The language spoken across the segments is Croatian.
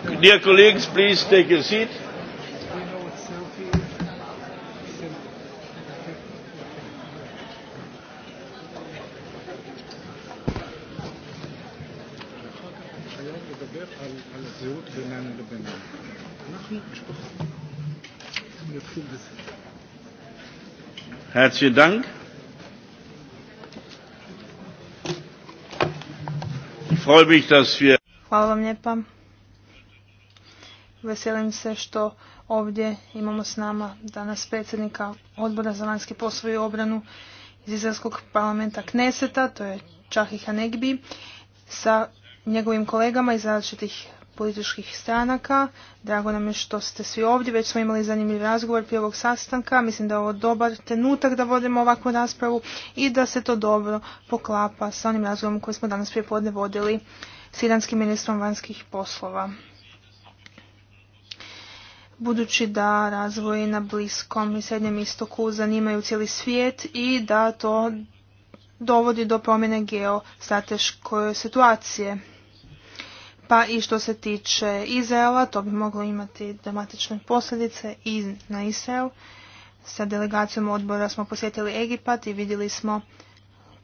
Dear colleagues, please take a seat. Herzlichen Dank. Ich freue mich, dass wir Hvala vam lijepa. Veselim se što ovdje imamo s nama danas predsjednika odbora za vanjske poslove i obranu iz Izraelskog parlamenta Kneseta, to je Čahi Hanegbi, sa njegovim kolegama iz različitih političkih stranaka. Drago nam je što ste svi ovdje, već smo imali zanimljiv razgovor prije ovog sastanka. Mislim da je ovo dobar trenutak da vodimo ovakvu raspravu i da se to dobro poklapa sa onim razgovorom koji smo danas prije podne vodili s iranskim ministrom vanjskih poslova budući da razvoj na Bliskom i Srednjem istoku zanimaju cijeli svijet i da to dovodi do promjene geostrateške situacije. Pa i što se tiče Izraela, to bi moglo imati dramatične posljedice i na Izrael. Sa delegacijom odbora smo posjetili Egipat i vidjeli smo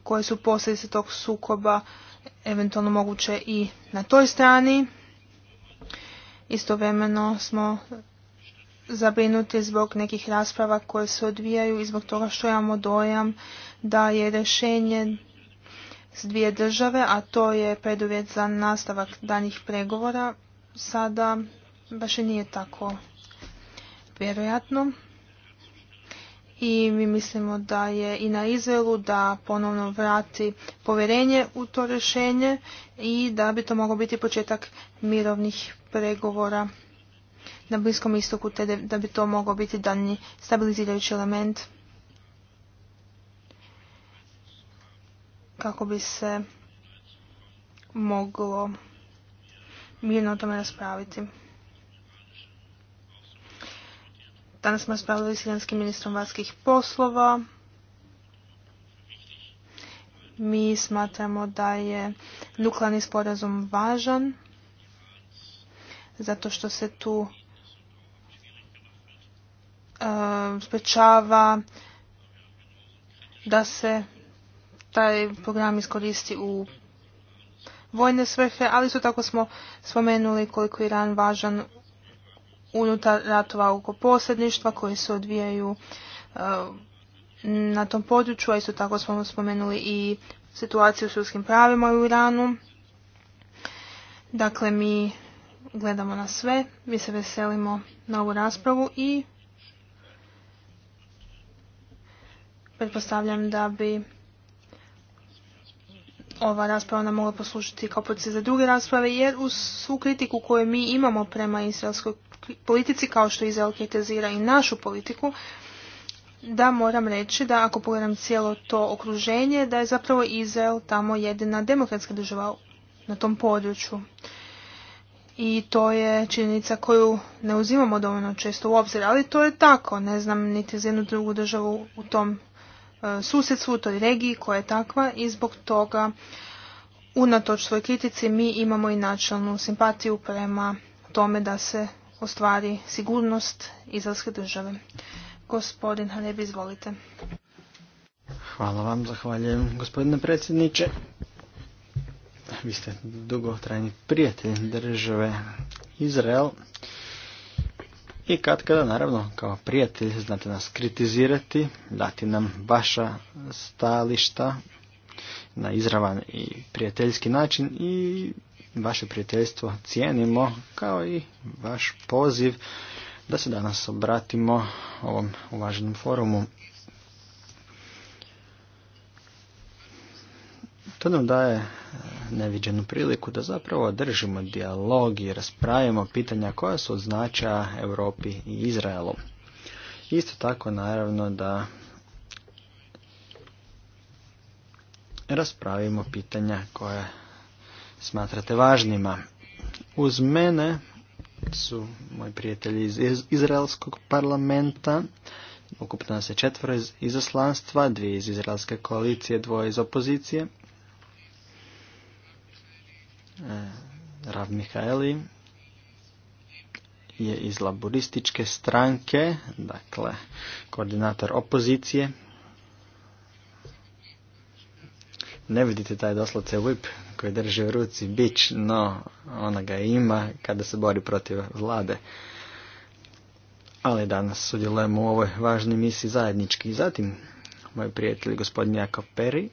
koje su posljedice tog sukoba eventualno moguće i na toj strani. Istovremeno smo zabrinuti zbog nekih rasprava koje se odvijaju i zbog toga što imamo dojam da je rješenje s dvije države, a to je preduvjet za nastavak danjih pregovora, sada baš i nije tako vjerojatno. I mi mislimo da je i na Izraelu da ponovno vrati povjerenje u to rješenje i da bi to mogao biti početak mirovnih pregovora na Bliskom istoku, te da bi to mogao biti daljnji stabilizirajući element kako bi se moglo mirno o tome raspraviti. Danas smo raspravili s iranskim ministrom vanjskih poslova. Mi smatramo da je nuklearni sporazum važan zato što se tu Eh, sprečava da se taj program iskoristi u vojne svrhe, ali su tako smo spomenuli koliko je Iran važan unutar ratova oko posredništva koji se odvijaju eh, na tom području, a isto tako smo spomenuli i situaciju s ljudskim pravima u Iranu. Dakle, mi gledamo na sve, mi se veselimo na ovu raspravu i pretpostavljam da bi ova rasprava nam mogla poslušati kao poticaj za druge rasprave, jer uz svu kritiku koju mi imamo prema izraelskoj politici, kao što Izrael kritizira i našu politiku, da moram reći da ako pogledam cijelo to okruženje, da je zapravo Izrael tamo jedina demokratska država na tom području. I to je činjenica koju ne uzimamo dovoljno često u obzir, ali to je tako. Ne znam niti za jednu drugu državu u tom E, susjedstvu, u toj regiji koja je takva i zbog toga unatoč svoj kritici mi imamo i načelnu simpatiju prema tome da se ostvari sigurnost izraelske države. Gospodin Hanebi, izvolite. Hvala vam, zahvaljujem gospodine predsjedniče. Vi ste dugotrajni prijatelj države Izrael i kad kada, naravno, kao prijatelj znate nas kritizirati, dati nam vaša stališta na izravan i prijateljski način i vaše prijateljstvo cijenimo kao i vaš poziv da se danas obratimo ovom uvaženom forumu. To nam daje neviđenu priliku da zapravo držimo dijalog i raspravimo pitanja koja su od značaja Europi i Izraelu. Isto tako naravno da raspravimo pitanja koja smatrate važnima. Uz mene su moji prijatelji iz Izraelskog parlamenta, ukupno nas je iz izaslanstva, dvije iz Izraelske koalicije, dvoje iz opozicije, E, Rav Mihajli je iz laburističke stranke, dakle koordinator opozicije. Ne vidite taj doslovce whip koji drži u ruci bić, no ona ga ima kada se bori protiv vlade. Ali danas sudjelujemo u ovoj važnoj misiji zajednički. Zatim, moj prijatelj gospodin Jako Peri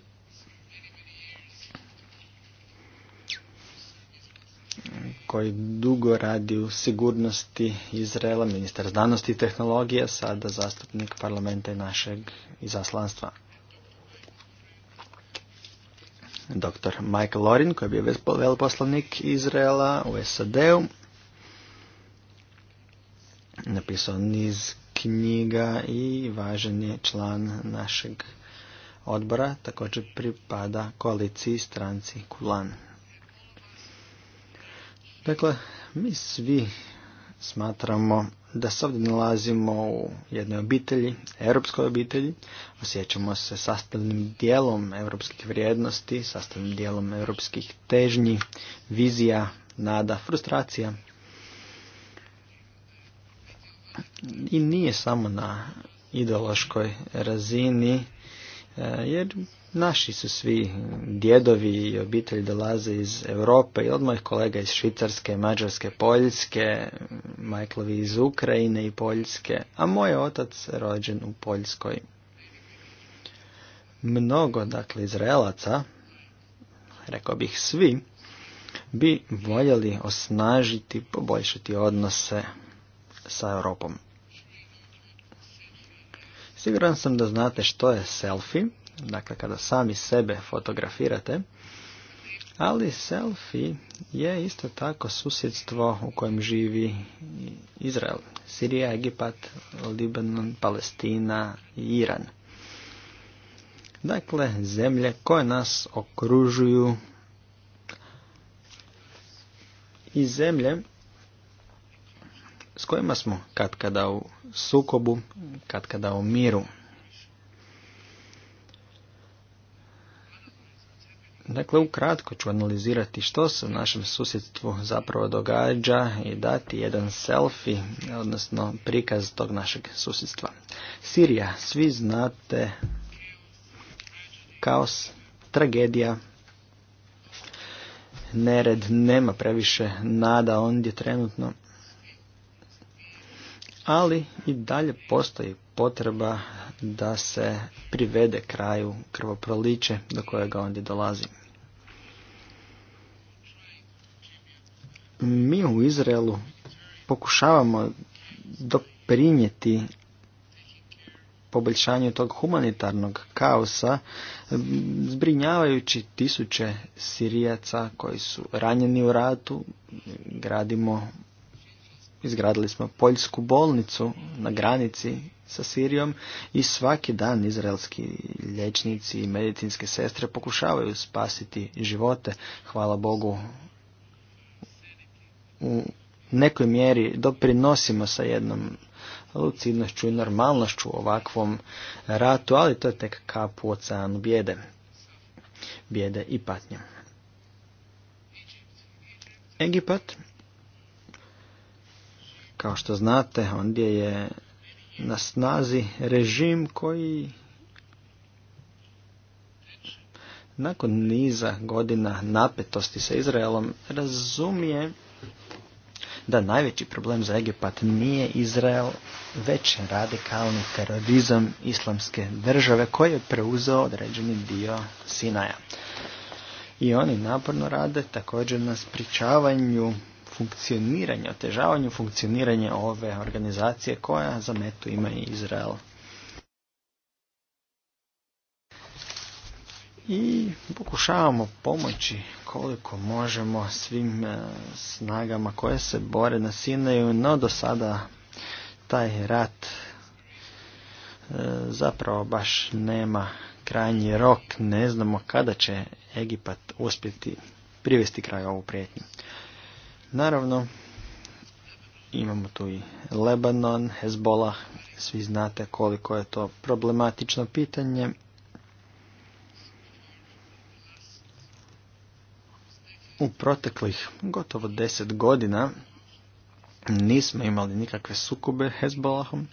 koji dugo radi u sigurnosti Izraela, ministar znanosti i tehnologije, sada zastupnik parlamenta i našeg izaslanstva. Dr. Michael Lorin, koji je bio veliposlovnik Izraela u SAD-u, napisao niz knjiga i važan je član našeg odbora, također pripada koaliciji stranci Kulan. Dakle, mi svi smatramo da se ovdje nalazimo u jednoj obitelji, europskoj obitelji, osjećamo se sastavnim dijelom europskih vrijednosti, sastavnim dijelom europskih težnji, vizija, nada, frustracija. I nije samo na ideološkoj razini, e, jer Naši su svi djedovi i obitelji dolaze iz Europe i od mojih kolega iz Švicarske, Mađarske, Poljske, Majklovi iz Ukrajine i Poljske, a moj otac rođen u Poljskoj. Mnogo, dakle, Izraelaca, rekao bih svi, bi voljeli osnažiti, poboljšati odnose sa Europom. Siguran sam da znate što je selfie, dakle kada sami sebe fotografirate, ali selfie je isto tako susjedstvo u kojem živi Izrael, Sirija, Egipat, Libanon, Palestina i Iran. Dakle, zemlje koje nas okružuju i zemlje s kojima smo kad kada u sukobu, kad kada u miru. Dakle, ukratko ću analizirati što se u našem susjedstvu zapravo događa i dati jedan selfie, odnosno prikaz tog našeg susjedstva. Sirija, svi znate, kaos, tragedija, nered, nema previše nada ondje trenutno, ali i dalje postoji potreba da se privede kraju krvoproliće do kojega ondje dolazi. Mi u Izraelu pokušavamo doprinijeti poboljšanju tog humanitarnog kaosa, zbrinjavajući tisuće sirijaca koji su ranjeni u ratu, gradimo izgradili smo poljsku bolnicu na granici sa Sirijom i svaki dan izraelski liječnici i medicinske sestre pokušavaju spasiti živote. Hvala Bogu u nekoj mjeri doprinosimo sa jednom lucidnošću i normalnošću ovakvom ratu, ali to je tek kap u oceanu bijede. i patnje. Egipat kao što znate, ondje je na snazi režim koji nakon niza godina napetosti sa Izraelom razumije da najveći problem za Egipat nije Izrael, već radikalni terorizam islamske države koji je preuzeo određeni dio Sinaja. I oni naporno rade također na spričavanju funkcioniranje, otežavanju funkcioniranja ove organizacije koja za metu ima i Izrael. I pokušavamo pomoći koliko možemo svim e, snagama koje se bore na Sinaju, no do sada taj rat e, zapravo baš nema krajnji rok, ne znamo kada će Egipat uspjeti privesti kraj ovu prijetnju. Naravno, imamo tu i Lebanon, Hezbollah, svi znate koliko je to problematično pitanje. U proteklih gotovo deset godina nismo imali nikakve sukobe Hezbollahom,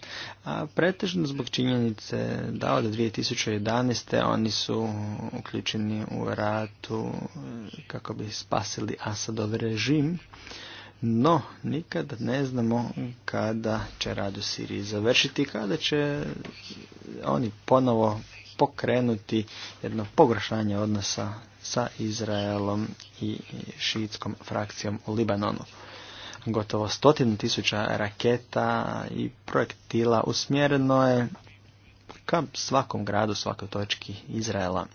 a pretežno zbog činjenice da od 2011. oni su uključeni u ratu e, kako bi spasili Asadov režim, no nikada ne znamo kada će rad u Siriji završiti, kada će oni ponovo pokrenuti jedno pogoršanje odnosa sa Izraelom i šiitskom frakcijom u Libanonu gotovo stotinu tisuća raketa i projektila usmjereno je ka svakom gradu, svakoj točki Izraela.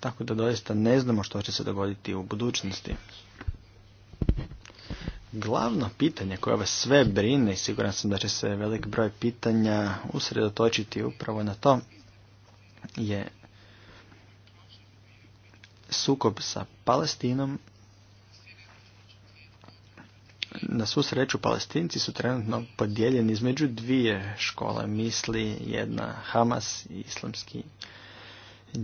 Tako da doista ne znamo što će se dogoditi u budućnosti. Glavno pitanje koje vas sve brine i siguran sam da će se velik broj pitanja usredotočiti upravo na to je sukob sa Palestinom na svu sreću palestinci su trenutno podijeljeni između dvije škole misli, jedna Hamas i islamski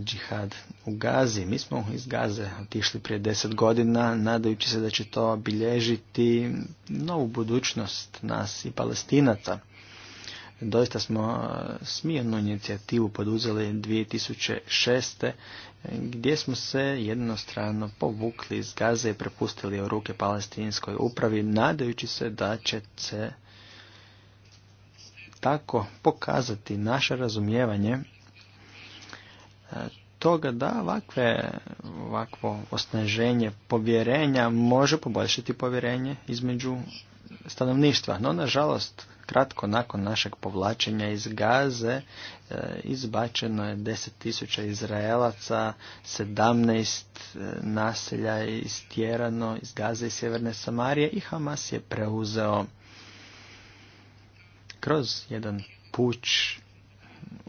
džihad u Gazi. Mi smo iz Gaze otišli prije deset godina, nadajući se da će to obilježiti novu budućnost nas i palestinaca. Doista smo smijenu inicijativu poduzeli 2006. gdje smo se jednostrano povukli iz Gaze i prepustili u ruke palestinskoj upravi nadajući se da će se tako pokazati naše razumijevanje toga da ovakve, ovakvo osnaženje povjerenja može poboljšati povjerenje između stanovništva. No, nažalost, kratko nakon našeg povlačenja iz Gaze e, izbačeno je 10.000 Izraelaca, 17 e, naselja je istjerano iz Gaze i Sjeverne Samarije i Hamas je preuzeo kroz jedan puć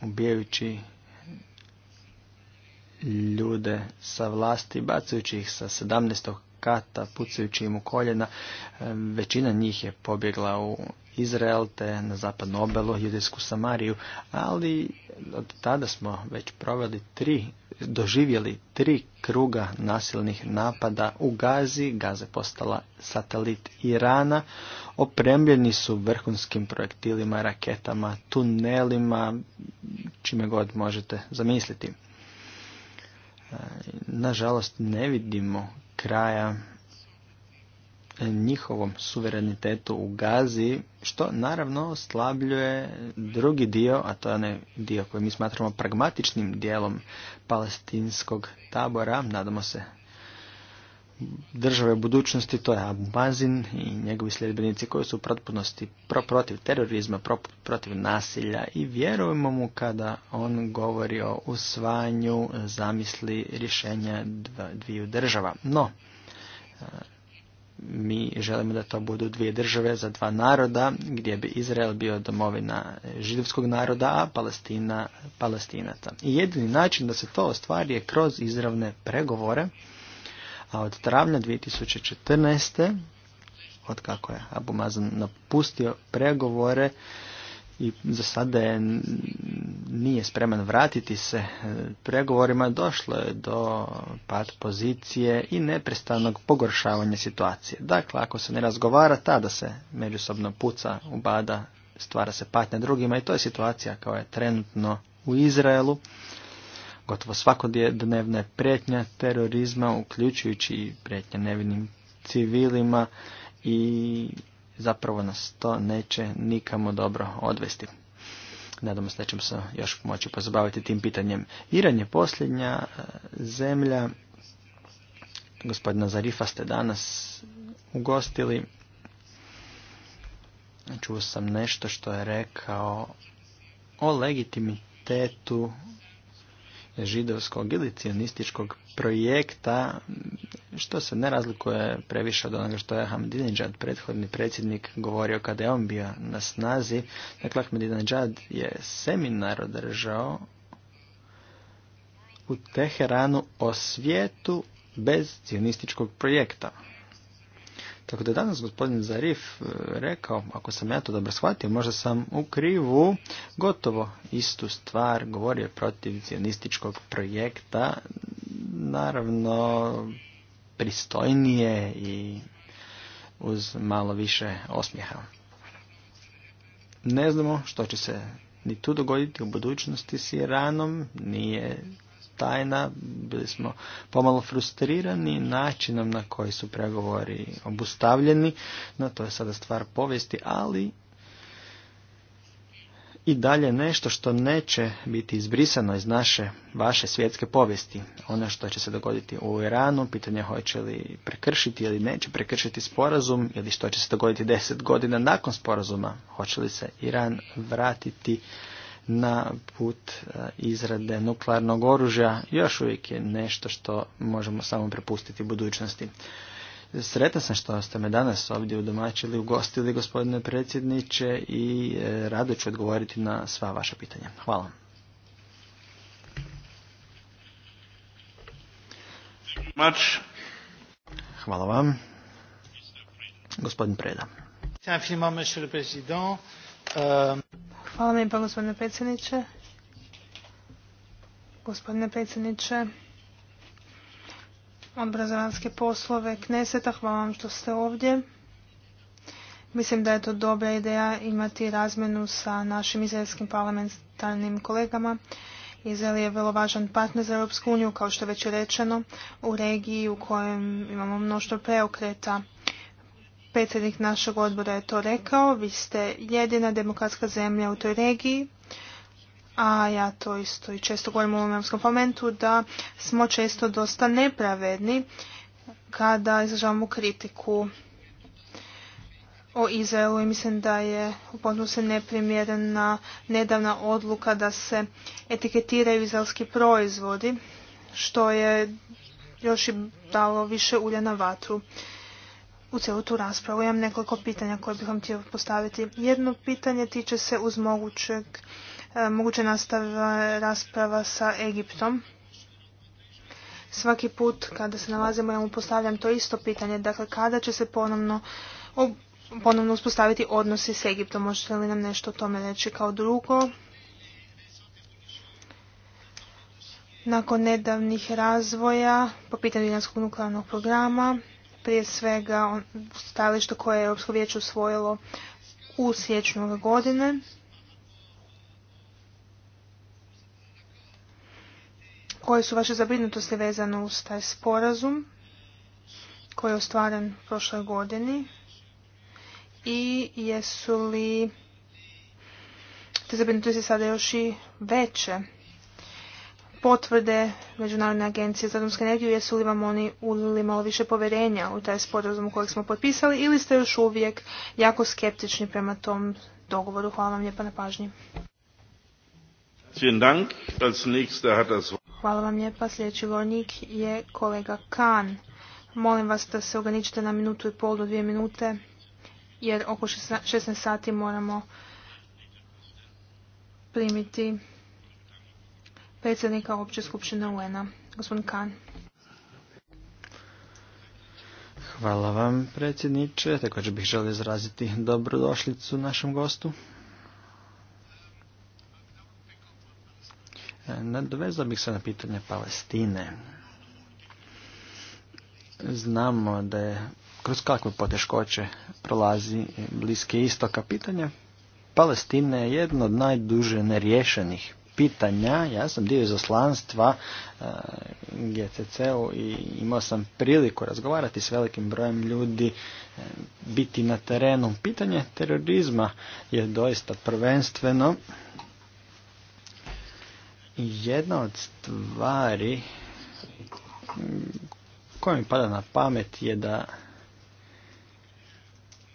ubijajući ljude sa vlasti, bacajući ih sa 17. kata, pucajući im u koljena. E, većina njih je pobjegla u Izrael te na zapadnu obelu Judijsku Samariju, ali od tada smo već proveli tri, doživjeli tri kruga nasilnih napada u Gazi, Gaza postala satelit Irana, opremljeni su vrhunskim projektilima, raketama, tunelima, čime god možete zamisliti. E, nažalost ne vidimo kraja njihovom suverenitetu u Gazi, što naravno oslabljuje drugi dio, a to je onaj dio koji mi smatramo pragmatičnim dijelom palestinskog tabora, nadamo se države budućnosti, to je Abazin i njegovi sljedbenici koji su u protpunosti pro, protiv terorizma, pro, protiv nasilja i vjerujemo mu kada on govori o usvajanju zamisli rješenja dviju država. No, mi želimo da to budu dvije države za dva naroda, gdje bi Izrael bio domovina židovskog naroda, a Palestina palestinata. I jedini način da se to ostvari je kroz izravne pregovore, a od travnja 2014. od kako je Abu napustio pregovore, i za sada je, nije spreman vratiti se e, pregovorima, došlo je do pad pozicije i neprestanog pogoršavanja situacije. Dakle, ako se ne razgovara, tada se međusobno puca, ubada, stvara se patnja drugima i to je situacija kao je trenutno u Izraelu. Gotovo svakodnevna je prijetnja terorizma, uključujući i prijetnja nevinim civilima i zapravo nas to neće nikamo dobro odvesti. Nadamo se da ćemo se još moći pozabaviti tim pitanjem. Iran je posljednja e, zemlja, gospodina Zarifa ste danas ugostili. Čuo sam nešto što je rekao o legitimitetu židovskog ili cionističkog projekta, što se ne razlikuje previše od onoga što je Ahmadinejad, prethodni predsjednik, govorio kada je on bio na snazi. Dakle, Ahmadinejad je seminar održao u Teheranu o svijetu bez cionističkog projekta. Tako da danas gospodin Zarif e, rekao, ako sam ja to dobro shvatio, možda sam u krivu, gotovo istu stvar govorio protiv zionističkog projekta, naravno pristojnije i uz malo više osmijeha. Ne znamo što će se ni tu dogoditi u budućnosti s Iranom, nije tajna, bili smo pomalo frustrirani načinom na koji su pregovori obustavljeni, no to je sada stvar povijesti, ali i dalje nešto što neće biti izbrisano iz naše, vaše svjetske povijesti. Ono što će se dogoditi u Iranu, pitanje hoće li prekršiti ili neće prekršiti sporazum ili što će se dogoditi deset godina nakon sporazuma, hoće li se Iran vratiti na put e, izrade nuklearnog oružja još uvijek je nešto što možemo samo prepustiti budućnosti. Sretan sam što ste me danas ovdje udomačili, ugostili gospodine predsjedniče i e, rado ću odgovoriti na sva vaša pitanja. Hvala. Hvala vam. Gospodin Preda. Hvala lijepa gospodine predsjedniče. Gospodine predsjedniče Odbora za vanjske poslove Kneseta, hvala vam što ste ovdje. Mislim da je to dobra ideja imati razmjenu sa našim izraelskim parlamentarnim kolegama. Izrael je vrlo važan partner za Europsku uniju, kao što je već rečeno, u regiji u kojem imamo mnoštvo preokreta predsjednik našeg odbora je to rekao, vi ste jedina demokratska zemlja u toj regiji, a ja to isto i često govorim u Europskom parlamentu, da smo često dosta nepravedni kada izražavamo kritiku o Izraelu i mislim da je u se neprimjerena nedavna odluka da se etiketiraju izraelski proizvodi, što je još i dalo više ulja na vatru u cijelu tu raspravu. Imam nekoliko pitanja koje bih vam htio postaviti. Jedno pitanje tiče se uz mogućeg, e, moguće nastave rasprava sa Egiptom. Svaki put kada se nalazimo ja mu postavljam to isto pitanje. Dakle, kada će se ponovno ponovno uspostaviti odnosi s Egiptom. Možete li nam nešto o tome reći kao drugo? Nakon nedavnih razvoja po pitanju iranskog nuklearnog programa prije svega stajalište koje je Europsko vijeće usvojilo u siječnju ove godine. Koje su vaše zabrinutosti vezane uz taj sporazum koji je ostvaren prošloj godini i jesu li te zabrinutosti sada još i veće potvrde Međunarodne agencije za atomsku energiju, jesu li vam oni ulili malo više povjerenja u taj sporazum kojeg smo potpisali ili ste još uvijek jako skeptični prema tom dogovoru. Hvala vam lijepa na pažnji. Hvala vam lijepa. Sljedeći govornik je kolega Kan. Molim vas da se ograničite na minutu i pol do dvije minute, jer oko 16 sati moramo primiti predsjednika Opće skupštine UN-a, gospodin Kan. Hvala vam, predsjedniče. Također bih želio izraziti dobrodošlicu našem gostu. E, nadovezao bih se na pitanje Palestine. Znamo da je kroz kakve poteškoće prolazi bliske istoka pitanje. Palestine je jedno od najduže neriješenih pitanja. Ja sam dio izoslanstva e, GCC-u i imao sam priliku razgovarati s velikim brojem ljudi, e, biti na terenu. Pitanje terorizma je doista prvenstveno jedna od stvari koja mi pada na pamet je da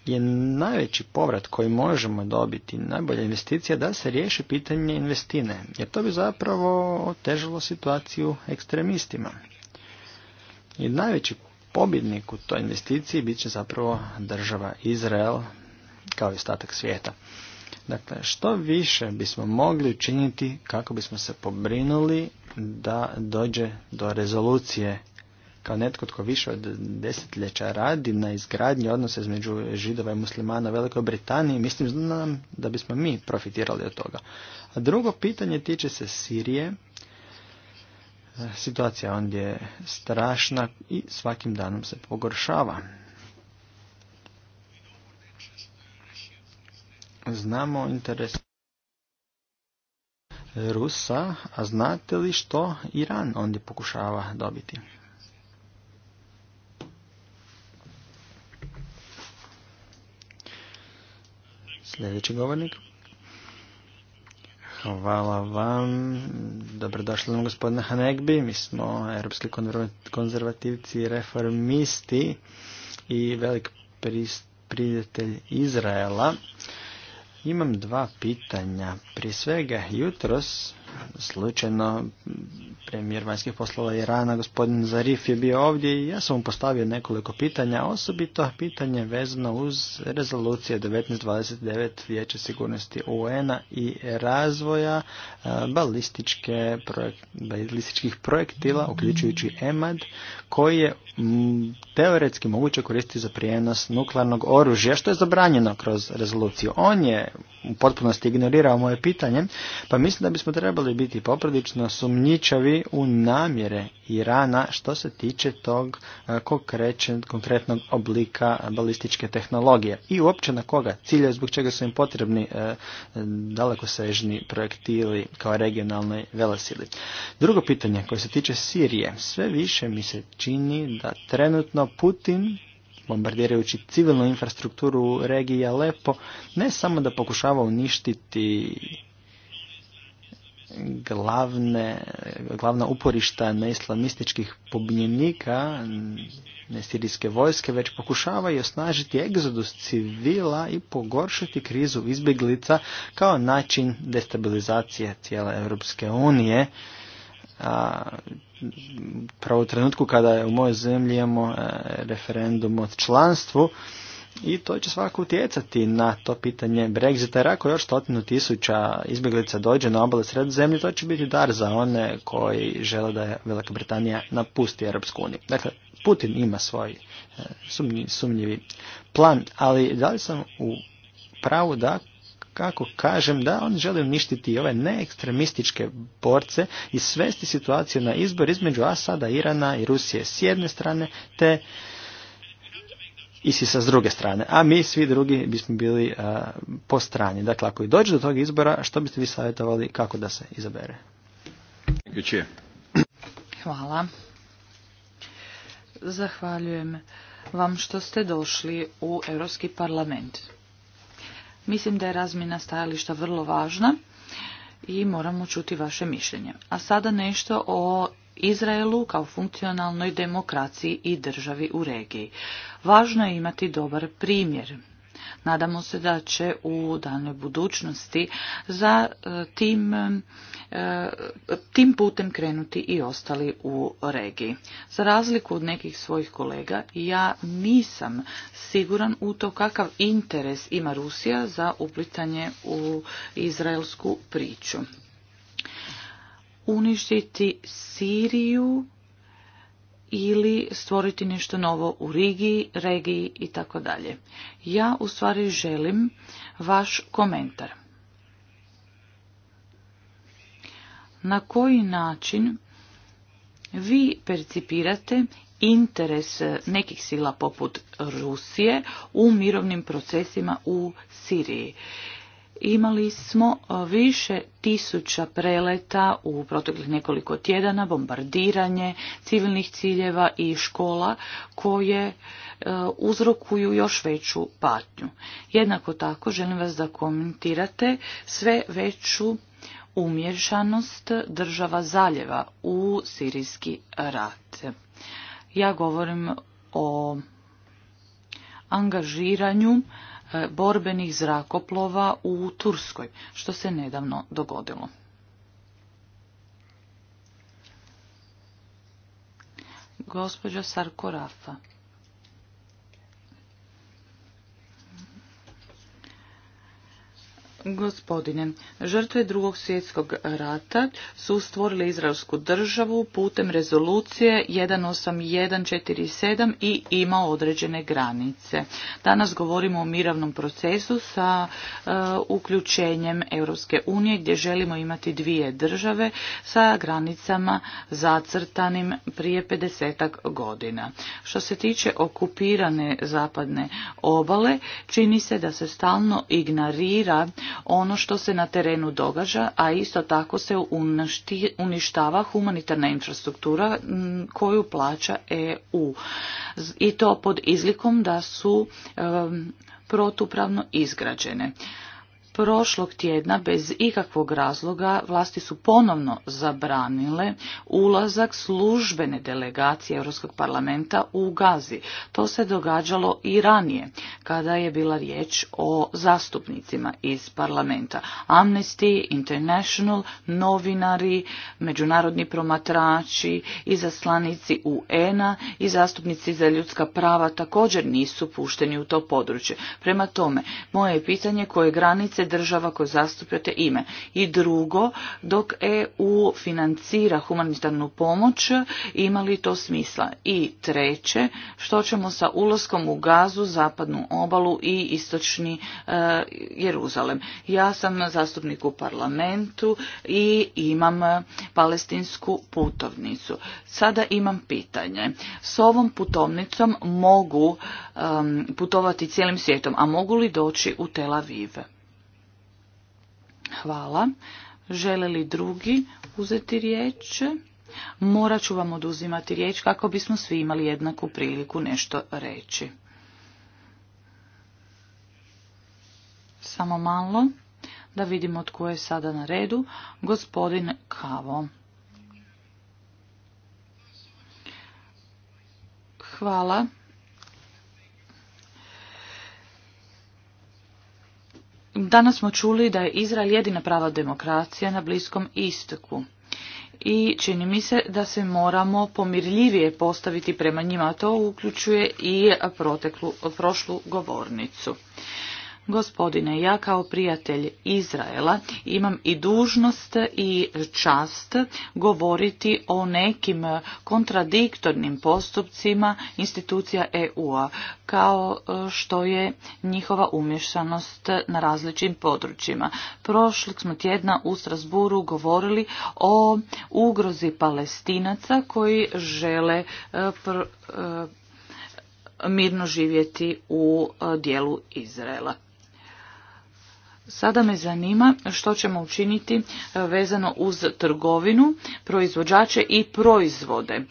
je najveći povrat koji možemo dobiti, najbolja investicija, da se riješi pitanje investine. Jer to bi zapravo otežalo situaciju ekstremistima. I najveći pobjednik u toj investiciji bit će zapravo država Izrael kao i ostatak svijeta. Dakle, što više bismo mogli učiniti kako bismo se pobrinuli da dođe do rezolucije kao netko tko više od desetljeća radi na izgradnji odnose između židova i muslimana u Velikoj Britaniji, mislim znam da bismo mi profitirali od toga. A drugo pitanje tiče se Sirije. E, situacija ondje je strašna i svakim danom se pogoršava. Znamo interes Rusa, a znate li što Iran ondje pokušava dobiti? Sljedeći govornik. Hvala vam. Dobrodošli vam gospodine Hanegbi. Mi smo europski konzervativci reformisti i velik prijatelj Izraela. Imam dva pitanja. Prije svega jutros slučajno premijer vanjskih poslova Irana, gospodin Zarif je bio ovdje i ja sam mu postavio nekoliko pitanja, osobito pitanje vezano uz rezolucije 1929 Vijeća sigurnosti UN-a i razvoja e, balističke balističkih projektila, uključujući EMAD, koji je teoretski moguće koristiti za prijenos nuklearnog oružja, što je zabranjeno kroz rezoluciju. On je u potpunosti ignorirao moje pitanje, pa mislim da bismo trebali trebali biti poprilično sumnjičavi u namjere Irana što se tiče tog e, konkretnog oblika balističke tehnologije i uopće na koga cilja zbog čega su im potrebni e, dalekosežni projektili kao regionalnoj velesili. Drugo pitanje koje se tiče Sirije, sve više mi se čini da trenutno Putin bombardirajući civilnu infrastrukturu regija lepo ne samo da pokušava uništiti glavne, glavna uporišta neislamističkih pobunjenika, nesirijske vojske, već pokušavaju osnažiti egzodus civila i pogoršati krizu izbjeglica kao način destabilizacije cijele Europske unije. A, pravo u trenutku kada je u mojoj zemlji imamo e, referendum o članstvu, i to će svakako utjecati na to pitanje Brexita, jer ako još stotinu tisuća izbjeglica dođe na obale sredozemlje, to će biti dar za one koji žele da je Velika Britanija napusti Europsku uniju. Dakle, Putin ima svoj e, sumnjivi, plan, ali da li sam u pravu da kako kažem da on želi uništiti ove neekstremističke borce i svesti situaciju na izbor između Asada, Irana i Rusije s jedne strane te i sa s druge strane, a mi svi drugi bismo bili po strani. Dakle, ako i dođe do tog izbora, što biste vi savjetovali kako da se izabere? Hvala. Zahvaljujem vam što ste došli u Europski parlament. Mislim da je razmjena stajališta vrlo važna i moramo čuti vaše mišljenje. A sada nešto o Izraelu kao funkcionalnoj demokraciji i državi u regiji. Važno je imati dobar primjer. Nadamo se da će u danoj budućnosti za e, tim, e, tim putem krenuti i ostali u regiji. Za razliku od nekih svojih kolega, ja nisam siguran u to kakav interes ima Rusija za uplitanje u izraelsku priču uništiti Siriju ili stvoriti nešto novo u regiji, regiji i tako dalje. Ja u stvari želim vaš komentar. Na koji način vi percipirate interes nekih sila poput Rusije u mirovnim procesima u Siriji? Imali smo više tisuća preleta u proteklih nekoliko tjedana, bombardiranje civilnih ciljeva i škola koje e, uzrokuju još veću patnju. Jednako tako želim vas da komentirate sve veću umješanost država zaljeva u sirijski rat. Ja govorim o angažiranju E, borbenih zrakoplova u Turskoj, što se nedavno dogodilo. Gospođa Sarkorafa. Gospodine, žrtve drugog svjetskog rata su stvorile Izraelsku državu putem rezolucije 18147 i ima određene granice. Danas govorimo o miravnom procesu sa e, uključenjem Europske unije gdje želimo imati dvije države sa granicama zacrtanim prije 50 godina. Što se tiče okupirane zapadne obale, čini se da se stalno ignorira ono što se na terenu događa, a isto tako se uništava humanitarna infrastruktura koju plaća EU. I to pod izlikom da su protupravno izgrađene. Prošlog tjedna bez ikakvog razloga vlasti su ponovno zabranile ulazak službene delegacije Europskog parlamenta u Gazi. To se događalo i ranije kada je bila riječ o zastupnicima iz parlamenta. Amnesty International, novinari, međunarodni promatrači, izaslanici UN-a i zastupnici za ljudska prava također nisu pušteni u to područje. Prema tome, moje pitanje koje granice država koju te ime. I drugo, dok EU financira humanitarnu pomoć, ima li to smisla? I treće, što ćemo sa ulaskom u Gazu, zapadnu obalu i istočni e, Jeruzalem? Ja sam zastupnik u parlamentu i imam palestinsku putovnicu. Sada imam pitanje. S ovom putovnicom mogu putovati cijelim svijetom, a mogu li doći u Tel Aviv? Hvala. Žele li drugi uzeti riječ? Morat ću vam oduzimati riječ kako bismo svi imali jednaku priliku nešto reći. Samo malo da vidimo tko je sada na redu. Gospodin Kavo. Hvala. Danas smo čuli da je Izrael jedina prava demokracija na Bliskom istoku i čini mi se da se moramo pomirljivije postaviti prema njima. To uključuje i proteklu, prošlu govornicu. Gospodine, ja kao prijatelj Izraela imam i dužnost i čast govoriti o nekim kontradiktornim postupcima institucija EU-a, kao e, što je njihova umješanost na različitim područjima. Prošlog smo tjedna u Strasburu govorili o ugrozi palestinaca koji žele e, e, mirno živjeti u dijelu Izraela. Sada me zanima što ćemo učiniti e, vezano uz trgovinu, proizvođače i proizvode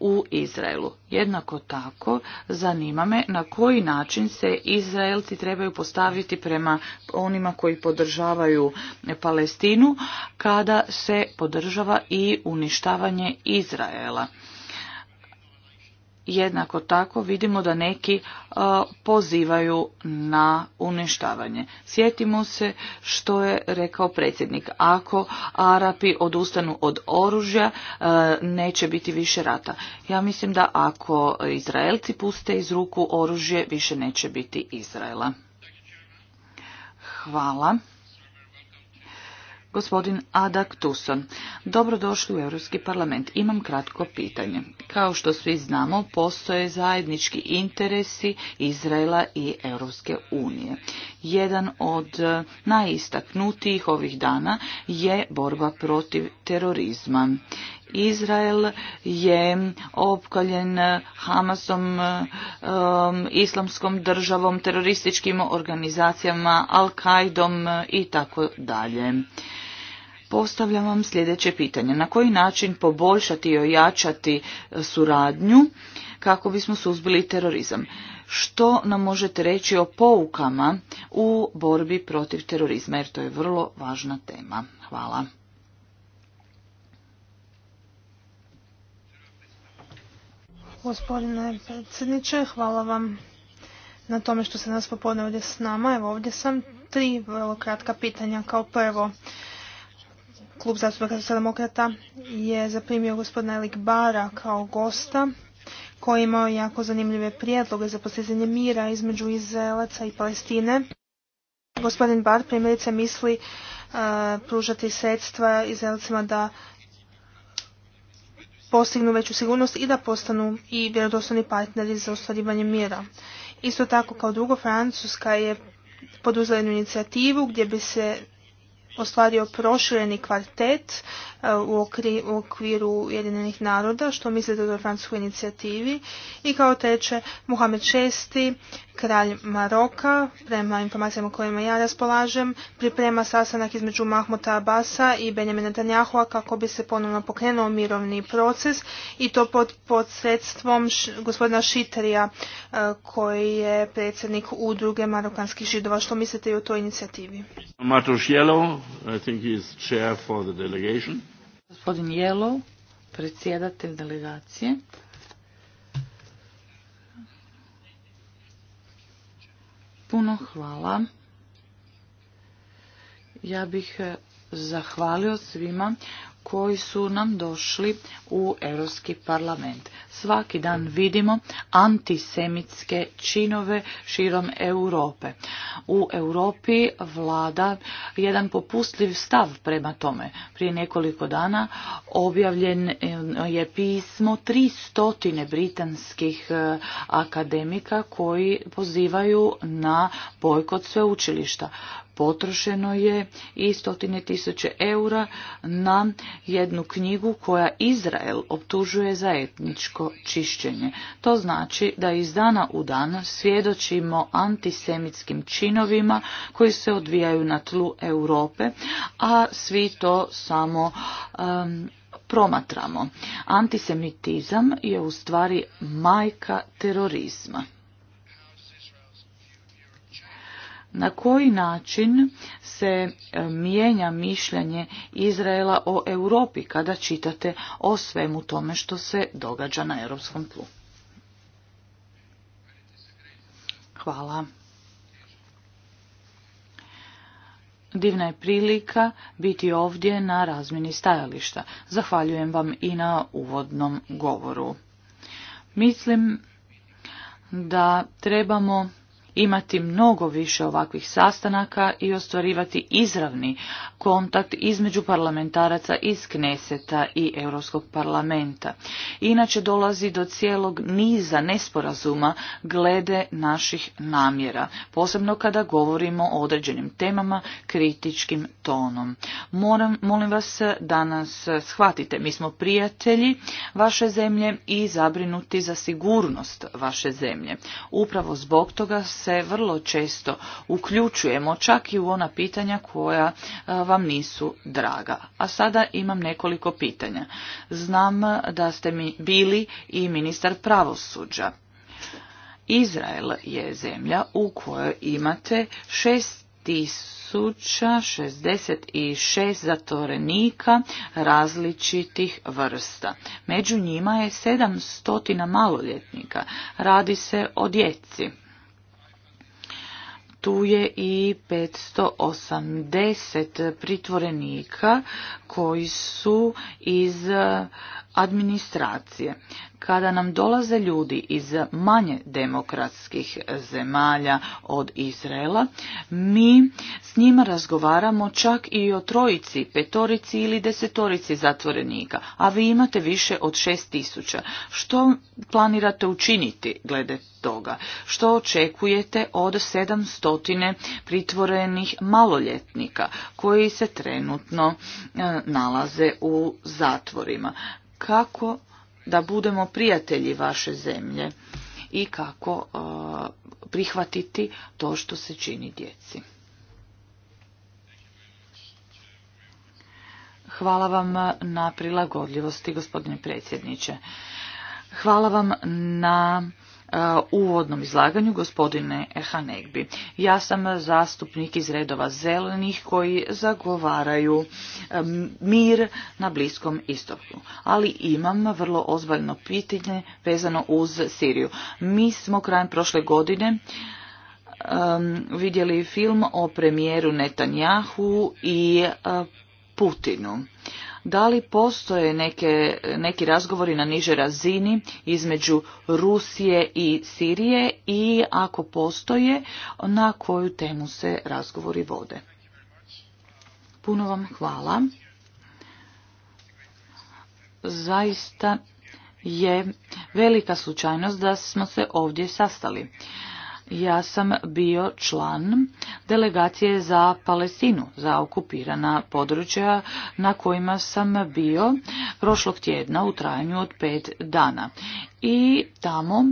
u Izraelu. Jednako tako zanima me na koji način se Izraelci trebaju postaviti prema onima koji podržavaju Palestinu kada se podržava i uništavanje Izraela jednako tako vidimo da neki e, pozivaju na uništavanje. Sjetimo se što je rekao predsjednik. Ako Arapi odustanu od oružja, e, neće biti više rata. Ja mislim da ako Izraelci puste iz ruku oružje, više neće biti Izraela. Hvala. Gospodin Adak Tuson, dobrodošli u Europski parlament. Imam kratko pitanje. Kao što svi znamo, postoje zajednički interesi Izraela i Europske unije. Jedan od e, najistaknutijih ovih dana je borba protiv terorizma. Izrael je opkaljen Hamasom, e, islamskom državom, terorističkim organizacijama, al kaidom e, i tako dalje. Postavljam vam sljedeće pitanje. Na koji način poboljšati i ojačati e, suradnju kako bismo suzbili terorizam? Što nam možete reći o poukama u borbi protiv terorizma? Jer to je vrlo važna tema. Hvala. Gospodine predsjedniče, hvala vam na tome što se nas popodne ovdje s nama. Evo ovdje sam tri vrlo kratka pitanja. Kao prvo, Klub zastupnika Socialdemokrata je zaprimio gospodina Elik Bara kao gosta koji imao jako zanimljive prijedloge za postizanje mira između Izraelaca i Palestine. Gospodin Bar primjerice misli uh, pružati sredstva Izraelcima da postignu veću sigurnost i da postanu i vjerodostojni partneri za ostvarivanje mira. Isto tako kao drugo Francuska je poduzela jednu inicijativu gdje bi se ostvario prošireni kvartet e, u okviru Jedinenih naroda, što mislite o francuskoj inicijativi. I kao treće, Muhammed VI, kralj Maroka, prema informacijama kojima ja raspolažem, priprema sastanak između Mahmota Abasa i Benjamina Tanjahova kako bi se ponovno pokrenuo mirovni proces i to pod, pod sredstvom gospodina Šiterija e, koji je predsjednik udruge marokanskih židova. Što mislite i o toj inicijativi? Matuš Jelov. I think he is chair for the delegation. Gospodin Jelov, predsjedatelj delegacije. Puno hvala. Ja bih eh, zahvalio svima koji su nam došli u Europski parlament. Svaki dan vidimo antisemitske činove širom Europe. U Europi vlada jedan popustljiv stav prema tome. Prije nekoliko dana objavljen je pismo 300 britanskih e, akademika koji pozivaju na bojkot sveučilišta potrošeno je i stotine tisuće eura na jednu knjigu koja Izrael optužuje za etničko čišćenje. To znači da iz dana u dan svjedočimo antisemitskim činovima koji se odvijaju na tlu Europe, a svi to samo promatramo. Antisemitizam je u stvari majka terorizma. na koji način se e, mijenja mišljenje Izraela o Europi kada čitate o svemu tome što se događa na europskom tlu. Hvala. Divna je prilika biti ovdje na razmjeni stajališta. Zahvaljujem vam i na uvodnom govoru. Mislim da trebamo imati mnogo više ovakvih sastanaka i ostvarivati izravni kontakt između parlamentaraca iz Kneseta i Europskog parlamenta. Inače dolazi do cijelog niza nesporazuma glede naših namjera, posebno kada govorimo o određenim temama kritičkim tonom. Moram, molim vas da nas shvatite, mi smo prijatelji vaše zemlje i zabrinuti za sigurnost vaše zemlje. Upravo zbog toga se vrlo često uključujemo čak i u ona pitanja koja e, vam nisu draga. A sada imam nekoliko pitanja. Znam da ste mi bili i ministar pravosuđa. Izrael je zemlja u kojoj imate 6066 zatvorenika različitih vrsta. Među njima je 700 maloljetnika. Radi se o djeci tu je i 580 pritvorenika koji su iz administracije. Kada nam dolaze ljudi iz manje demokratskih zemalja od Izraela, mi s njima razgovaramo čak i o trojici, petorici ili desetorici zatvorenika, a vi imate više od šest tisuća. Što planirate učiniti glede toga? Što očekujete od 700 pritvorenih maloljetnika koji se trenutno e, nalaze u zatvorima? kako da budemo prijatelji vaše zemlje i kako e, prihvatiti to što se čini djeci. Hvala vam na prilagodljivosti, gospodine predsjedniče. Hvala vam na E, uvodnom izlaganju gospodine Hanegbi. Ja sam zastupnik iz redova zelenih koji zagovaraju e, mir na Bliskom istoku, ali imam vrlo ozbiljno pitanje vezano uz Siriju. Mi smo krajem prošle godine vidjeli film o premijeru Netanjahu i e, Putinu da li postoje neke, neki razgovori na niže razini između Rusije i Sirije i ako postoje, na koju temu se razgovori vode? Puno vam hvala. Zaista je velika slučajnost da smo se ovdje sastali. Ja sam bio član delegacije za Palestinu, za okupirana područja na kojima sam bio prošlog tjedna u trajanju od pet dana. I tamo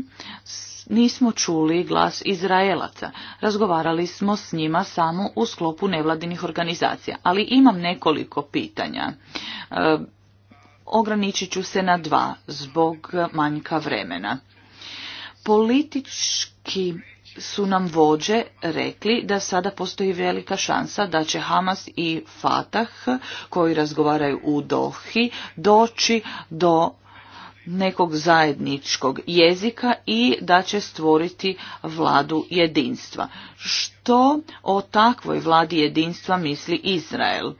nismo čuli glas Izraelaca. Razgovarali smo s njima samo u sklopu nevladinih organizacija, ali imam nekoliko pitanja. E, ograničit ću se na dva zbog manjka vremena. Politički su nam vođe rekli da sada postoji velika šansa da će Hamas i Fatah koji razgovaraju u Dohi doći do nekog zajedničkog jezika i da će stvoriti vladu jedinstva. Što o takvoj vladi jedinstva misli Izrael?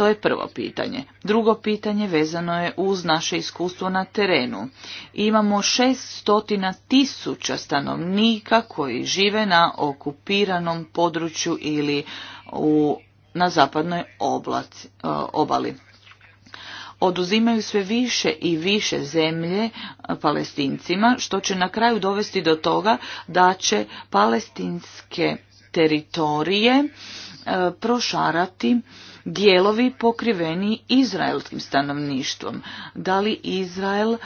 To je prvo pitanje. Drugo pitanje vezano je uz naše iskustvo na terenu. Imamo 600 tisuća stanovnika koji žive na okupiranom području ili u, na zapadnoj e, obali. Oduzimaju sve više i više zemlje e, palestincima, što će na kraju dovesti do toga da će palestinske teritorije E, prošarati dijelovi pokriveni izraelskim stanovništvom. Da li Izrael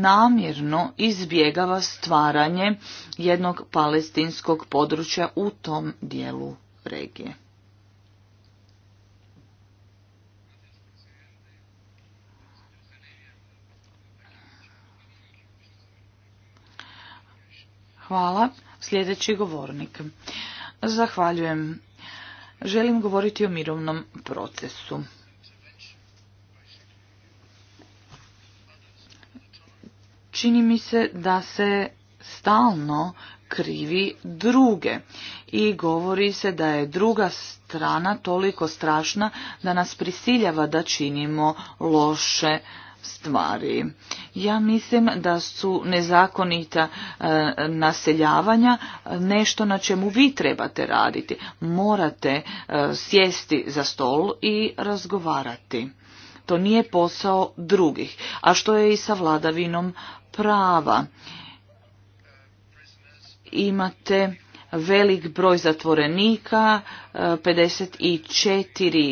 namjerno izbjegava stvaranje jednog palestinskog područja u tom dijelu regije? Hvala. Sljedeći govornik. Zahvaljujem Želim govoriti o mirovnom procesu. Čini mi se da se stalno krivi druge i govori se da je druga strana toliko strašna da nas prisiljava da činimo loše stvari. Ja mislim da su nezakonita e, naseljavanja nešto na čemu vi trebate raditi. Morate e, sjesti za stol i razgovarati. To nije posao drugih. A što je i sa vladavinom prava? Imate velik broj zatvorenika, 54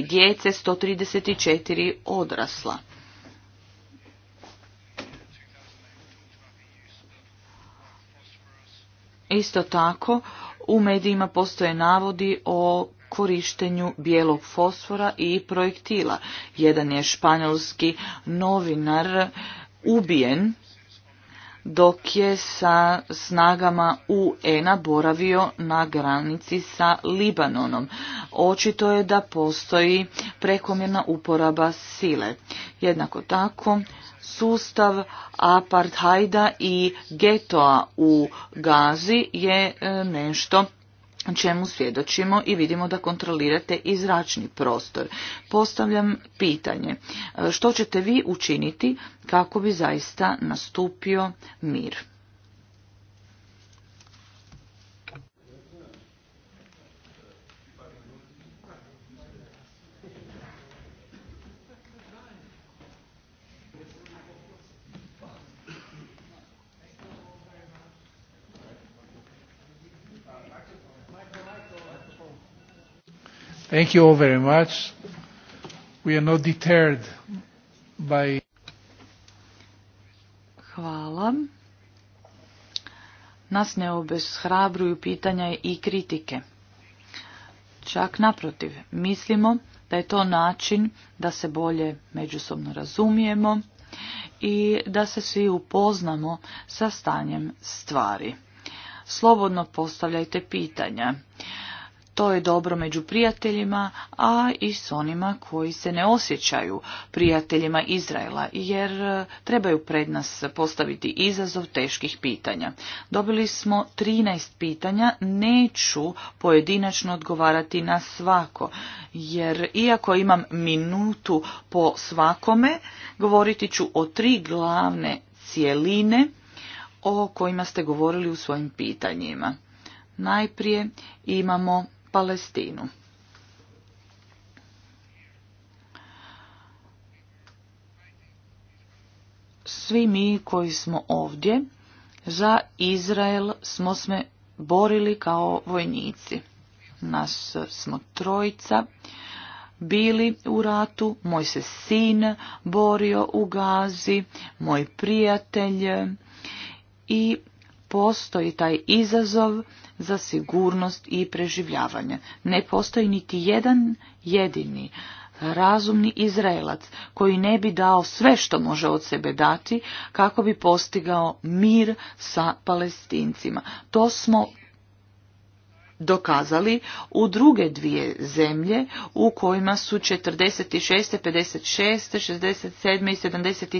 e, djece, 134 odrasla. Isto tako, u medijima postoje navodi o korištenju bijelog fosfora i projektila. Jedan je španjolski novinar ubijen dok je sa snagama UN-a boravio na granici sa Libanonom. Očito je da postoji prekomjerna uporaba sile. Jednako tako, sustav apartheida i getoa u Gazi je e, nešto čemu svjedočimo i vidimo da kontrolirate i zračni prostor. Postavljam pitanje, e, što ćete vi učiniti kako bi zaista nastupio mir? Thank you very much. We are not deterred by... Hvala. Nas ne obeshrabruju pitanja i kritike. Čak naprotiv, mislimo da je to način da se bolje međusobno razumijemo i da se svi upoznamo sa stanjem stvari. Slobodno postavljajte pitanja. To je dobro među prijateljima, a i s onima koji se ne osjećaju prijateljima Izraela, jer e, trebaju pred nas postaviti izazov teških pitanja. Dobili smo 13 pitanja, neću pojedinačno odgovarati na svako, jer iako imam minutu po svakome, govoriti ću o tri glavne cijeline o kojima ste govorili u svojim pitanjima. Najprije imamo Palestinu. Svi mi koji smo ovdje za Izrael smo se borili kao vojnici. Nas smo trojica bili u ratu, moj se sin borio u Gazi, moj prijatelj i postoji taj izazov za sigurnost i preživljavanje. Ne postoji niti jedan jedini razumni Izraelac koji ne bi dao sve što može od sebe dati kako bi postigao mir sa palestincima. To smo dokazali u druge dvije zemlje u kojima su 46., 56., 67. i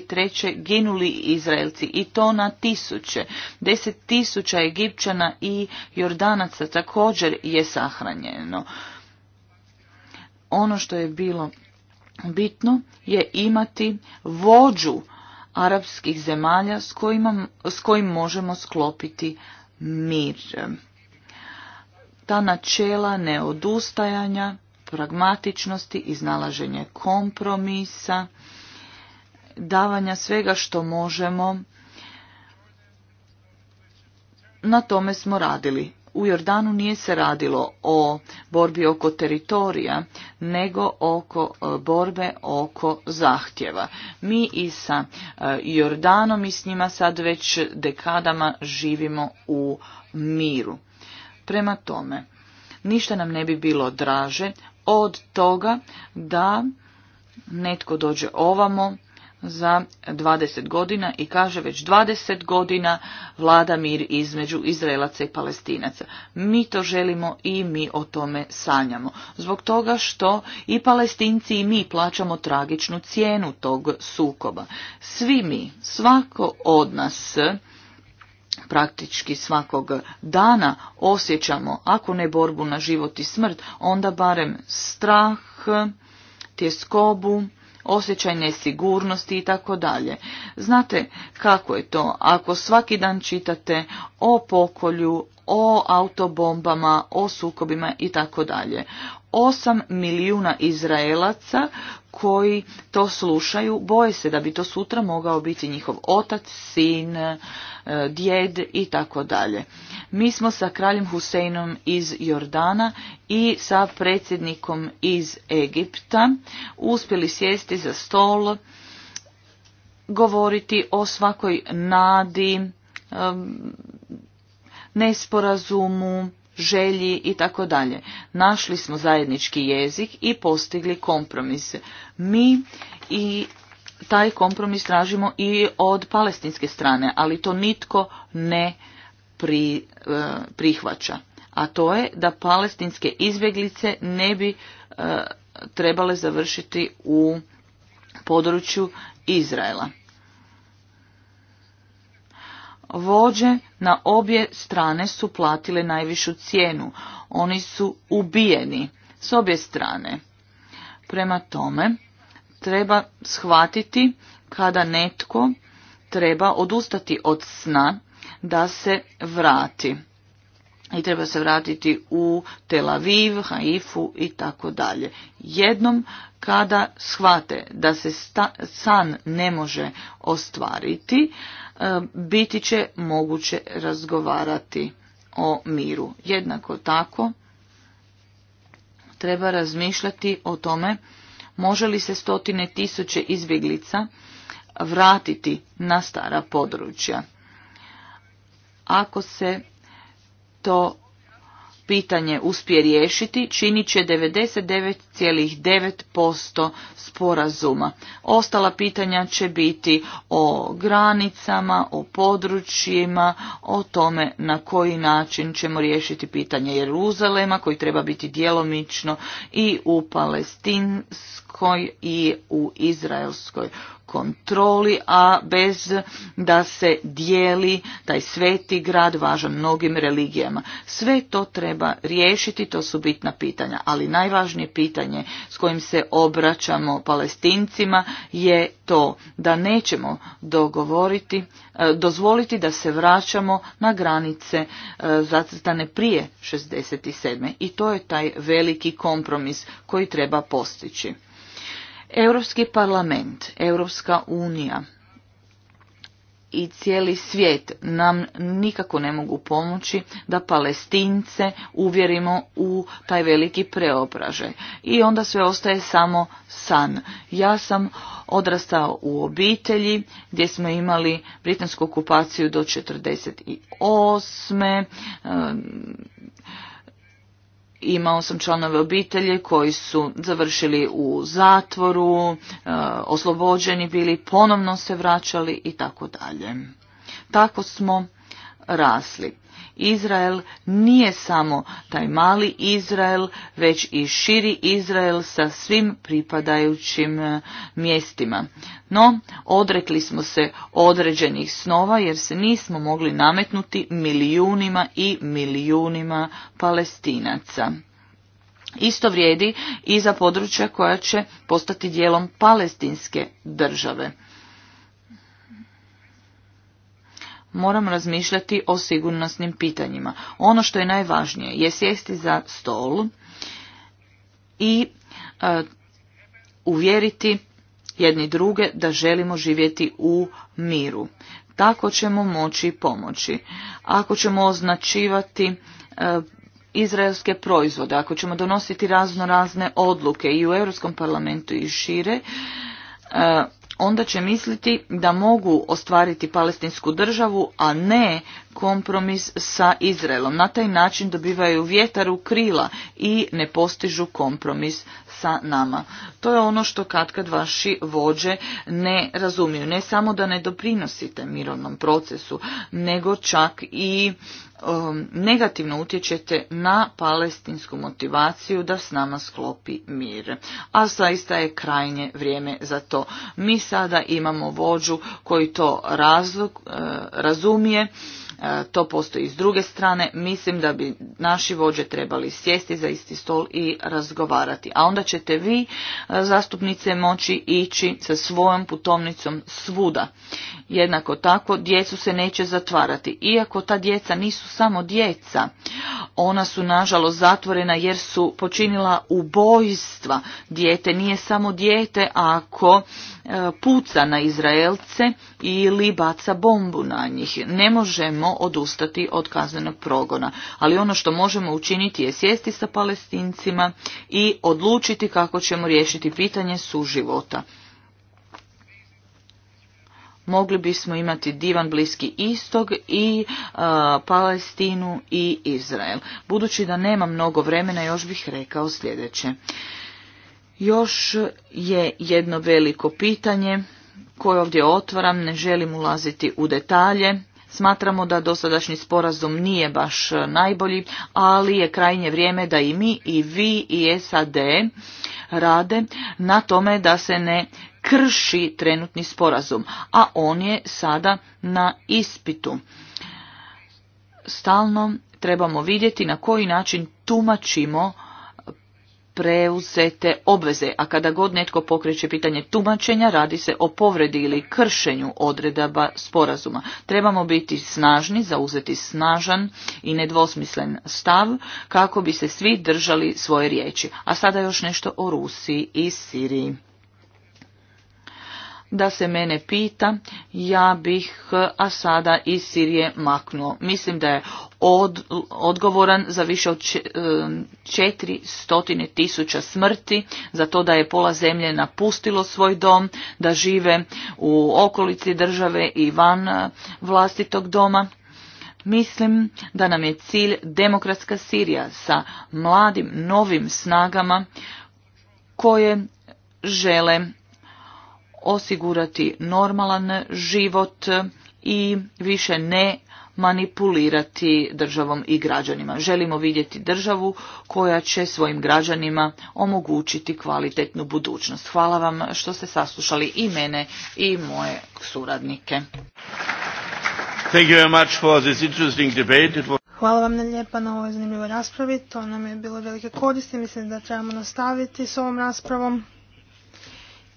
73. ginuli Izraelci i to na tisuće. Deset tisuća Egipćana i Jordanaca također je sahranjeno. Ono što je bilo bitno je imati vođu arapskih zemalja s, s kojim možemo sklopiti mir ta načela neodustajanja, pragmatičnosti, iznalaženje kompromisa, davanja svega što možemo, na tome smo radili. U Jordanu nije se radilo o borbi oko teritorija, nego oko e, borbe oko zahtjeva. Mi i sa e, Jordanom i s njima sad već dekadama živimo u miru. Prema tome, ništa nam ne bi bilo draže od toga da netko dođe ovamo za 20 godina i kaže već 20 godina vlada mir između Izraelaca i Palestinaca. Mi to želimo i mi o tome sanjamo. Zbog toga što i Palestinci i mi plaćamo tragičnu cijenu tog sukoba. Svi mi, svako od nas praktički svakog dana osjećamo, ako ne borbu na život i smrt, onda barem strah, tjeskobu, osjećaj nesigurnosti i tako dalje. Znate kako je to ako svaki dan čitate o pokolju, o autobombama, o sukobima i tako dalje. 8 milijuna Izraelaca koji to slušaju boje se da bi to sutra mogao biti njihov otac, sin, e, djed i tako dalje. Mi smo sa kraljem Huseinom iz Jordana i sa predsjednikom iz Egipta uspjeli sjesti za stol, govoriti o svakoj nadi, e, nesporazumu, želji i tako dalje. Našli smo zajednički jezik i postigli kompromis. Mi i taj kompromis tražimo i od palestinske strane, ali to nitko ne e, prihvaća. A to je da palestinske izbjeglice ne bi e, trebale završiti u području Izraela vođe na obje strane su platile najvišu cijenu. Oni su ubijeni s obje strane. Prema tome, treba shvatiti kada netko treba odustati od sna da se vrati i treba se vratiti u Tel Aviv, Haifu i tako dalje. Jednom kada shvate da se san ne može ostvariti, e, biti će moguće razgovarati o miru. Jednako tako treba razmišljati o tome može li se stotine tisuće izbjeglica vratiti na stara područja. Ako se to pitanje uspije riješiti, činit će 99,9% sporazuma. Ostala pitanja će biti o granicama, o područjima, o tome na koji način ćemo riješiti pitanje Jeruzalema koji treba biti djelomično i u palestinskoj i u izraelskoj kontroli, a bez da se dijeli taj sveti grad važan mnogim religijama. Sve to treba riješiti, to su bitna pitanja, ali najvažnije pitanje s kojim se obraćamo palestincima je to da nećemo dogovoriti, e, dozvoliti da se vraćamo na granice e, zacrtane prije 67. i to je taj veliki kompromis koji treba postići. Europski parlament, Europska unija i cijeli svijet nam nikako ne mogu pomoći da palestince uvjerimo u taj veliki preobražaj. I onda sve ostaje samo san. Ja sam odrastao u obitelji gdje smo imali britansku okupaciju do 1948 imao sam članove obitelji koji su završili u zatvoru, e, oslobođeni bili, ponovno se vraćali i tako dalje. Tako smo rasli. Izrael nije samo taj mali Izrael, već i širi Izrael sa svim pripadajućim e, mjestima. No, odrekli smo se određenih snova jer se nismo mogli nametnuti milijunima i milijunima palestinaca. Isto vrijedi i za područja koja će postati dijelom palestinske države. moramo razmišljati o sigurnosnim pitanjima. Ono što je najvažnije je sjesti za stol i e, uvjeriti jedni druge da želimo živjeti u miru. Tako ćemo moći pomoći. Ako ćemo označivati e, izraelske proizvode, ako ćemo donositi razno razne odluke i u Europskom parlamentu i šire, e, onda će misliti da mogu ostvariti palestinsku državu, a ne kompromis sa Izraelom. Na taj način dobivaju vjetar u krila i ne postižu kompromis sa nama. To je ono što katkad vaši vođe ne razumiju. Ne samo da ne doprinosite mirovnom procesu, nego čak i um, negativno utječete na palestinsku motivaciju da s nama sklopi mir. A zaista je krajnje vrijeme za to. Mi sada imamo vođu koji to razlog, eh, razumije E, to postoji s druge strane. Mislim da bi naši vođe trebali sjesti za isti stol i razgovarati. A onda ćete vi, e, zastupnice, moći ići sa svojom putovnicom svuda. Jednako tako, djecu se neće zatvarati. Iako ta djeca nisu samo djeca, ona su nažalost zatvorena jer su počinila ubojstva. Dijete nije samo dijete ako e, puca na Izraelce ili baca bombu na njih. Ne možemo odustati od kaznenog progona. Ali ono što možemo učiniti je sjesti sa palestincima i odlučiti kako ćemo riješiti pitanje suživota. Mogli bismo imati divan Bliski Istog i e, Palestinu i Izrael. Budući da nema mnogo vremena još bih rekao sljedeće. Još je jedno veliko pitanje koje ovdje otvaram, ne želim ulaziti u detalje. Smatramo da dosadašnji sporazum nije baš najbolji, ali je krajnje vrijeme da i mi i vi i SAD rade na tome da se ne krši trenutni sporazum, a on je sada na ispitu. Stalno trebamo vidjeti na koji način tumačimo preuzete obveze, a kada god netko pokreće pitanje tumačenja, radi se o povredi ili kršenju odredaba sporazuma. Trebamo biti snažni, zauzeti snažan i nedvosmislen stav kako bi se svi držali svoje riječi. A sada još nešto o Rusiji i Siriji da se mene pita, ja bih eh, Asada iz Sirije maknuo. Mislim da je odgovoran za više od stotine tisuća smrti, za to da je pola zemlje napustilo svoj dom, da žive u okolici države i van eh, vlastitog doma. Mislim da nam je cilj demokratska Sirija sa mladim, novim snagama koje žele osigurati normalan život i više ne manipulirati državom i građanima. Želimo vidjeti državu koja će svojim građanima omogućiti kvalitetnu budućnost. Hvala vam što ste saslušali i mene i moje suradnike. Hvala vam lijepa na ovoj zanimljivoj raspravi. To nam je bilo velike koristi. Mislim da trebamo nastaviti s ovom raspravom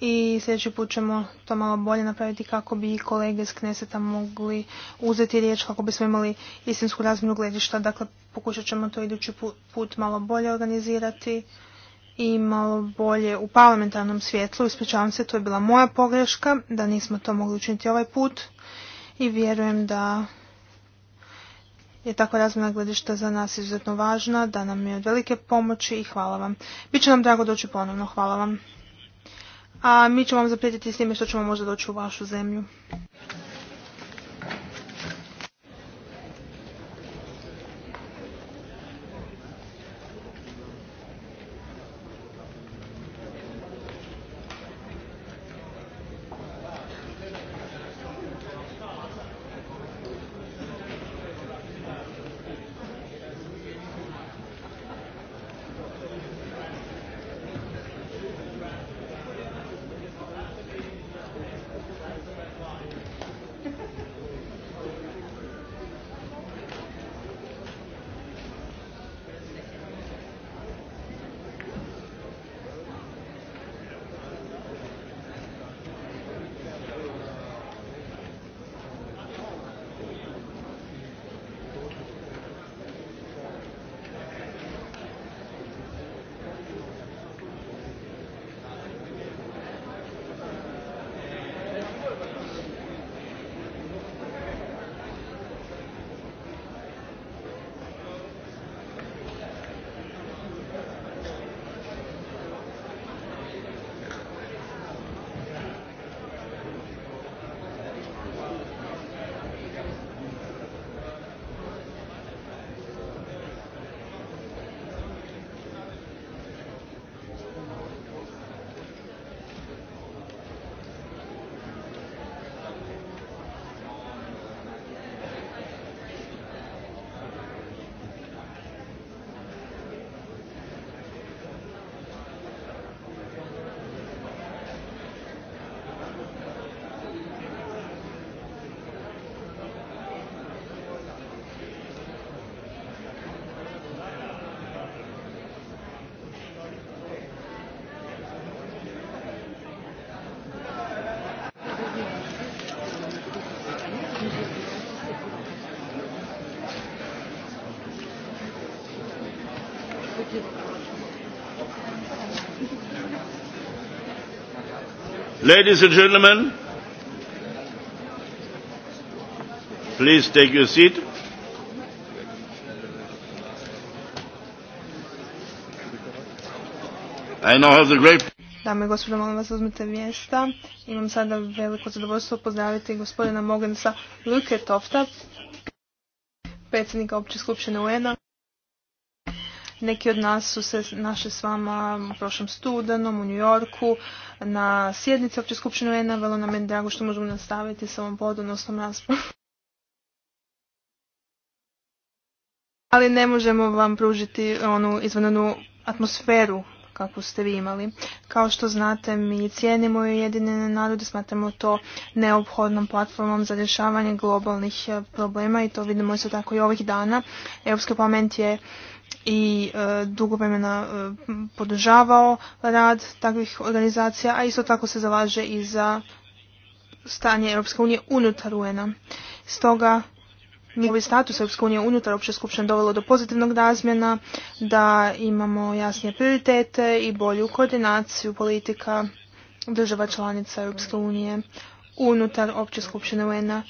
i sljedeći put ćemo to malo bolje napraviti kako bi kolege iz Kneseta mogli uzeti riječ kako bismo imali istinsku razminu gledišta. Dakle, pokušat ćemo to idući put malo bolje organizirati i malo bolje u parlamentarnom svjetlu. Ispričavam se, to je bila moja pogreška da nismo to mogli učiniti ovaj put i vjerujem da je takva razmjena gledišta za nas izuzetno važna, da nam je od velike pomoći i hvala vam. Biće nam drago doći ponovno. Hvala vam a mi ćemo vam zaprijetiti s time što ćemo možda doći u vašu zemlju. Ladies and gentlemen, please take your seat. I now have the great... Dame i gospodo, molim vas uzmite mjesta. Imam sada veliko zadovoljstvo pozdraviti gospodina Mogensa Luke Tofta, predsjednika Opće skupštine UN-a. Neki od nas su se našli s vama u prošlom studenom u New Yorku na sjednici opće skupštine un nam je drago što možemo nastaviti s ovom podonosnom raspravom. Ali ne možemo vam pružiti onu izvanrednu atmosferu kakvu ste vi imali. Kao što znate, mi cijenimo jedine narode, smatramo to neophodnom platformom za rješavanje globalnih problema i to vidimo isto tako i ovih dana. Europski parlament je i e, dugo vremena e, podržavao rad takvih organizacija, a isto tako se zalaže i za stanje Europske unije unutar un Stoga njegovi status Europske unije unutar opće skupštine dovelo do pozitivnog razmjena, da imamo jasnije prioritete i bolju koordinaciju politika država članica Europske unije unutar opće skupštine un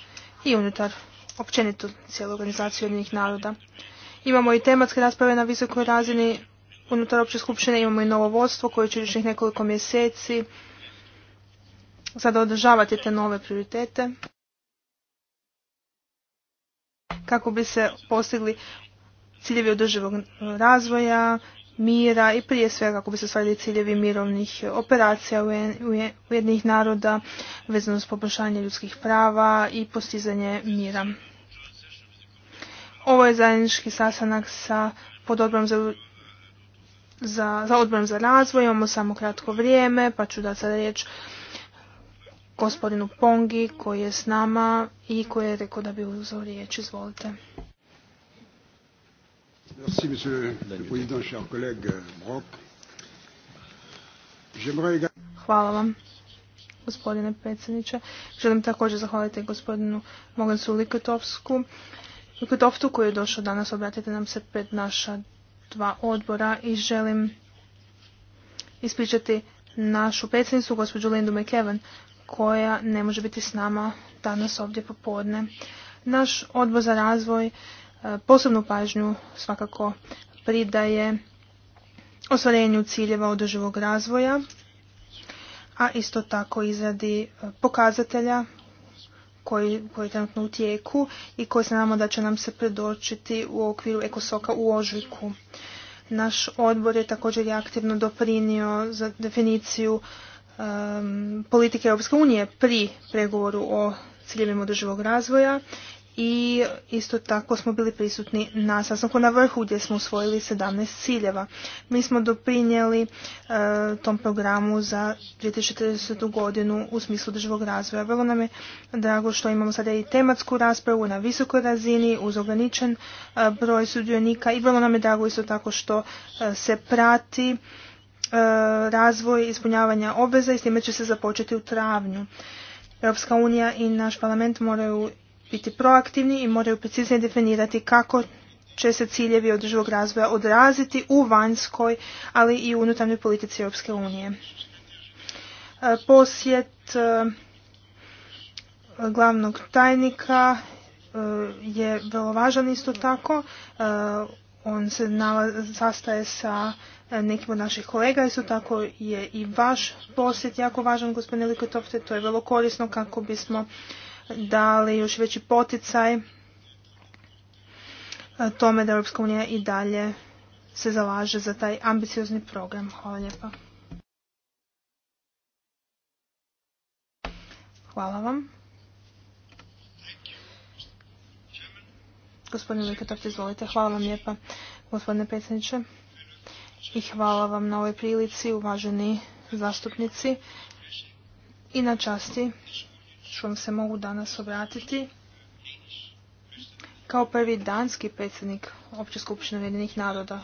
i unutar općenito cijelu organizaciju jednih naroda. Imamo i tematske rasprave na visokoj razini unutar opće skupštine, imamo i novo vodstvo koje će još nekoliko mjeseci sada održavati te nove prioritete kako bi se postigli ciljevi održivog razvoja, mira i prije svega kako bi se stvarili ciljevi mirovnih operacija jednih naroda vezano s poboljšanje ljudskih prava i postizanje mira. Ovo je zajednički sastanak sa za za, za odborom za razvoj, imamo samo kratko vrijeme, pa ću da sada riječ gospodinu Pongi koji je s nama i koji je rekao da bi uzeo riječ. Izvolite. Hvala vam, gospodine predsjedniče. Želim također zahvaliti gospodinu Mogensu Likotovsku Gdoftu dakle, koji je došao danas obratite nam se pred naša dva odbora i želim ispričati našu predsjednicu, gospođu Lindu McEvan, koja ne može biti s nama danas ovdje popodne. Naš odbor za razvoj e, posebnu pažnju svakako pridaje ostvarenju ciljeva održivog razvoja, a isto tako izradi e, pokazatelja koji, je trenutno u tijeku i koji se da će nam se predočiti u okviru ekosoka u ožujku. Naš odbor je također aktivno doprinio za definiciju um, politike Europske unije pri pregovoru o ciljevima održivog razvoja i isto tako smo bili prisutni na sastanku na vrhu gdje smo usvojili 17 ciljeva. Mi smo doprinijeli e, tom programu za 2040. godinu u smislu državog razvoja. Vrlo nam je drago što imamo sada i tematsku raspravu na visokoj razini uz ograničen e, broj sudionika i vrlo nam je drago isto tako što e, se prati razvoj ispunjavanja obveza i s time će se započeti u travnju. Europska unija i naš parlament moraju biti proaktivni i moraju preciznije definirati kako će se ciljevi održivog razvoja odraziti u vanjskoj, ali i u unutarnjoj politici Europske unije. E, posjet e, glavnog tajnika e, je vrlo važan isto tako. On se sastaje sa nekim od naših kolega, isto tako je i vaš posjet jako važan, gospodine Likotopte, to je vrlo korisno kako bismo dali još veći poticaj e, tome da Europska unija i dalje se zalaže za taj ambiciozni program. Hvala lijepa. Hvala vam. Gospodine izvolite. Hvala vam lijepa, gospodine predsjedniče. I hvala vam na ovoj prilici, uvaženi zastupnici. I na časti što vam se mogu danas obratiti kao prvi danski predsjednik Opće skupštine Ujedinih naroda.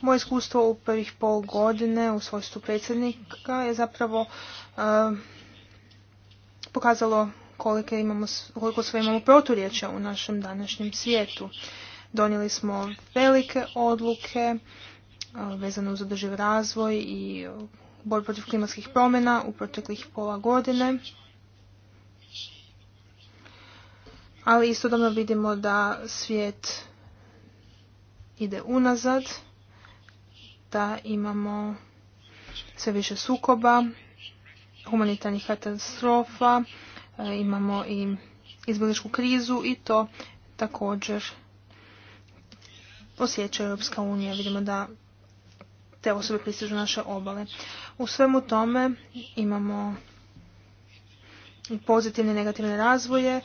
Moje iskustvo u prvih pol godine u svojstvu predsjednika je zapravo eh, pokazalo koliko, sve imamo proturječja u našem današnjem svijetu. Donijeli smo velike odluke eh, vezano uz održiv razvoj i borbi protiv klimatskih promjena u proteklih pola godine. Ali istodobno vidimo da svijet ide unazad, da imamo sve više sukoba, humanitarnih katastrofa, e, imamo i izbjegličku krizu i to također osjeća Europska unija. Vidimo da te osobe pristižu naše obale. U svemu tome imamo pozitivne i negativne razvoje e,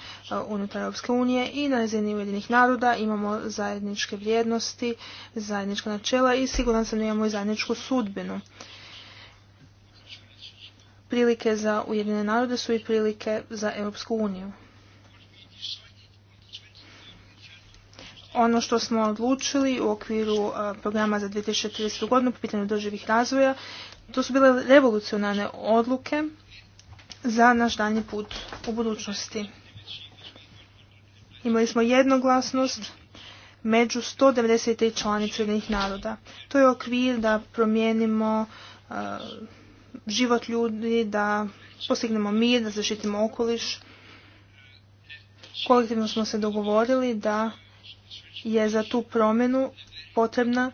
unutar Europske unije i na razini Ujedinih naroda imamo zajedničke vrijednosti, zajednička načela i siguran sam da imamo i zajedničku sudbinu. Prilike za Ujedine narode su i prilike za Europsku uniju. ono što smo odlučili u okviru programa za 2030. godinu po pitanju doživih razvoja, to su bile revolucionarne odluke za naš danji put u budućnosti. Imali smo jednoglasnost među 193 članice jednih naroda. To je okvir da promijenimo život ljudi, da postignemo mir, da zaštitimo okoliš. Kolektivno smo se dogovorili da je za tu promjenu potrebna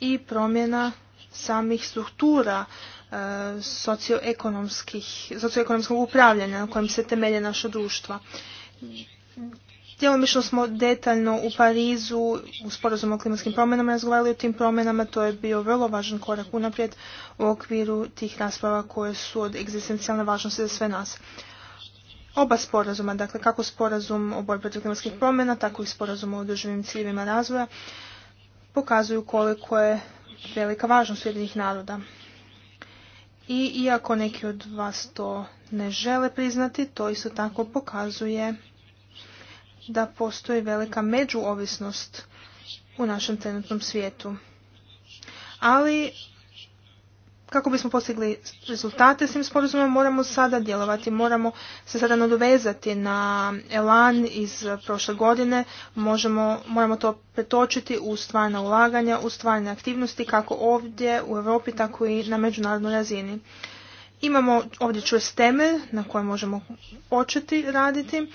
i promjena samih struktura e, socioekonomskih, socioekonomskog upravljanja na kojem se temelje naša društva. Djelomično smo detaljno u Parizu u sporazumu o klimatskim promjenama razgovarali o tim promjenama. To je bio vrlo važan korak unaprijed u okviru tih rasprava koje su od egzistencijalne važnosti za sve nas oba sporazuma, dakle kako sporazum o borbi protiv klimatskih promjena, tako i sporazum o održivim ciljevima razvoja, pokazuju koliko je velika važnost Ujedinjenih naroda. I iako neki od vas to ne žele priznati, to isto tako pokazuje da postoji velika međuovisnost u našem trenutnom svijetu. Ali kako bismo postigli rezultate s tim sporazumom moramo sada djelovati, moramo se sada nadovezati na elan iz prošle godine, možemo, moramo to pretočiti u stvarna ulaganja, u stvarne aktivnosti kako ovdje u Europi tako i na međunarodnoj razini. Imamo ovdje čvrst temelj na kojem možemo početi raditi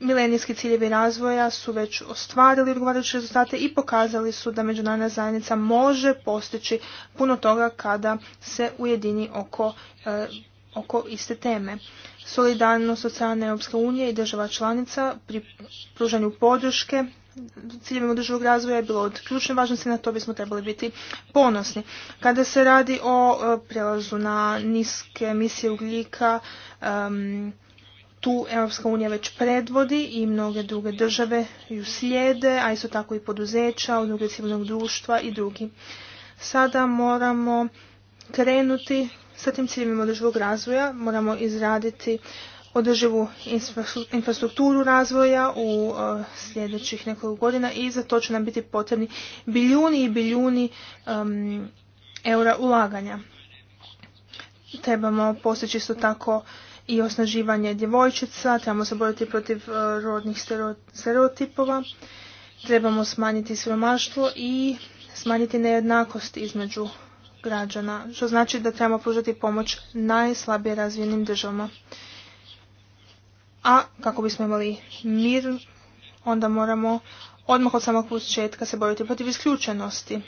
milenijski ciljevi razvoja su već ostvarili odgovarajuće rezultate i pokazali su da međunarodna zajednica može postići puno toga kada se ujedini oko, e, oko iste teme. Solidarnost od strane Europske unije i država članica pri pružanju podrške ciljevima održivog razvoja je bilo od ključne važnosti, na to bismo trebali biti ponosni. Kada se radi o e, prelazu na niske emisije ugljika, tu Europska unija već predvodi i mnoge druge države ju slijede, a isto tako i poduzeća, udruge civilnog društva i drugi. Sada moramo krenuti sa tim ciljem održivog razvoja, moramo izraditi održivu infrastrukturu razvoja u e, sljedećih nekoliko godina i za to će nam biti potrebni biljuni i biljuni eura ulaganja. Trebamo postići isto tako i osnaživanje djevojčica, trebamo se boriti protiv e, rodnih stereotipova, trebamo smanjiti siromaštvo i smanjiti nejednakost između građana, što znači da trebamo pružati pomoć najslabije razvijenim državama. A kako bismo imali mir, onda moramo odmah od samog početka se boriti protiv isključenosti.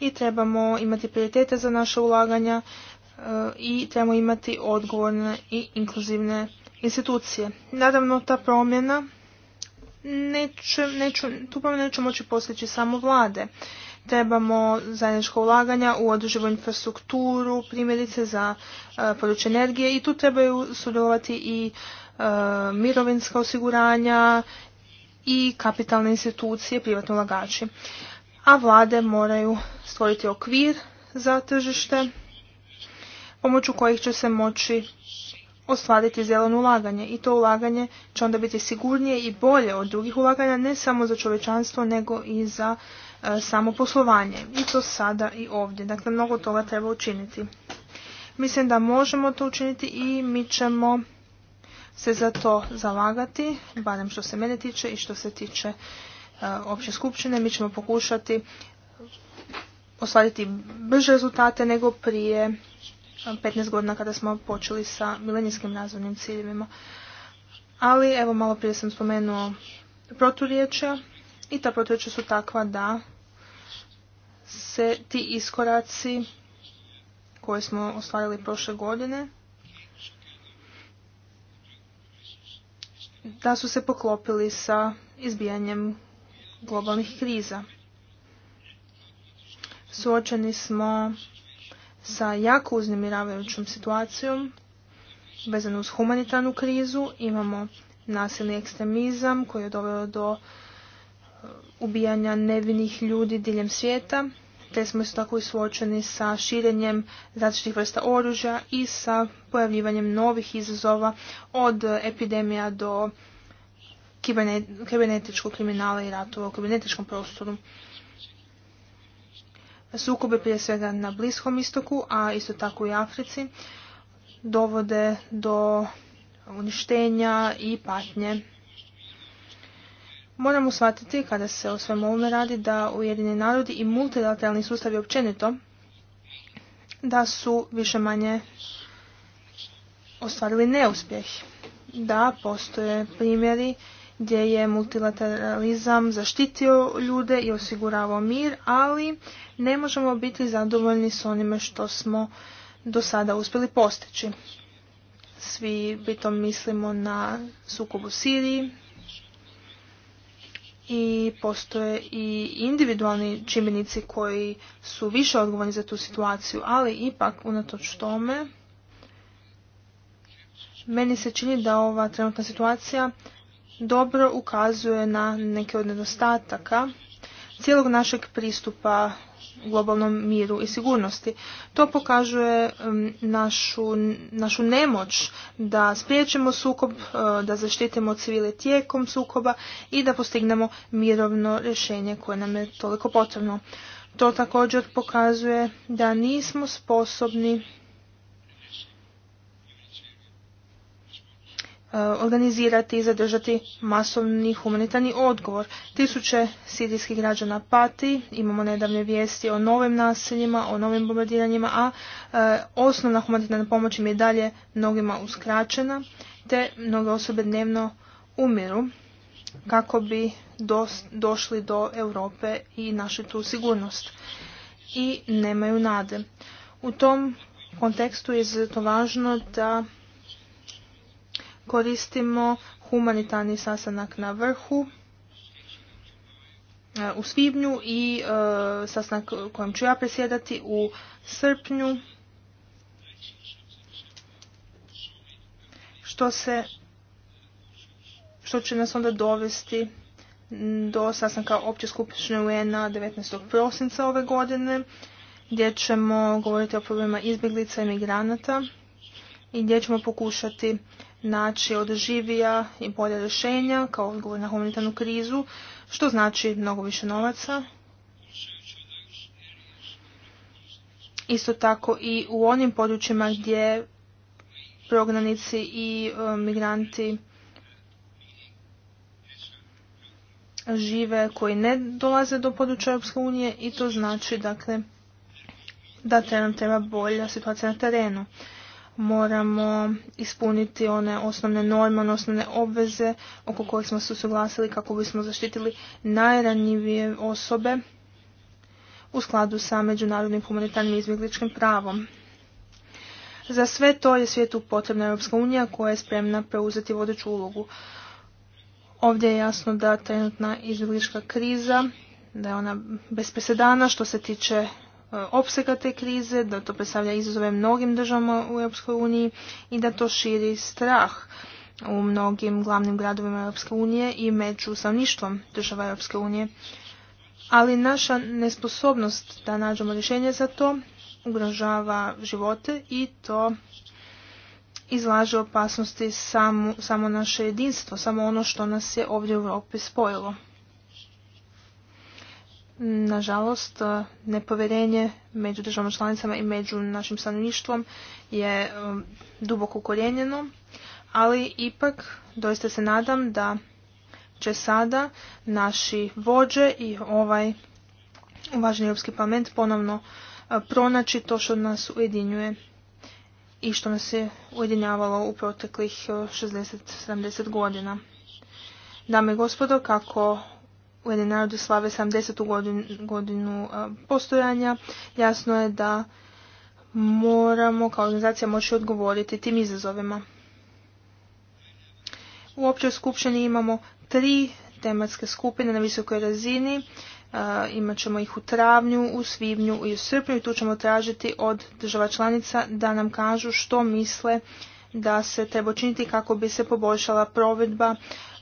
I trebamo imati prioritete za naše ulaganja, i trebamo imati odgovorne i inkluzivne institucije. Naravno, ta promjena neće, tu promjenu neće moći postići samo vlade. Trebamo zajednička ulaganja u održivu infrastrukturu, primjerice za e, područje energije i tu trebaju sudjelovati i e, mirovinska osiguranja i kapitalne institucije, privatni ulagači. A vlade moraju stvoriti okvir za tržište pomoću kojih će se moći ostvariti zeleno ulaganje i to ulaganje će onda biti sigurnije i bolje od drugih ulaganja ne samo za čovečanstvo, nego i za samoposlovanje. samo poslovanje i to sada i ovdje. Dakle, mnogo toga treba učiniti. Mislim da možemo to učiniti i mi ćemo se za to zalagati, barem što se mene tiče i što se tiče e, opće skupštine. Mi ćemo pokušati ostvariti brže rezultate nego prije 15 godina kada smo počeli sa milenijskim razvojnim ciljevima. Ali evo malo prije sam spomenuo proturječja i ta proturječja su takva da se ti iskoraci koje smo ostvarili prošle godine da su se poklopili sa izbijanjem globalnih kriza. Suočeni smo sa jako uznemiravajućom situacijom vezano uz humanitarnu krizu. Imamo nasilni ekstremizam koji je doveo do e, ubijanja nevinih ljudi diljem svijeta, te smo isto tako i suočeni sa širenjem različitih vrsta oružja i sa pojavljivanjem novih izazova od epidemija do kibernetičkog kriminala i ratova u kibernetičkom prostoru sukobe prije svega na Bliskom istoku, a isto tako i Africi, dovode do uništenja i patnje. Moramo shvatiti kada se o svemu ovome radi da Ujedinjeni narodi i multilateralni sustavi općenito da su više manje ostvarili neuspjeh. Da, postoje primjeri gdje je multilateralizam zaštitio ljude i osiguravao mir, ali ne možemo biti zadovoljni s onime što smo do sada uspjeli postići. Svi bitom mislimo na sukob u Siriji i postoje i individualni čimbenici koji su više odgovorni za tu situaciju, ali ipak unatoč tome meni se čini da ova trenutna situacija dobro ukazuje na neke od nedostataka cijelog našeg pristupa globalnom miru i sigurnosti. To pokazuje um, našu, našu nemoć da spriječimo sukob, uh, da zaštitimo civile tijekom sukoba i da postignemo mirovno rješenje koje nam je toliko potrebno. To također pokazuje da nismo sposobni E, organizirati i zadržati masovni humanitarni odgovor. Tisuće sirijskih građana pati, imamo nedavne vijesti o novim naseljima, o novim bombardiranjima, a e, osnovna humanitarna pomoć im je dalje mnogima uskraćena, te mnoge osobe dnevno umiru kako bi došli do Europe i našli tu sigurnost i nemaju nade. U tom kontekstu je izuzetno važno da koristimo humanitarni sastanak na vrhu e, u svibnju i e, sastanak kojem ću ja presjedati u srpnju. Što se što će nas onda dovesti do sastanka opće skupštine UN-a 19. prosinca ove godine, gdje ćemo govoriti o problemima izbjeglica i migranata i gdje ćemo pokušati naći održivija i bolja rješenja kao odgovor na humanitarnu krizu, što znači mnogo više novaca. Isto tako i u onim područjima gdje prognanici i e, migranti žive koji ne dolaze do područja Europske unije i to znači dakle da nam treba bolja situacija na terenu moramo ispuniti one osnovne norme, one osnovne obveze oko kojih smo se usuglasili kako bismo zaštitili najranjivije osobe u skladu sa međunarodnim humanitarnim izbjegličkim pravom. Za sve to je svijetu potrebna Europska unija koja je spremna preuzeti vodeću ulogu. Ovdje je jasno da trenutna izbjeglička kriza, da je ona bez presedana što se tiče E, opsega te krize, da to predstavlja izazove mnogim državama u Europskoj uniji i da to širi strah u mnogim glavnim gradovima Europske unije i među stanovništvom država Europske unije. Ali naša nesposobnost da nađemo rješenje za to ugrožava živote i to izlaže opasnosti samo, samo naše jedinstvo, samo ono što nas je ovdje u Europi spojilo. Nažalost, e, nepovjerenje među državama članicama i među našim stanovništvom je e, duboko ukorijenjeno, ali ipak doista se nadam da će sada naši vođe i ovaj važni Europski parlament ponovno e, pronaći to što nas ujedinjuje i što nas je ujedinjavalo u proteklih 60-70 godina. Dame i gospodo, kako UN narodi slave 70. godinu, postojanja, jasno je da moramo kao organizacija moći odgovoriti tim izazovima. U općoj skupštini imamo tri tematske skupine na visokoj razini. imat ćemo ih u travnju, u svibnju i u srpnju i tu ćemo tražiti od država članica da nam kažu što misle da se treba učiniti kako bi se poboljšala provedba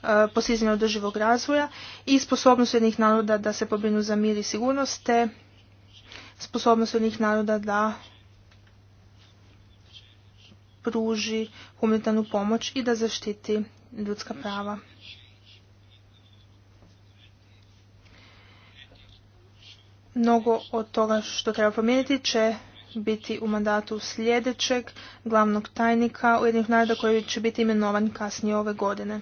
Eh, postizanja održivog razvoja i sposobnost jednih naroda da se pobrinu za mir i sigurnost te sposobnost jednih naroda da pruži humanitarnu pomoć i da zaštiti ljudska prava. Mnogo od toga što treba promijeniti će biti u mandatu sljedećeg glavnog tajnika Ujedinjenih naroda koji će biti imenovan kasnije ove godine.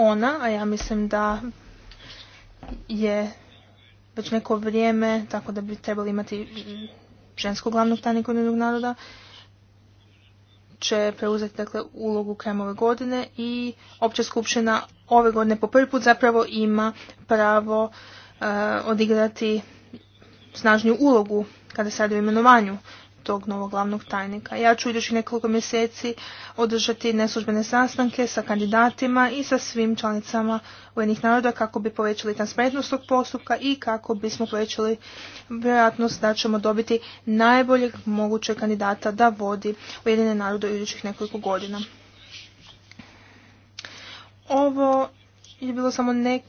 ona, a ja mislim da je već neko vrijeme, tako da bi trebali imati ženskog glavnog tajnika jednog naroda, će preuzeti dakle, ulogu krajem ove godine i opća skupština ove godine po prvi put zapravo ima pravo eh, odigrati snažniju ulogu kada se radi o imenovanju tog novog glavnog tajnika. Ja ću idućih nekoliko mjeseci održati neslužbene sastanke sa kandidatima i sa svim članicama Ujednih naroda kako bi povećali transparentnost tog postupka i kako bismo povećali vjerojatnost da ćemo dobiti najboljeg mogućeg kandidata da vodi Ujedine narode u idućih nekoliko godina. Ovo je bilo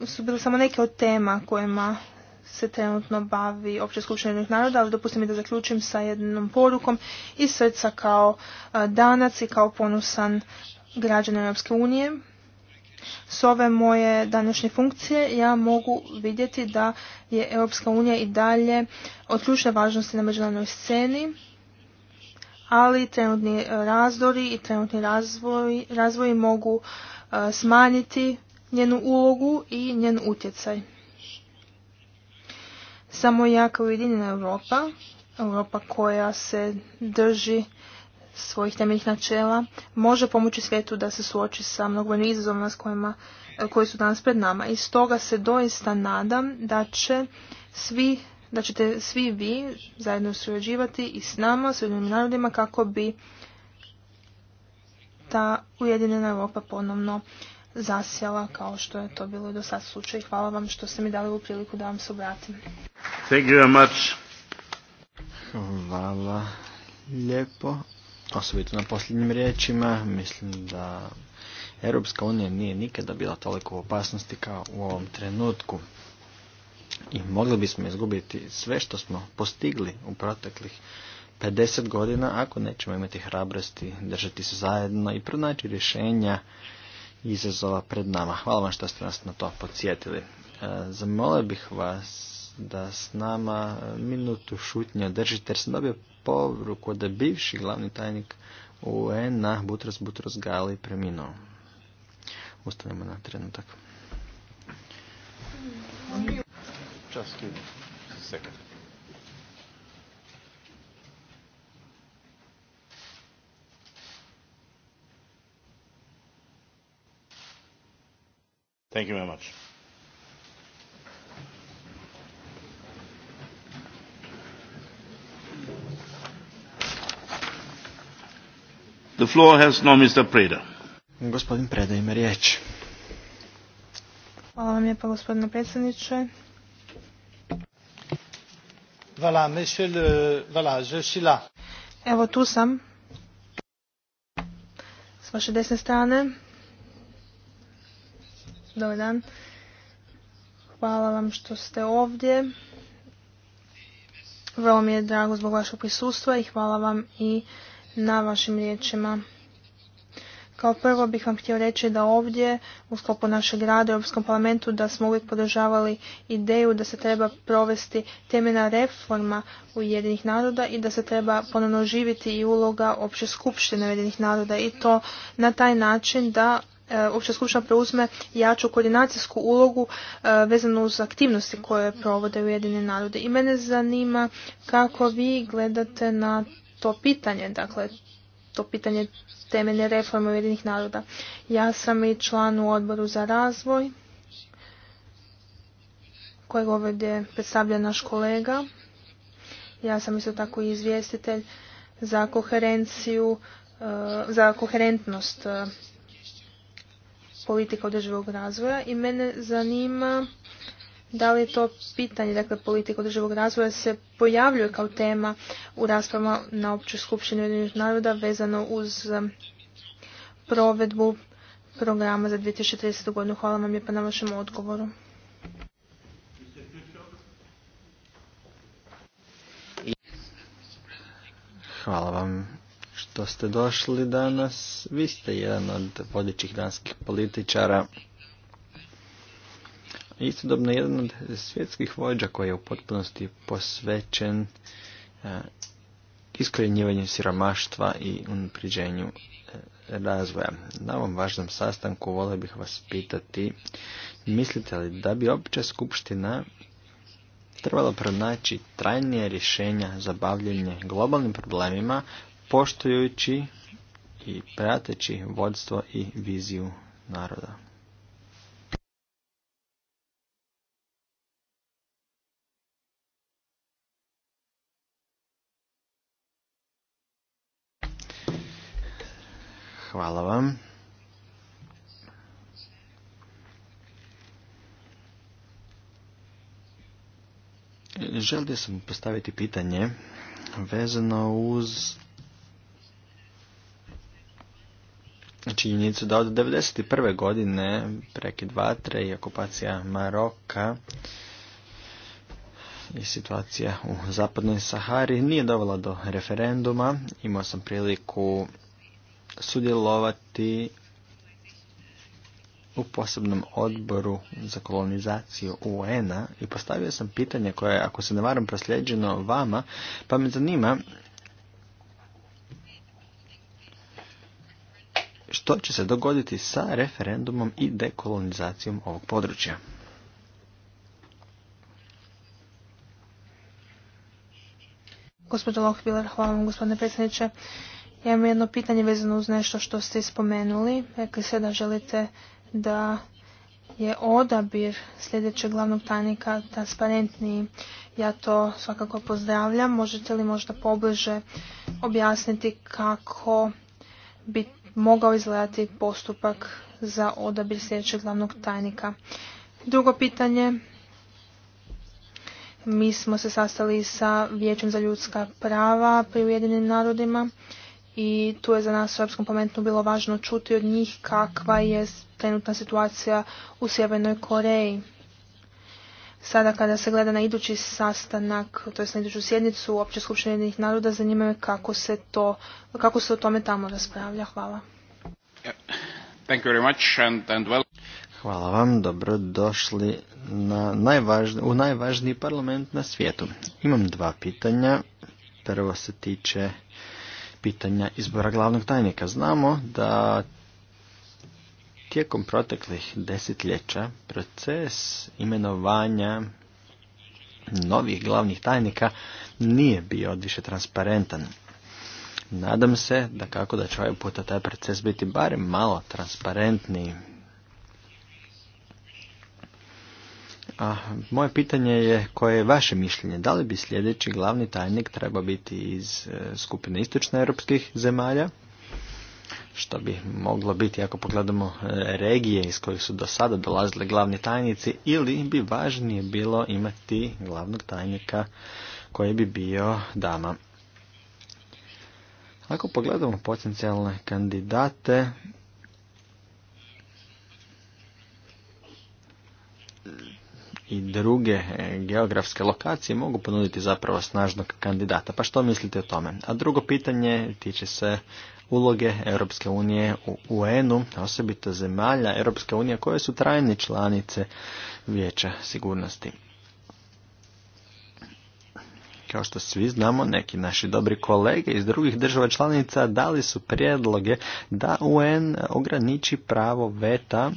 su bile samo neke od tema kojima se trenutno bavi Opće skupštine naroda, ali dopustite mi da zaključim sa jednom porukom i srca kao e, danac i kao ponosan građan Europske unije. S ove moje današnje funkcije ja mogu vidjeti da je Europska unija i dalje od ključne važnosti na međunarodnoj sceni, ali trenutni e, razdori i trenutni razvoj, razvoj mogu e, smanjiti njenu ulogu i njen utjecaj. Samo jaka ujedinjena Europa, Europa koja se drži svojih temeljnih načela, može pomoći svijetu da se suoči sa mnogobrojnim izazovima s kojima, e, koji su danas pred nama. I stoga se doista nadam da će svi da ćete svi vi zajedno surađivati i s nama, s jednim narodima, kako bi ta Ujedinjena Europa ponovno zasjala kao što je to bilo do sad slučaj. Hvala vam što ste mi dali ovu priliku da vam se obratim. Thank you very much. Hvala lijepo. Osobito na posljednjim riječima mislim da Europska unija nije nikada bila toliko u opasnosti kao u ovom trenutku. I mogli bismo izgubiti sve što smo postigli u proteklih 50 godina ako nećemo imati hrabrosti držati se zajedno i pronaći rješenja izazova pred nama. Hvala vam što ste nas na to podsjetili. E, zamolio bih vas da s nama e, minutu šutnje držite jer sam dobio povruku da bivši glavni tajnik UN-a Butros Butros Gali preminuo. Ustanemo na trenutak. Just Thank you very much. The floor has no Mr. Preda. Gospodin Preda ima riječ. Hvala vam lijepa gospodine predsjedniče. Voilà, monsieur le... Voilà, je suis là. Evo tu sam. S vaše desne strane. Dobar dan. Hvala vam što ste ovdje. Vrlo mi je drago zbog vašeg prisustva i hvala vam i na vašim riječima. Kao prvo bih vam htio reći da ovdje u sklopu našeg rada u Europskom parlamentu da smo uvijek podržavali ideju da se treba provesti temeljna reforma Ujedinih naroda i da se treba ponovno živiti i uloga opće skupštine Ujedinih naroda i to na taj način da E, opća skupština preuzme jaču koordinacijsku ulogu e, vezanu uz aktivnosti koje provode Ujedine narode. I mene zanima kako vi gledate na to pitanje, dakle to pitanje temeljne reforme Ujedinih naroda. Ja sam i član u odboru za razvoj kojeg ovdje predstavlja naš kolega. Ja sam isto tako i izvjestitelj za koherenciju, e, za koherentnost politika održivog razvoja i mene zanima da li je to pitanje, dakle politika održivog razvoja se pojavljuje kao tema u raspravama na općoj skupštini Ujedinjenih naroda vezano uz um, provedbu programa za 2030. godinu. Hvala vam lijepa na vašem odgovoru. Hvala vam što ste došli danas. Vi ste jedan od vodećih danskih političara. Istodobno jedan od svjetskih vođa koji je u potpunosti posvećen iskorjenjivanju siromaštva i unapređenju e, razvoja. Na ovom važnom sastanku volio bih vas pitati, mislite li da bi opća skupština trebala pronaći trajnije rješenja za bavljenje globalnim problemima, poštujući i prateći vodstvo i viziju naroda. Hvala vam. Želio sam postaviti pitanje vezano uz činjenicu da od 1991. godine prekid vatre i okupacija Maroka i situacija u zapadnoj Sahari nije dovela do referenduma. Imao sam priliku sudjelovati u posebnom odboru za kolonizaciju UN-a i postavio sam pitanje koje, ako se ne varam, prosljeđeno vama, pa me zanima što će se dogoditi sa referendumom i dekolonizacijom ovog područja. Gospodin hvala vam gospodine predsjedniče. Ja imam jedno pitanje vezano uz nešto što ste spomenuli. Rekli se da želite da je odabir sljedećeg glavnog tajnika transparentniji. Ja to svakako pozdravljam. Možete li možda pobliže objasniti kako bi mogao izgledati postupak za odabir sljedećeg glavnog tajnika. Drugo pitanje, mi smo se sastali sa Vijećem za ljudska prava pri Ujedinim narodima i tu je za nas u Europskom parlamentu bilo važno čuti od njih kakva je trenutna situacija u Sjevernoj Koreji. Sada kada se gleda na idući sastanak, to na iduću sjednicu Opće skupštine naroda, zanima me kako se, to, kako se o tome tamo raspravlja. Hvala. Thank you very much and, and well. Hvala vam, došli na u najvažniji parlament na svijetu. Imam dva pitanja. Prvo se tiče pitanja izbora glavnog tajnika. Znamo da Tijekom proteklih desetljeća proces imenovanja novih glavnih tajnika nije bio odviše transparentan. Nadam se da kako da će ovaj puta taj proces biti barem malo transparentniji. A moje pitanje je koje je vaše mišljenje? Da li bi sljedeći glavni tajnik trebao biti iz e, skupine istočnoeuropskih zemalja što bi moglo biti ako pogledamo e, regije iz kojih su do sada dolazili glavni tajnici ili bi važnije bilo imati glavnog tajnika koji bi bio dama. Ako pogledamo potencijalne kandidate, i druge e, geografske lokacije mogu ponuditi zapravo snažnog kandidata. Pa što mislite o tome? A drugo pitanje tiče se uloge Europske unije u UN-u, osobito zemalja Europske unije koje su trajne članice Vijeća sigurnosti. Kao što svi znamo, neki naši dobri kolege iz drugih država članica dali su prijedloge da UN ograniči pravo veta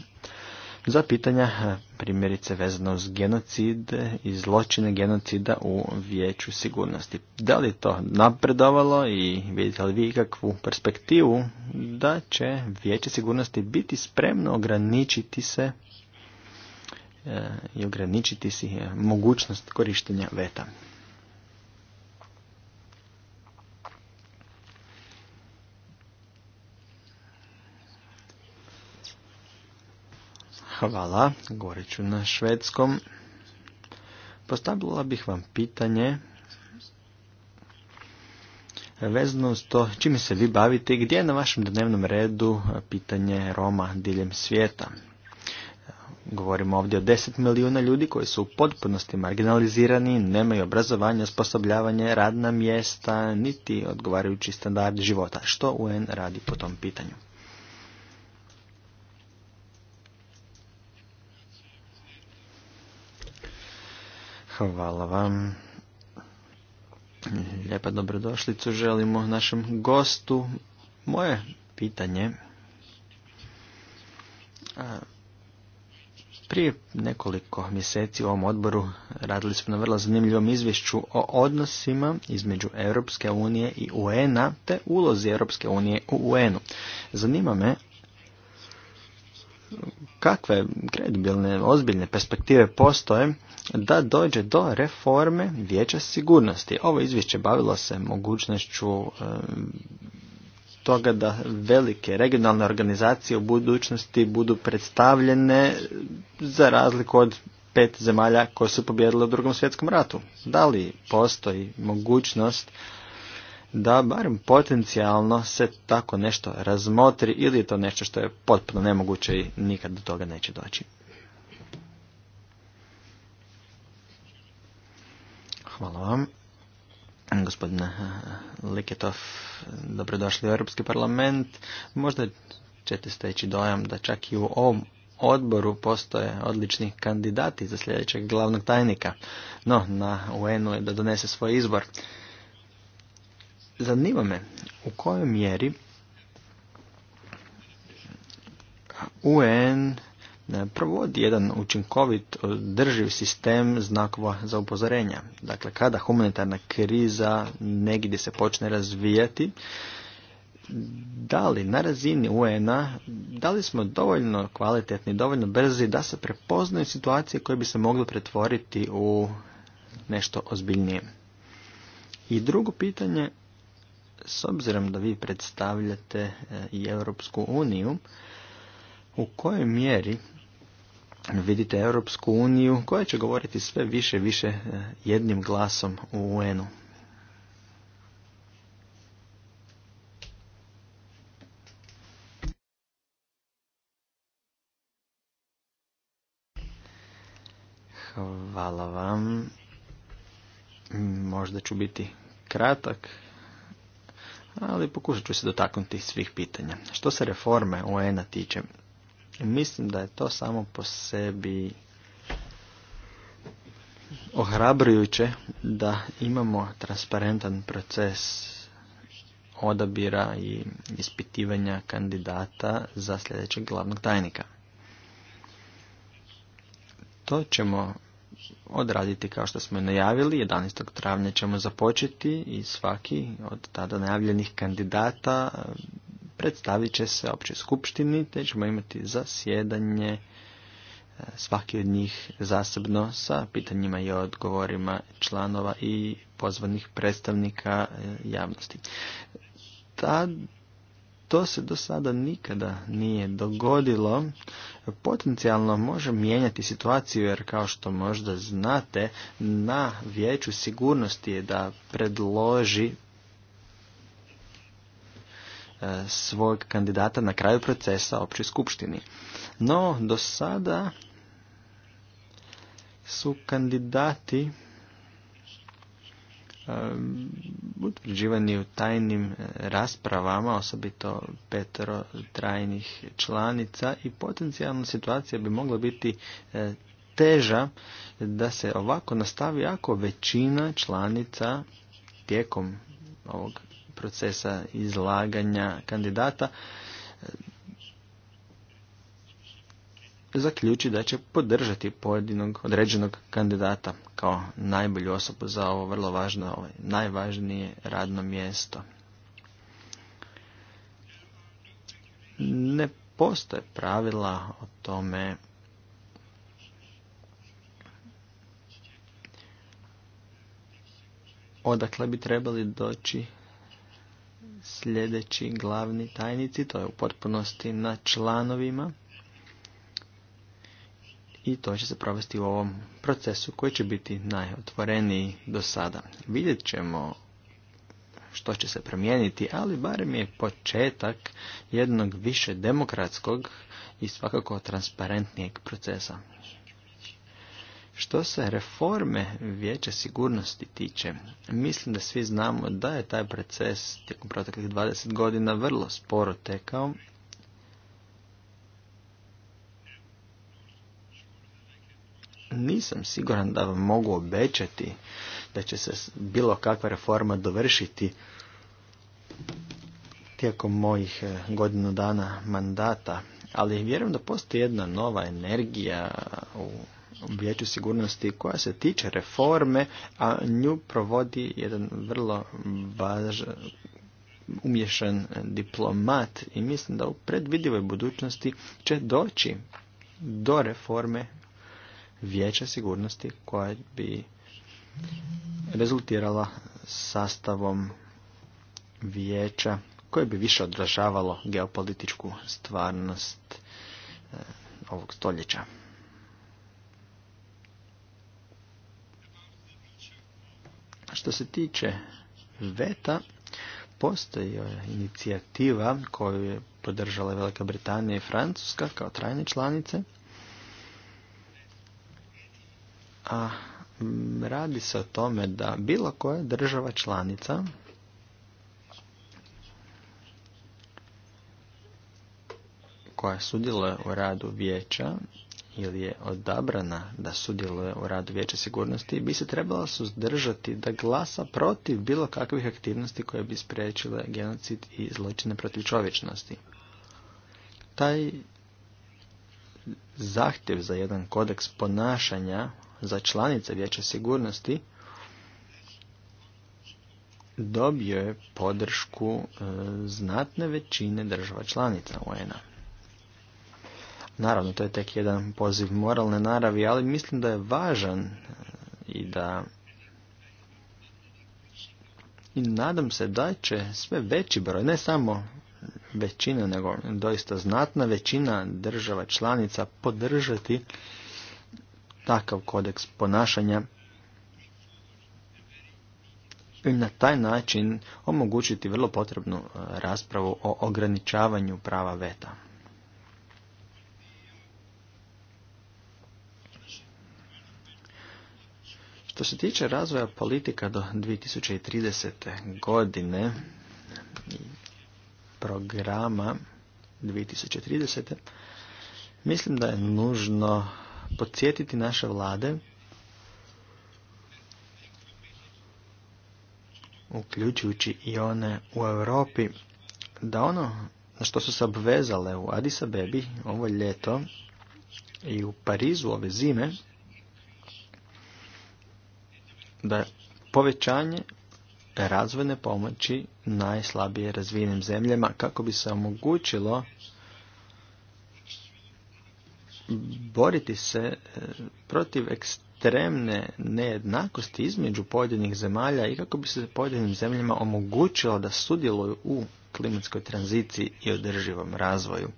za pitanja primjerice vezano uz genocid i zločine genocida u vijeću sigurnosti. Da li to napredovalo i vidite li vi kakvu perspektivu da će vijeće sigurnosti biti spremno ograničiti se e, i ograničiti si e, mogućnost korištenja veta? Hvala, govorit ću na švedskom. Postavila bih vam pitanje vezano s to čime se vi bavite i gdje je na vašem dnevnom redu pitanje Roma diljem svijeta. Govorimo ovdje o 10 milijuna ljudi koji su u potpunosti marginalizirani, nemaju obrazovanje, osposobljavanje, radna mjesta, niti odgovarajući standard života. Što UN radi po tom pitanju? Hvala vam. Lijepa dobrodošlicu želimo našem gostu. Moje pitanje prije nekoliko mjeseci u ovom odboru radili smo na vrlo zanimljivom izvješću o odnosima između Europske unije i UN-a te ulozi Europske unije u UN-u. Zanima me kakve kredibilne, ozbiljne perspektive postoje da dođe do reforme vijeća sigurnosti. Ovo izvješće bavilo se mogućnošću e, toga da velike regionalne organizacije u budućnosti budu predstavljene za razliku od pet zemalja koje su pobjedile u drugom svjetskom ratu. Da li postoji mogućnost da barem potencijalno se tako nešto razmotri ili je to nešto što je potpuno nemoguće i nikad do toga neće doći? Hvala vam. Gospodine Liketov, dobrodošli u Europski parlament. Možda ćete steći dojam da čak i u ovom odboru postoje odlični kandidati za sljedećeg glavnog tajnika, no na UN-u je da donese svoj izbor. Zanima me u kojoj mjeri UN E, provodi jedan učinkovit e, drživ sistem znakova za upozorenja. Dakle, kada humanitarna kriza negdje se počne razvijati, da li na razini UN-a, da li smo dovoljno kvalitetni, dovoljno brzi da se prepoznaju situacije koje bi se mogle pretvoriti u nešto ozbiljnije. I drugo pitanje, s obzirom da vi predstavljate e, i Europsku uniju, u kojoj mjeri vidite Europsku uniju koja će govoriti sve više više e, jednim glasom u UN-u. Hvala vam. Možda ću biti kratak, ali pokušat ću se dotaknuti svih pitanja. Što se reforme UN-a tiče, Mislim da je to samo po sebi ohrabrujuće da imamo transparentan proces odabira i ispitivanja kandidata za sljedećeg glavnog tajnika. To ćemo odraditi kao što smo i najavili. 11. travnja ćemo započeti i svaki od tada najavljenih kandidata predstavit će se opće skupštini, te ćemo imati zasjedanje e, svaki od njih zasebno sa pitanjima i odgovorima članova i pozvanih predstavnika e, javnosti. Ta, to se do sada nikada nije dogodilo. Potencijalno može mijenjati situaciju jer kao što možda znate na vijeću sigurnosti je da predloži E, svog kandidata na kraju procesa općoj skupštini. No, do sada su kandidati e, utvrđivani u tajnim e, raspravama, osobito petero trajnih članica i potencijalna situacija bi mogla biti teža da se ovako nastavi ako većina članica tijekom ovog procesa izlaganja kandidata e, zaključi da će podržati pojedinog određenog kandidata kao najbolju osobu za ovo vrlo važno, ovo ovaj, najvažnije radno mjesto. Ne postoje pravila o tome odakle bi trebali doći sljedeći glavni tajnici, to je u potpunosti na članovima i to će se provesti u ovom procesu koji će biti najotvoreniji do sada. Vidjet ćemo što će se promijeniti, ali barem je početak jednog više demokratskog i svakako transparentnijeg procesa. Što se reforme vijeća sigurnosti tiče, mislim da svi znamo da je taj proces tijekom proteklih 20 godina vrlo sporo tekao. Nisam siguran da vam mogu obećati da će se bilo kakva reforma dovršiti tijekom mojih e, godinu dana mandata, ali vjerujem da postoji jedna nova energija u vijeću sigurnosti koja se tiče reforme, a nju provodi jedan vrlo važan umješan diplomat i mislim da u predvidivoj budućnosti će doći do reforme vijeća sigurnosti koja bi rezultirala sastavom vijeća koje bi više odražavalo geopolitičku stvarnost eh, ovog stoljeća. Što se tiče VETA, postoji inicijativa koju je podržala Velika Britanija i Francuska kao trajne članice. A radi se o tome da bilo koja država članica koja sudjeluje u radu vijeća ili je odabrana da sudjeluje u radu Vijeća sigurnosti bi se trebala suzdržati da glasa protiv bilo kakvih aktivnosti koje bi spriječile genocid i zločine protiv čovječnosti. Taj zahtjev za jedan kodeks ponašanja za članice Vijeća sigurnosti dobio je podršku e, znatne većine država članica UN-a. Naravno, to je tek jedan poziv moralne naravi, ali mislim da je važan e, i da i nadam se da će sve veći broj, ne samo većina, nego doista znatna većina država članica podržati takav kodeks ponašanja i na taj način omogućiti vrlo potrebnu e, raspravu o ograničavanju prava veta. Što se tiče razvoja politika do 2030. godine i programa 2030. mislim da je nužno podsjetiti naše vlade uključujući i one u Europi da ono na što su se obvezale u Addis Abebi ovo ljeto i u Parizu ove zime da povećanje razvojne pomoći najslabije razvijenim zemljama kako bi se omogućilo boriti se e, protiv ekstremne nejednakosti između pojedinih zemalja i kako bi se pojedinim zemljama omogućilo da sudjeluju u klimatskoj tranziciji i održivom razvoju.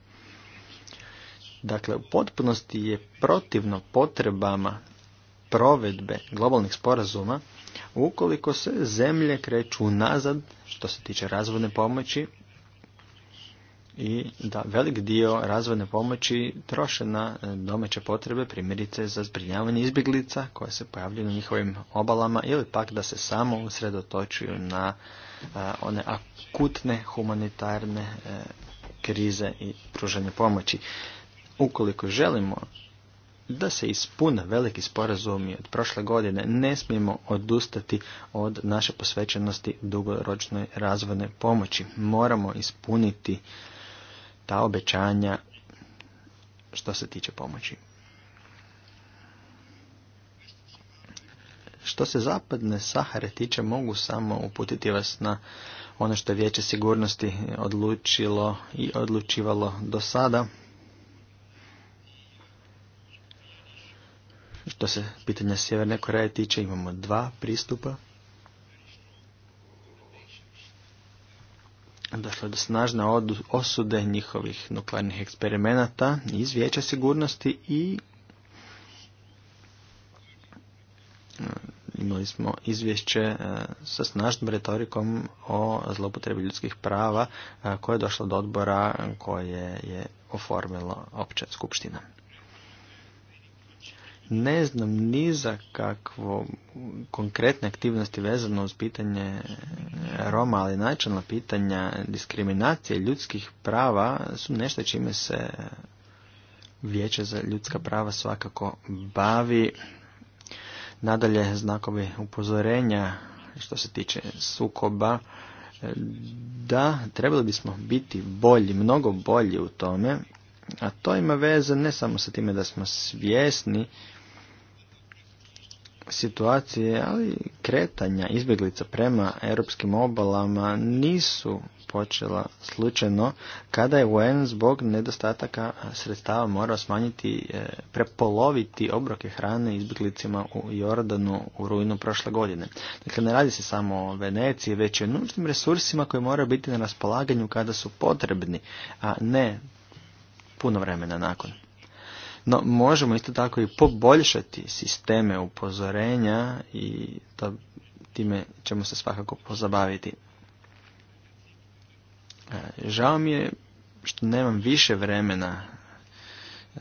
Dakle, u potpunosti je protivno potrebama provedbe globalnih sporazuma ukoliko se zemlje kreću nazad što se tiče razvojne pomoći i da velik dio razvojne pomoći troše na e, domaće potrebe, primjerice za zbrinjavanje izbjeglica koje se pojavljuju na njihovim obalama ili pak da se samo usredotočuju na e, one akutne humanitarne e, krize i pružanje pomoći. Ukoliko želimo da se ispune veliki sporazumi od prošle godine, ne smijemo odustati od naše posvećenosti dugoročnoj razvojnoj pomoći. Moramo ispuniti ta obećanja što se tiče pomoći. Što se zapadne Sahare tiče, mogu samo uputiti vas na ono što je Vijeće sigurnosti odlučilo i odlučivalo do sada. Što se pitanja Sjeverne Koreje tiče, imamo dva pristupa. Došlo do snažne osude njihovih nuklearnih eksperimenata iz sigurnosti i e, imali smo izvješće e, sa snažnom retorikom o zlopotrebi ljudskih prava e, koje je došlo do odbora koje je oformila opća skupština ne znam ni za kakvo konkretne aktivnosti vezano uz pitanje Roma, ali načelna pitanja diskriminacije ljudskih prava su nešto čime se Vijeće za ljudska prava svakako bavi. Nadalje znakovi upozorenja što se tiče sukoba da trebali bismo biti bolji, mnogo bolji u tome, a to ima veze ne samo sa time da smo svjesni situacije, ali kretanja izbjeglica prema europskim obalama nisu počela slučajno kada je UN zbog nedostataka sredstava morao smanjiti, e, prepoloviti obroke hrane izbjeglicima u Jordanu u rujnu prošle godine. Dakle, ne radi se samo o Veneciji, već o nužnim resursima koji moraju biti na raspolaganju kada su potrebni, a ne puno vremena nakon. No, možemo isto tako i poboljšati sisteme upozorenja i to, time ćemo se svakako pozabaviti. E, žao mi je što nemam više vremena e,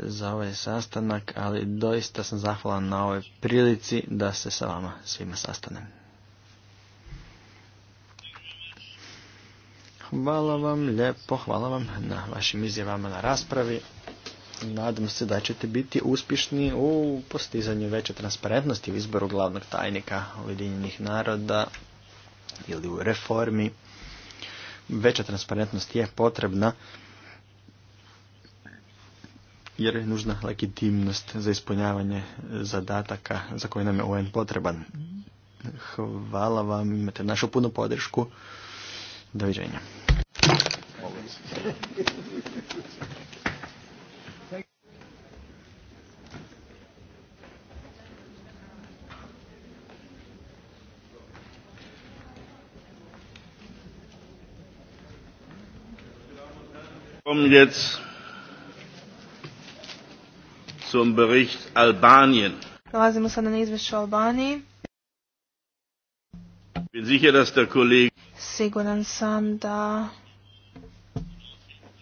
za ovaj sastanak, ali doista sam zahvalan na ovoj prilici da se sa vama svima sastanem. Hvala vam lijepo, hvala vam na vašim izjavama na raspravi nadam se da ćete biti uspješni u postizanju veće transparentnosti u izboru glavnog tajnika Ujedinjenih naroda ili u reformi. Veća transparentnost je potrebna jer je nužna legitimnost za ispunjavanje zadataka za koje nam je UN potreban. Hvala vam, imate našu punu podršku. Doviđenja. kommen jetzt zum Bericht Albanien. Prelazimo sada na izvješće o Albaniji. Bin sicher, dass der Kollege Siguran sam da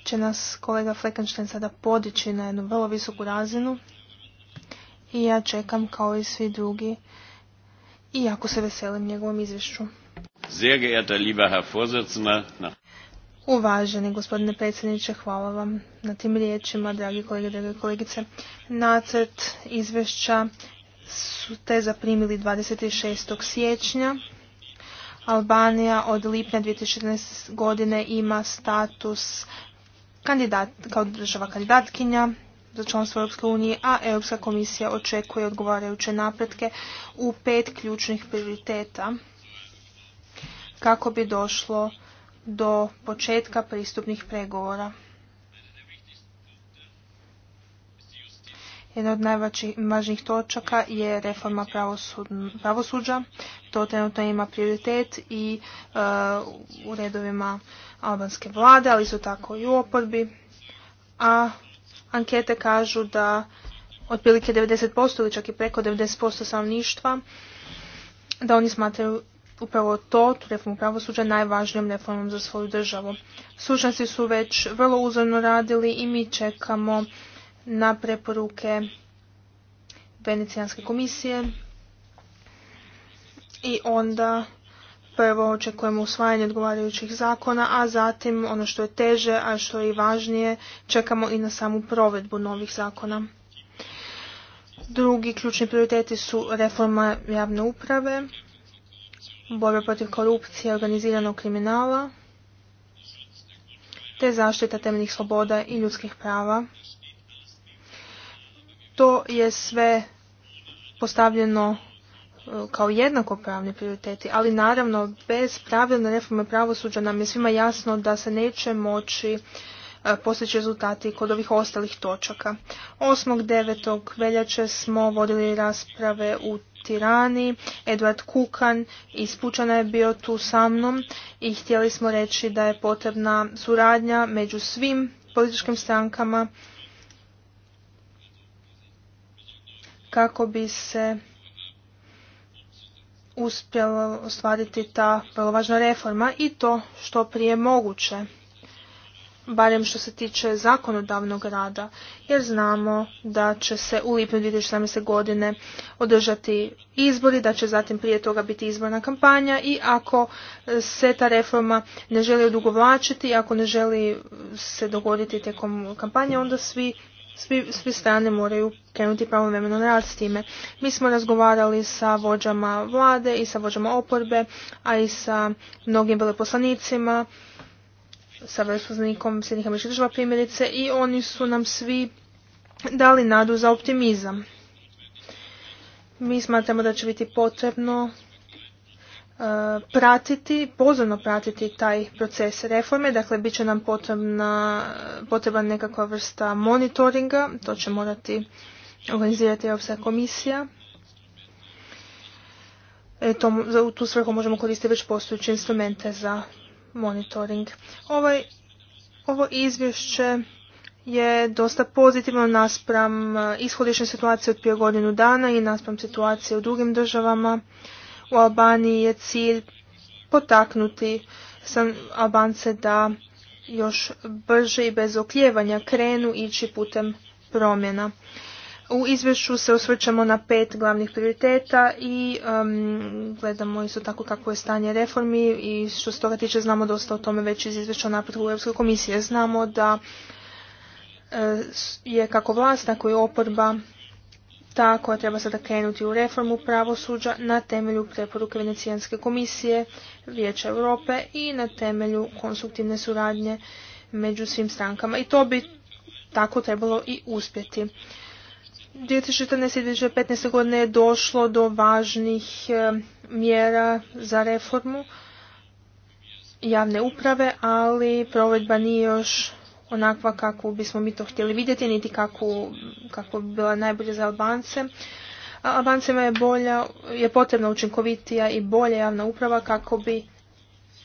će nas kolega Fleckenstein sada podići na jednu vrlo visoku razinu i ja čekam kao i svi drugi i jako se veselim njegovom izvješću. Sehr geehrter lieber Herr Vorsitzender, Uvaženi gospodine predsjedniče, hvala vam na tim riječima, dragi kolege, drage kolegice. Nacrt izvješća su te zaprimili 26. siječnja. Albanija od lipnja 2014. godine ima status kandidat, kao država kandidatkinja za članstvo Europske unije, a Europska komisija očekuje odgovarajuće napretke u pet ključnih prioriteta kako bi došlo do početka pristupnih pregovora. Jedna od najvažnijih točaka je reforma pravosuđa. To trenutno ima prioritet i e, u redovima albanske vlade, ali su tako i u oporbi. A ankete kažu da otprilike 90% ili čak i preko 90% stanovništva da oni smatraju upravo to, tu reformu pravosuđa, najvažnijom reformom za svoju državu. Slučnjaci su već vrlo uzorno radili i mi čekamo na preporuke Venecijanske komisije i onda prvo očekujemo usvajanje odgovarajućih zakona, a zatim ono što je teže, a što je i važnije, čekamo i na samu provedbu novih zakona. Drugi ključni prioriteti su reforma javne uprave, borbe protiv korupcije organiziranog kriminala, te zaštita temeljnih sloboda i ljudskih prava. To je sve postavljeno e, kao jednakopravni prioriteti, ali naravno bez pravilne reforme pravosuđa nam je svima jasno da se neće moći postići rezultati kod ovih ostalih točaka. 8. 9. veljače smo vodili rasprave u Tirani, Edward Kukan iz je bio tu sa mnom i htjeli smo reći da je potrebna suradnja među svim političkim strankama kako bi se uspjela ostvariti ta vrlo važna reforma i to što prije moguće barem što se tiče zakonodavnog rada, jer znamo da će se u lipnju 2017. godine održati izbori, da će zatim prije toga biti izborna kampanja i ako se ta reforma ne želi odugovlačiti, ako ne želi se dogoditi tijekom kampanje, onda svi svi, strane moraju krenuti pravovremeno na rad s time. Mi smo razgovarali sa vođama vlade i sa vođama oporbe, a i sa mnogim veleposlanicima, sa veslaznikom Sjednih američkih država primjerice i oni su nam svi dali nadu za optimizam. Mi smatramo da će biti potrebno e, pratiti, pozorno pratiti taj proces reforme, dakle bit će nam potrebna, potreba nekakva vrsta monitoringa, to će morati organizirati Europska komisija. E, to, u tu svrhu možemo koristiti već postojeće instrumente za monitoring. Ovaj, ovo izvješće je dosta pozitivno naspram eh, ishodišne situacije od prije godinu dana i naspram situacije u drugim državama. U Albaniji je cilj potaknuti sam Albance da još brže i bez okljevanja krenu ići putem promjena. U izvješću se osvrćamo na pet glavnih prioriteta i um, gledamo isto tako kako je stanje reformi i što se toga tiče znamo dosta o tome već iz izvješća o napretku Europske komisije. Znamo da e, je kako vlast, tako i oporba ta koja treba sada krenuti u reformu pravosuđa na temelju preporuke Venecijanske komisije, Vijeća Europe i na temelju konstruktivne suradnje među svim strankama. I to bi tako trebalo i uspjeti. 2014. i 2015. godine je došlo do važnih e, mjera za reformu javne uprave, ali provedba nije još onakva kako bismo mi to htjeli vidjeti, niti kako, kako bi bila najbolja za Albance. Albancima je, bolja, je potrebna učinkovitija i bolja javna uprava kako bi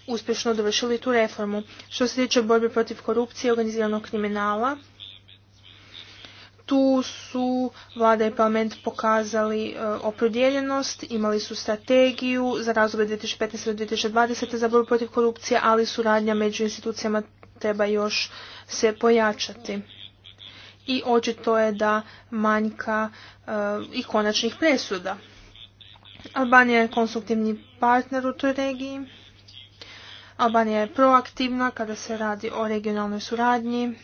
uspješno dovršili tu reformu. Što se tiče borbe protiv korupcije i organiziranog kriminala, tu su vlada i parlament pokazali e, opredjeljenost, imali su strategiju za razdoblje 2015. do 2020. za borbu protiv korupcije, ali suradnja među institucijama treba još se pojačati. I očito je da manjka e, i konačnih presuda. Albanija je konstruktivni partner u toj regiji. Albanija je proaktivna kada se radi o regionalnoj suradnji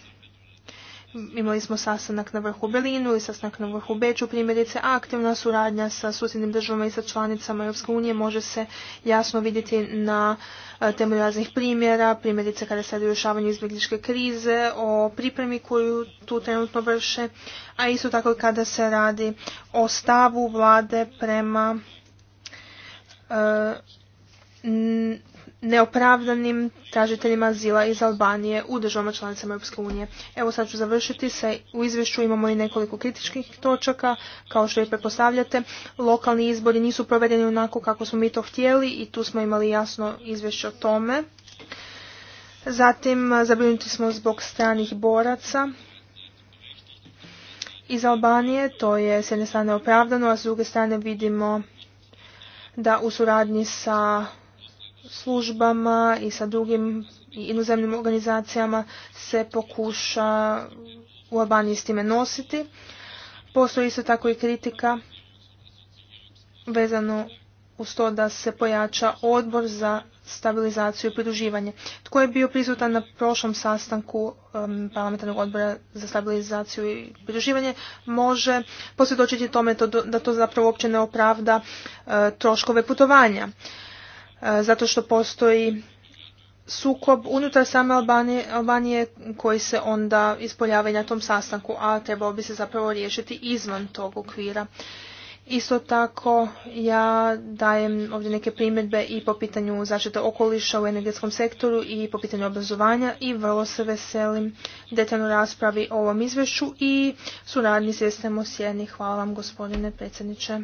Imali smo sastanak na vrhu Berlinu i sastanak na vrhu Beču, primjerice aktivna suradnja sa susjednim državama i sa članicama Europske unije može se jasno vidjeti na e, temelju raznih primjera, primjerice kada se radi o rješavanju izbjegličke krize, o pripremi koju tu trenutno vrše, a isto tako kada se radi o stavu vlade prema e, neopravdanim tražiteljima azila iz Albanije u državama članicama Europske unije. Evo sad ću završiti se. U izvješću imamo i nekoliko kritičkih točaka. Kao što i prepostavljate, lokalni izbori nisu provedeni onako kako smo mi to htjeli i tu smo imali jasno izvješće o tome. Zatim zabrinuti smo zbog stranih boraca iz Albanije. To je s jedne strane opravdano, a s druge strane vidimo da u suradnji sa službama i sa drugim inozemnim organizacijama se pokuša u Albaniji s time nositi. Postoji isto tako i kritika vezano uz to da se pojača odbor za stabilizaciju i pridruživanje. Tko je bio prisutan na prošlom sastanku parlamentarnog odbora za stabilizaciju i pridruživanje može posvjedočiti tome da to zapravo uopće ne opravda e, troškove putovanja. E, zato što postoji sukob unutar same Albanije, koji se onda ispoljava i na tom sastanku, a trebao bi se zapravo riješiti izvan tog okvira. Isto tako ja dajem ovdje neke primjedbe i po pitanju zaštite okoliša u energetskom sektoru i po pitanju obrazovanja i vrlo se veselim detaljno raspravi o ovom izvješću i suradnji s sjedni. Hvala vam gospodine predsjedniče.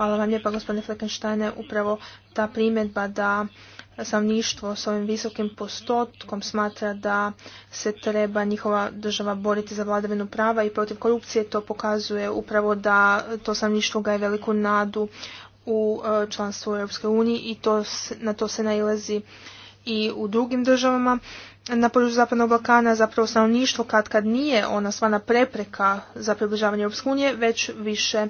Hvala vam lijepa gospodine Fleckensteine. Upravo ta primjedba da samništvo s ovim visokim postotkom smatra da se treba njihova država boriti za vladavinu prava i protiv korupcije. To pokazuje upravo da to ga je veliku nadu u e, članstvu Europske unije i to, na to se nailazi i u drugim državama na području Zapadnog Balkana zapravo stanovništvo kad kad nije ona svana prepreka za približavanje Europske unije, već više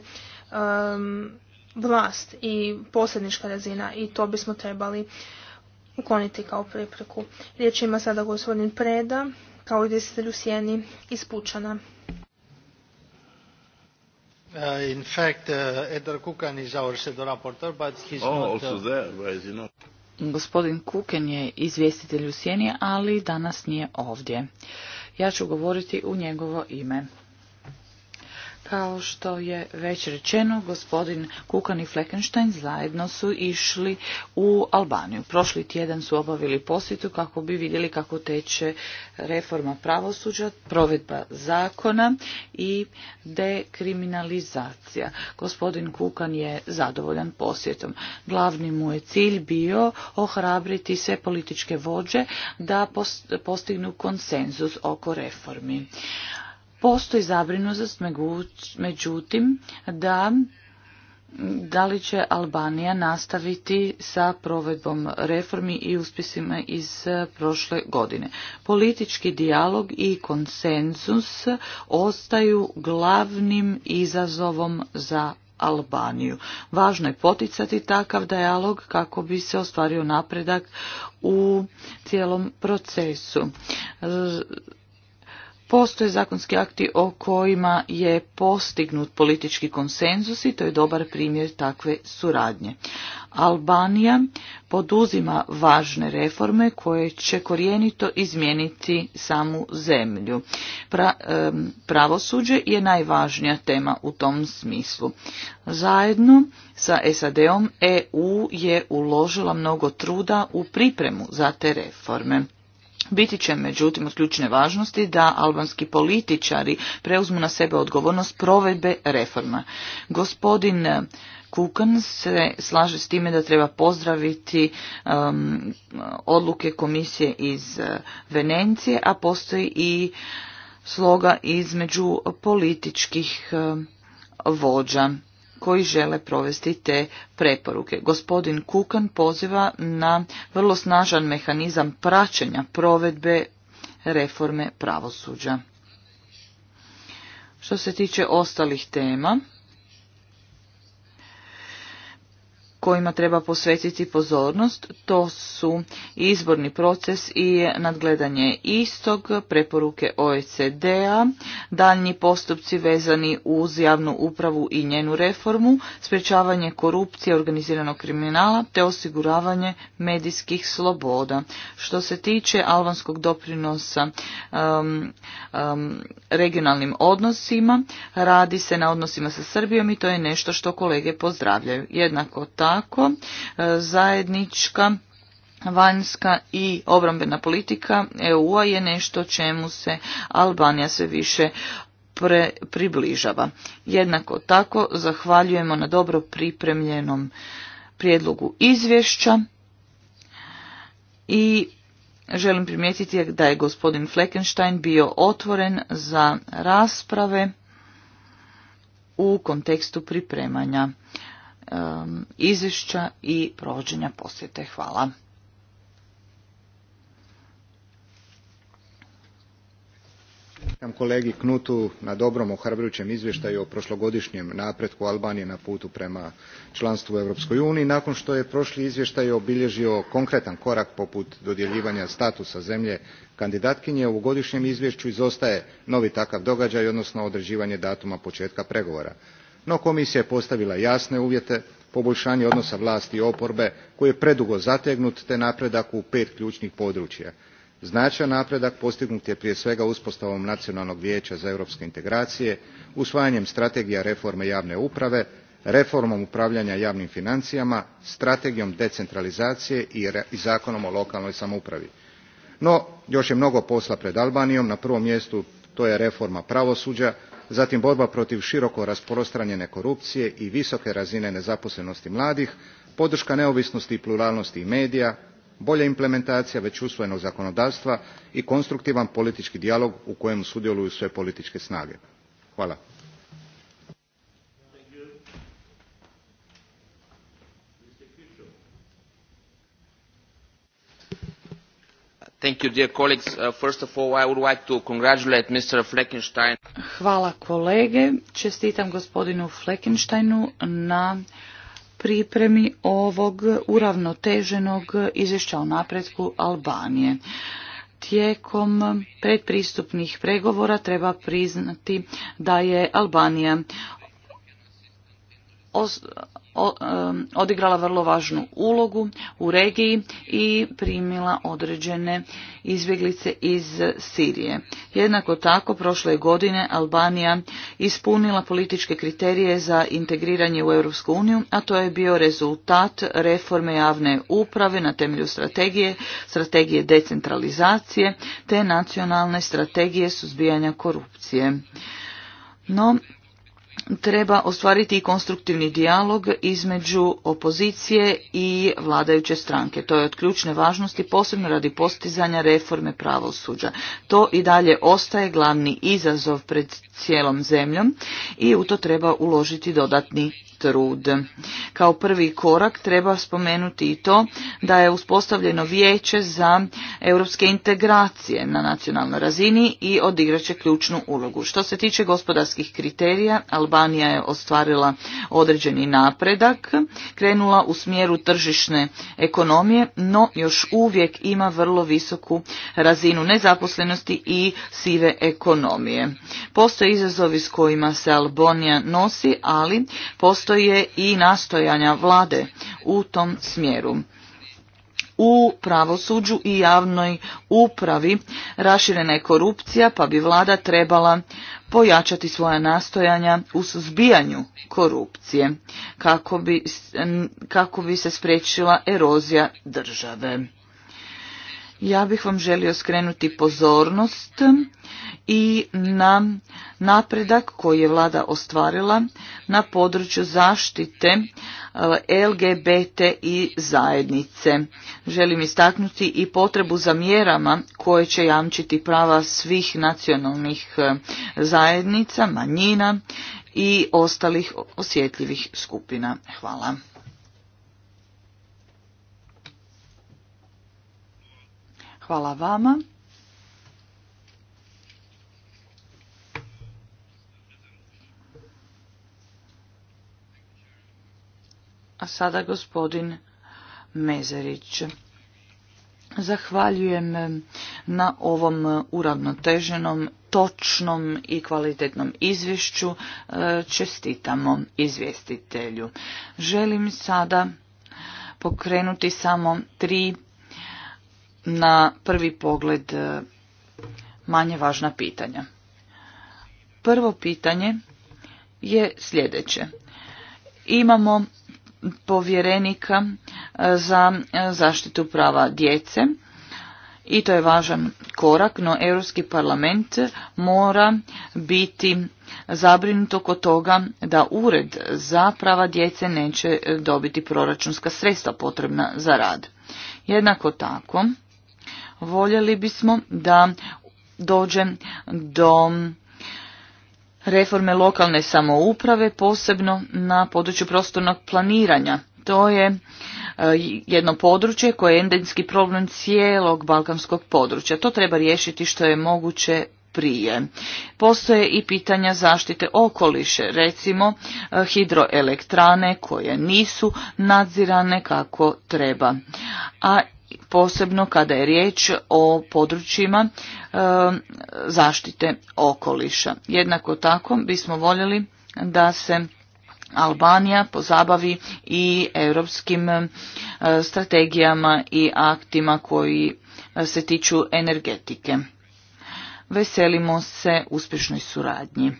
vlast i posljednička razina i to bismo trebali ukloniti kao prepreku. Riječ ima sada gospodin Preda kao izvjestitelj u sjeni iz Pučana. Uh, in fact, oh, Gospodin Kuken je izvjestitelj u sjeni, ali danas nije ovdje. Ja ću govoriti u njegovo ime. Kao što je već rečeno, gospodin Kukan i Fleckenstein zajedno su išli u Albaniju. Prošli tjedan su obavili posjetu kako bi vidjeli kako teče reforma pravosuđa, provedba zakona i dekriminalizacija. Gospodin Kukan je zadovoljan posjetom. Glavni mu je cilj bio ohrabriti sve političke vođe da postignu konsenzus oko reformi. Postoji zabrinutost, međutim, da da li će Albanija nastaviti sa provedbom reformi i uspisima iz e, prošle godine. Politički dijalog i konsensus ostaju glavnim izazovom za Albaniju. Važno je poticati takav dijalog kako bi se ostvario napredak u cijelom procesu. Postoje zakonski akti o kojima je postignut politički konsenzus i to je dobar primjer takve suradnje. Albanija poduzima važne reforme koje će korijenito izmijeniti samu zemlju. pravosuđe je najvažnija tema u tom smislu. Zajedno sa SAD-om EU je uložila mnogo truda u pripremu za te reforme. Biti će međutim od ključne važnosti da albanski političari preuzmu na sebe odgovornost provedbe reforma. Gospodin eh, Kukan se slaže s time da treba pozdraviti ehm, odluke komisije iz eh, Venencije, a postoji i sloga između političkih eh, vođa koji žele provesti te preporuke. Gospodin Kukan poziva na vrlo snažan mehanizam praćenja provedbe reforme pravosuđa. Što se tiče ostalih tema, kojima treba posvetiti pozornost, to su izborni proces i nadgledanje istog, preporuke OECD-a, daljnji postupci vezani uz javnu upravu i njenu reformu, sprječavanje korupcije organiziranog kriminala te osiguravanje medijskih sloboda. Što se tiče albanskog doprinosa um, um, regionalnim odnosima, radi se na odnosima sa Srbijom i to je nešto što kolege pozdravljaju. Jednako ta tako e, zajednička vanjska i obrambena politika EU-a je nešto čemu se Albanija sve više približava. Jednako tako zahvaljujemo na dobro pripremljenom prijedlogu izvješća i želim primijetiti da je gospodin Fleckenstein bio otvoren za rasprave u kontekstu pripremanja Um, izvješća i provođenja posjete. Hvala. Hvala kolegi Knutu na dobrom ohrabrujućem izvještaju o prošlogodišnjem napretku Albanije na putu prema članstvu u Europskoj uniji, nakon što je prošli izvještaj obilježio konkretan korak poput dodjeljivanja statusa zemlje kandidatkinje, u godišnjem izvješću izostaje novi takav događaj, odnosno određivanje datuma početka pregovora no komisija je postavila jasne uvjete poboljšanje odnosa vlasti i oporbe koji je predugo zategnut te napredak u pet ključnih područja. značajan napredak postignut je prije svega uspostavom nacionalnog vijeća za europske integracije usvajanjem strategija reforme javne uprave reformom upravljanja javnim financijama strategijom decentralizacije i zakonom o lokalnoj samoupravi. no još je mnogo posla pred albanijom na prvom mjestu to je reforma pravosuđa zatim borba protiv široko rasprostranjene korupcije i visoke razine nezaposlenosti mladih podrška neovisnosti i pluralnosti medija bolja implementacija već usvojenog zakonodavstva i konstruktivan politički dijalog u kojem sudjeluju sve političke snage. hvala. Hvala kolege. Čestitam gospodinu Fleckensteinu na pripremi ovog uravnoteženog izvješća o napretku Albanije. Tijekom predpristupnih pregovora treba priznati da je Albanija odigrala vrlo važnu ulogu u regiji i primila određene izbjeglice iz Sirije. Jednako tako prošle godine Albanija ispunila političke kriterije za integriranje u Europsku uniju, a to je bio rezultat reforme javne uprave na temelju strategije, strategije decentralizacije te nacionalne strategije suzbijanja korupcije. No, treba ostvariti i konstruktivni dijalog između opozicije i vladajuće stranke. To je od ključne važnosti posebno radi postizanja reforme pravosuđa. To i dalje ostaje glavni izazov pred cijelom zemljom i u to treba uložiti dodatni trud. Kao prvi korak treba spomenuti i to da je uspostavljeno vijeće za europske integracije na nacionalnoj razini i odigraće ključnu ulogu. Što se tiče gospodarskih kriterija, Albanija je ostvarila određeni napredak, krenula u smjeru tržišne ekonomije, no još uvijek ima vrlo visoku razinu nezaposlenosti i sive ekonomije. Postoje izazovi s kojima se Albanija nosi, ali postoje je i nastojanja vlade u tom smjeru u pravosuđu i javnoj upravi raširena je korupcija pa bi vlada trebala pojačati svoja nastojanja u suzbijanju korupcije kako bi, kako bi se spriječila erozija države ja bih vam želio skrenuti pozornost i na napredak koji je vlada ostvarila na području zaštite e, LGBT i zajednice. Želim istaknuti i potrebu za mjerama koje će jamčiti prava svih nacionalnih e, zajednica, manjina i ostalih osjetljivih skupina. Hvala. Hvala vama. A sada gospodin Mezerić. Zahvaljujem na ovom uravnoteženom, točnom i kvalitetnom izvješću. E, čestitamo izvjestitelju. Želim sada pokrenuti samo tri na prvi pogled e, manje važna pitanja. Prvo pitanje je sljedeće. Imamo povjerenika e, za e, zaštitu prava djece i to je važan korak, no Europski parlament mora biti zabrinut oko toga da ured za prava djece neće dobiti proračunska sredstva potrebna za rad. Jednako tako, Voljeli bismo da dođe do reforme lokalne samouprave, posebno na području prostornog planiranja. To je e, jedno područje koje je endenski problem cijelog balkanskog područja. To treba riješiti što je moguće prije. Postoje i pitanja zaštite okoliše, recimo e, hidroelektrane koje nisu nadzirane kako treba. A posebno kada je riječ o područjima e, zaštite okoliša. Jednako tako bismo voljeli da se Albanija pozabavi i europskim e, strategijama i aktima koji e, se tiču energetike. Veselimo se uspješnoj suradnji.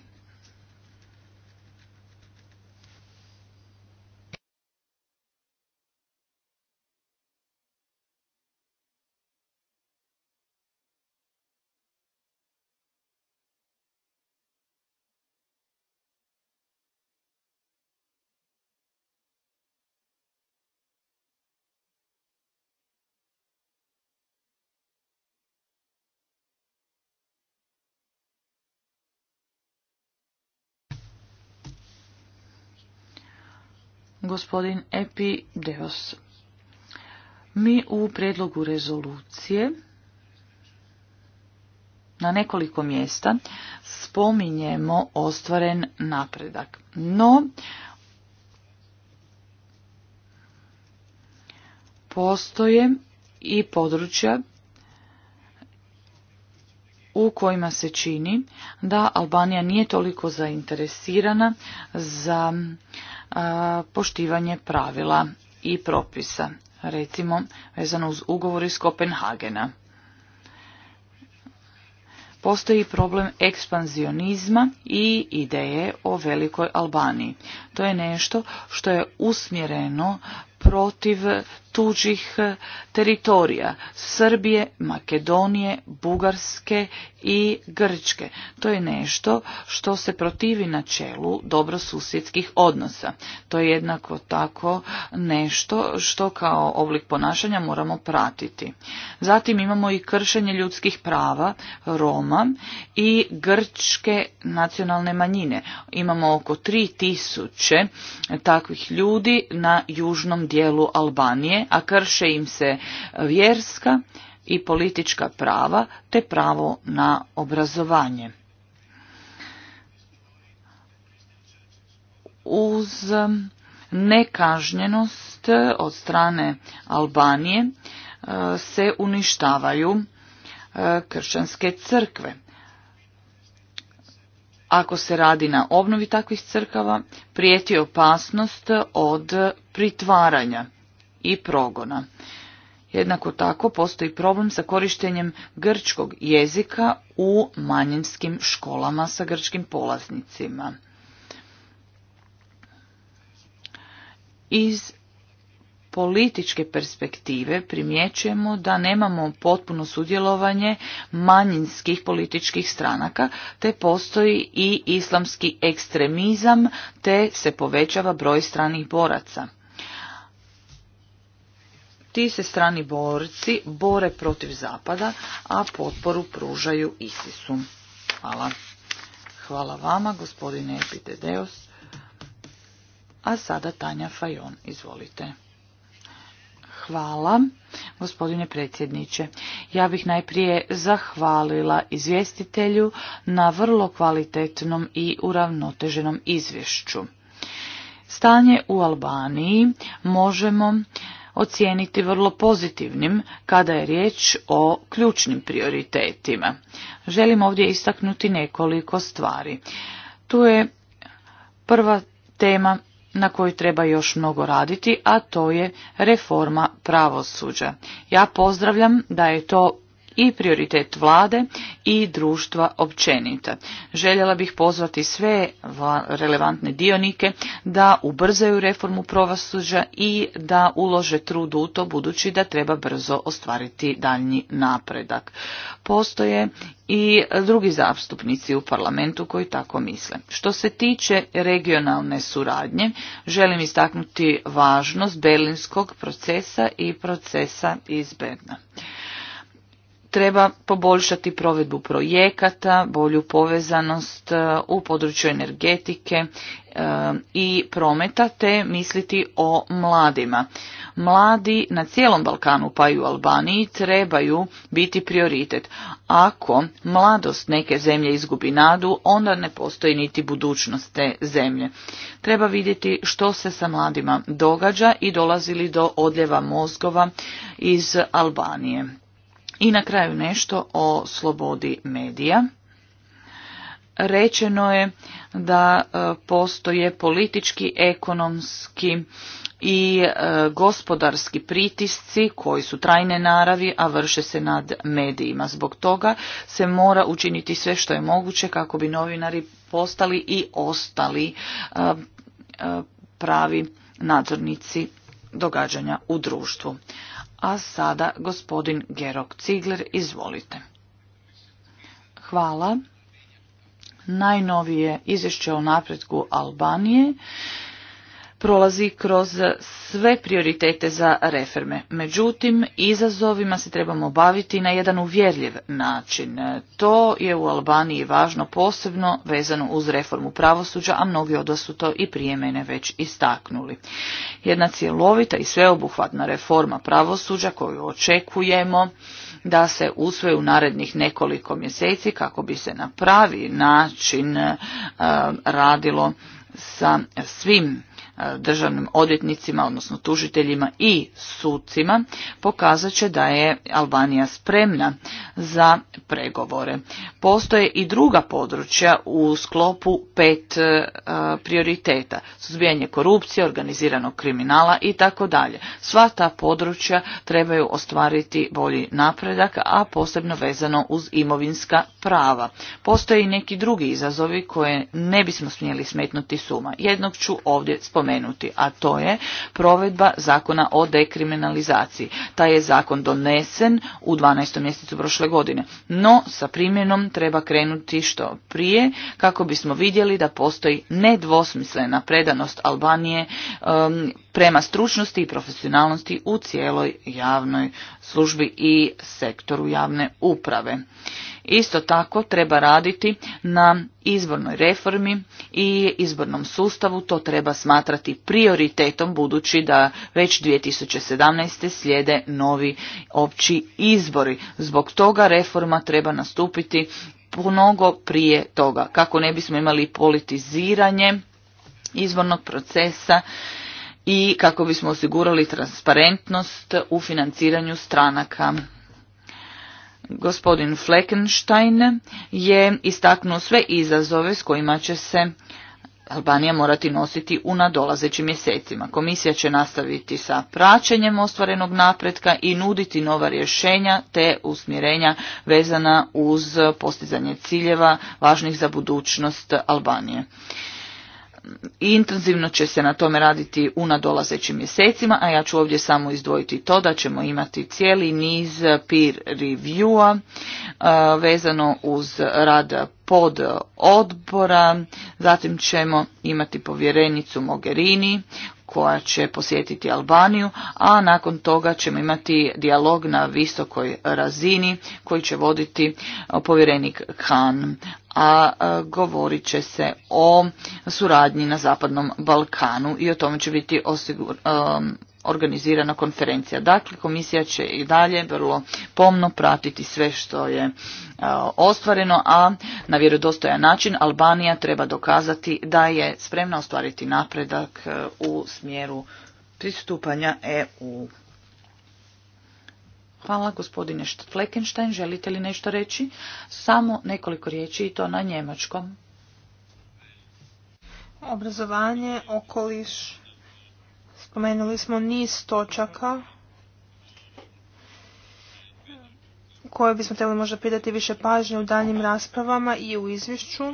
gospodin Epi Mi u predlogu rezolucije na nekoliko mjesta spominjemo ostvaren napredak. No, postoje i područja u kojima se čini da Albanija nije toliko zainteresirana za poštivanje pravila i propisa, recimo vezano uz ugovor iz Kopenhagena. Postoji problem ekspanzionizma i ideje o velikoj Albaniji. To je nešto što je usmjereno protiv tuđih e, teritorija Srbije, Makedonije, Bugarske i Grčke. To je nešto što se protivi načelu dobrosusjedskih odnosa. To je jednako tako nešto što kao oblik ponašanja moramo pratiti. Zatim imamo i kršenje ljudskih prava Roma i grčke nacionalne manjine. Imamo oko 3000 takvih ljudi na južnom dijelu Albanije, a krše im se vjerska i politička prava te pravo na obrazovanje. Uz nekažnjenost od strane Albanije e, se uništavaju e, kršćanske crkve. Ako se radi na obnovi takvih crkava, prijeti opasnost od pritvaranja i progona. Jednako tako postoji problem sa korištenjem grčkog jezika u manjinskim školama sa grčkim polaznicima. Iz političke perspektive primjećujemo da nemamo potpuno sudjelovanje manjinskih političkih stranaka, te postoji i islamski ekstremizam, te se povećava broj stranih boraca. Ti se strani borci bore protiv Zapada, a potporu pružaju Isisu. Hvala. Hvala vama, gospodine Epitedeos. A sada Tanja Fajon, izvolite. Hvala, gospodine predsjedniče. Ja bih najprije zahvalila izvjestitelju na vrlo kvalitetnom i uravnoteženom izvješću. Stanje u Albaniji možemo ocijeniti vrlo pozitivnim kada je riječ o ključnim prioritetima. Želim ovdje istaknuti nekoliko stvari. Tu je prva tema na kojoj treba još mnogo raditi, a to je reforma pravosuđa. Ja pozdravljam da je to i prioritet vlade i društva općenita. Željela bih pozvati sve relevantne dionike da ubrzaju reformu pravosuđa i da ulože trud u to budući da treba brzo ostvariti daljnji napredak. Postoje i drugi zastupnici u parlamentu koji tako misle. Što se tiče regionalne suradnje, želim istaknuti važnost berlinskog procesa i procesa iz Berna treba poboljšati provedbu projekata, bolju povezanost e, u području energetike e, i prometa te misliti o mladima. Mladi na cijelom Balkanu pa i u Albaniji trebaju biti prioritet. Ako mladost neke zemlje izgubi nadu, onda ne postoji niti budućnost te zemlje. Treba vidjeti što se sa mladima događa i dolazili do odljeva mozgova iz Albanije. I na kraju nešto o slobodi medija. Rečeno je da e, postoje politički, ekonomski i e, gospodarski pritisci koji su trajne naravi, a vrše se nad medijima. Zbog toga se mora učiniti sve što je moguće kako bi novinari postali i ostali e, pravi nadzornici događanja u društvu. A sada gospodin Gerog Cigler, izvolite. Hvala. Najnovije izvješće o napretku Albanije prolazi kroz sve prioritete za reforme. Međutim, izazovima se trebamo baviti na jedan uvjerljiv način. To je u Albaniji važno posebno vezano uz reformu pravosuđa, a mnogi od vas su to i prije mene već istaknuli. Jedna cjelovita i sveobuhvatna reforma pravosuđa koju očekujemo da se usvoje u narednih nekoliko mjeseci kako bi se na pravi način eh, radilo sa svim državnim odvjetnicima, odnosno tužiteljima i sucima, pokazat će da je Albanija spremna za pregovore. Postoje i druga područja u sklopu pet e, prioriteta, suzbijanje korupcije, organiziranog kriminala i tako dalje. Sva ta područja trebaju ostvariti bolji napredak, a posebno vezano uz imovinska prava. Postoje i neki drugi izazovi koje ne bismo smjeli smetnuti suma. Jednog ću ovdje spomenuti spomenuti, a to je provedba zakona o dekriminalizaciji. Taj je zakon donesen u 12. mjesecu prošle godine, no sa primjenom treba krenuti što prije kako bismo vidjeli da postoji nedvosmislena predanost Albanije um, prema stručnosti i profesionalnosti u cijeloj javnoj službi i sektoru javne uprave. Isto tako treba raditi na izbornoj reformi i izbornom sustavu, to treba smatrati prioritetom budući da već 2017. slijede novi opći izbori. Zbog toga reforma treba nastupiti mnogo prije toga, kako ne bismo imali politiziranje izbornog procesa i kako bismo osigurali transparentnost u financiranju stranaka. Gospodin Fleckenstein je istaknuo sve izazove s kojima će se Albanija morati nositi u nadolazećim mjesecima. Komisija će nastaviti sa praćenjem ostvarenog napretka i nuditi nova rješenja te usmjerenja vezana uz postizanje ciljeva važnih za budućnost Albanije. Intenzivno će se na tome raditi u nadolazećim mjesecima, a ja ću ovdje samo izdvojiti to da ćemo imati cijeli niz peer review-a e, vezano uz rad pod odbora, zatim ćemo imati povjerenicu Mogherini koja će posjetiti Albaniju, a nakon toga ćemo imati dijalog na visokoj razini koji će voditi povjerenik Khan a govorit će se o suradnji na Zapadnom Balkanu i o tome će biti osigur, organizirana konferencija. Dakle, komisija će i dalje vrlo pomno pratiti sve što je ostvareno, a na vjerodostojan način Albanija treba dokazati da je spremna ostvariti napredak u smjeru pristupanja EU. Hvala gospodine Fleckenstein. Želite li nešto reći? Samo nekoliko riječi i to na njemačkom. Obrazovanje, okoliš. Spomenuli smo niz točaka koje bismo trebali možda pridati više pažnje u daljnjim raspravama i u izvješću.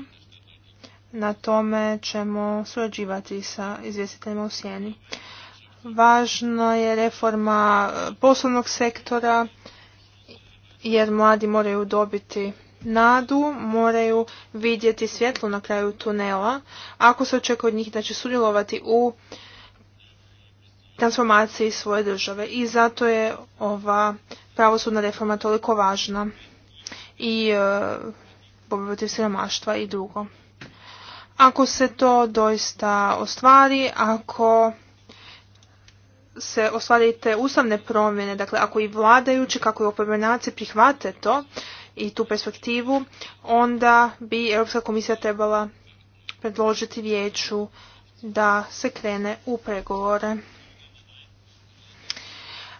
Na tome ćemo surađivati sa izvjestiteljima u sjeni. Važna je reforma e, poslovnog sektora jer mladi moraju dobiti nadu, moraju vidjeti svjetlo na kraju tunela ako se očekuje od njih da će sudjelovati u transformaciji svoje države. I zato je ova pravosudna reforma toliko važna i e, borba siromaštva i drugo. Ako se to doista ostvari, ako se ostvarite ustavne promjene, dakle ako i vladajući kako i oporbenaci prihvate to i tu perspektivu, onda bi Europska komisija trebala predložiti vijeću da se krene u pregovore.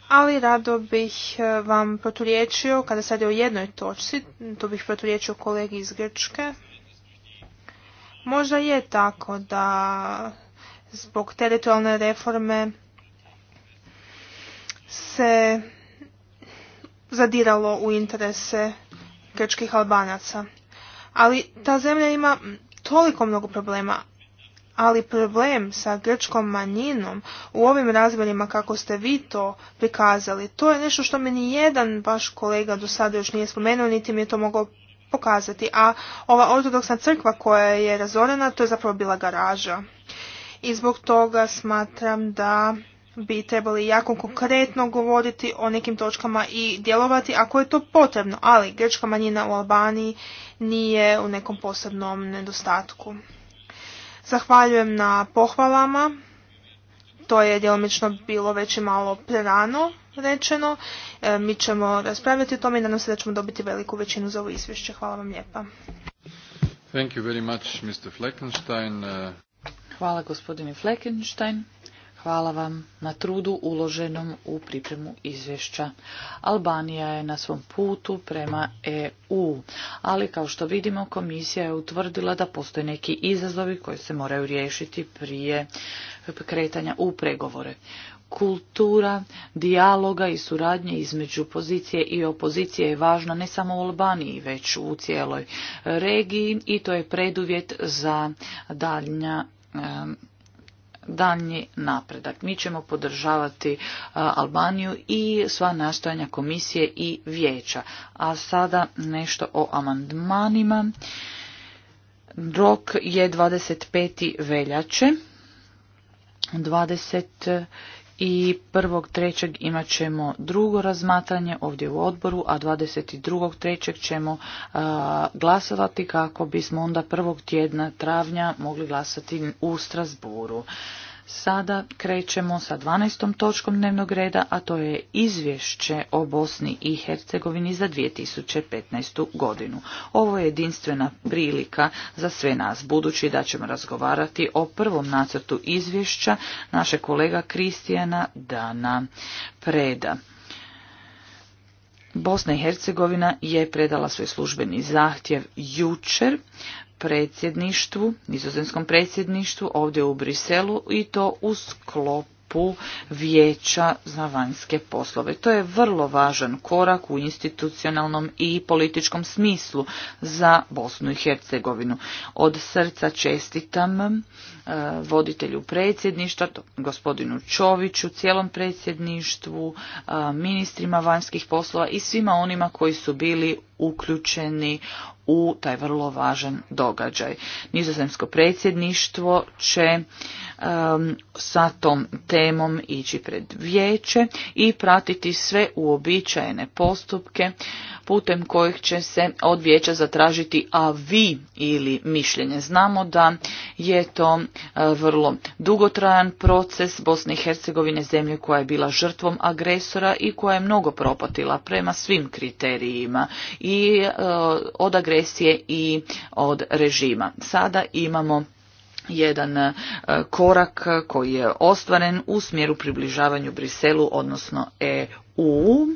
Ali rado bih e, vam proturječio, kada sad je o jednoj točci, to bih proturječio kolegi iz Grčke, možda je tako da zbog teritorijalne reforme se zadiralo u interese grčkih albanaca. Ali ta zemlja ima toliko mnogo problema, ali problem sa grčkom manjinom u ovim razmjerima kako ste vi to prikazali, to je nešto što mi ni jedan vaš kolega do sada još nije spomenuo, niti mi je to mogao pokazati. A ova ortodoksna crkva koja je razorena, to je zapravo bila garaža. I zbog toga smatram da bi trebali jako konkretno govoriti o nekim točkama i djelovati ako je to potrebno, ali grčka manjina u Albaniji nije u nekom posebnom nedostatku. Zahvaljujem na pohvalama, to je djelomično bilo već i malo prerano rečeno. E, mi ćemo raspravljati o tome i nadam se da ćemo dobiti veliku većinu za ovo izvješće. Hvala vam lijepa. Thank you very much, Mr. Fleckenstein. Hvala gospodine Fleckenstein. Hvala vam na trudu uloženom u pripremu izvješća. Albanija je na svom putu prema EU, ali kao što vidimo komisija je utvrdila da postoje neki izazovi koji se moraju riješiti prije kretanja u pregovore. Kultura dijaloga i suradnje između pozicije i opozicije je važna ne samo u Albaniji, već u cijeloj regiji i to je preduvjet za daljnja daljnji napredak. Mi ćemo podržavati e, Albaniju i sva nastojanja komisije i vijeća. A sada nešto o amandmanima. Rok je 25. veljače. 25 i 1.3. imat ćemo drugo razmatranje ovdje u odboru, a 22.3. ćemo glasovati kako bismo onda prvog tjedna travnja mogli glasati u Strasburu. Sada krećemo sa 12. točkom dnevnog reda, a to je izvješće o Bosni i Hercegovini za 2015. godinu. Ovo je jedinstvena prilika za sve nas, budući da ćemo razgovarati o prvom nacrtu izvješća naše kolega Kristijana Dana Preda. Bosna i Hercegovina je predala svoj službeni zahtjev jučer predsjedništvu, nizozemskom predsjedništvu ovdje u Briselu i to u sklopu vijeća za vanjske poslove. To je vrlo važan korak u institucionalnom i političkom smislu za Bosnu i Hercegovinu. Od srca čestitam E, voditelju predsjedništva, gospodinu Čoviću, cijelom predsjedništvu, e, ministrima vanjskih poslova i svima onima koji su bili uključeni u taj vrlo važan događaj. Nizozemsko predsjedništvo će e, sa tom temom ići pred vijeće i pratiti sve uobičajene postupke putem kojih će se od vijeća zatražiti vi ili mišljenje. Znamo da je to e, vrlo dugotrajan proces Bosne i Hercegovine zemlje koja je bila žrtvom agresora i koja je mnogo propatila prema svim kriterijima i e, od agresije i od režima. Sada imamo jedan e, korak koji je ostvaren u smjeru približavanju Briselu, odnosno EU.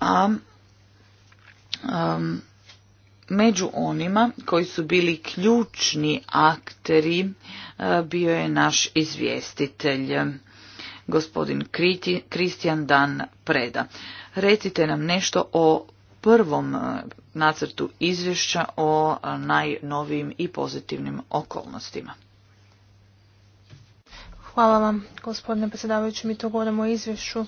A um, među onima koji su bili ključni akteri e, bio je naš izvjestitelj e, gospodin Kristijan Dan Preda. Recite nam nešto o prvom e, nacrtu izvješća o najnovijim i pozitivnim okolnostima. Hvala vam, gospodine predsjedavajući. Mi to govorimo o izvješću,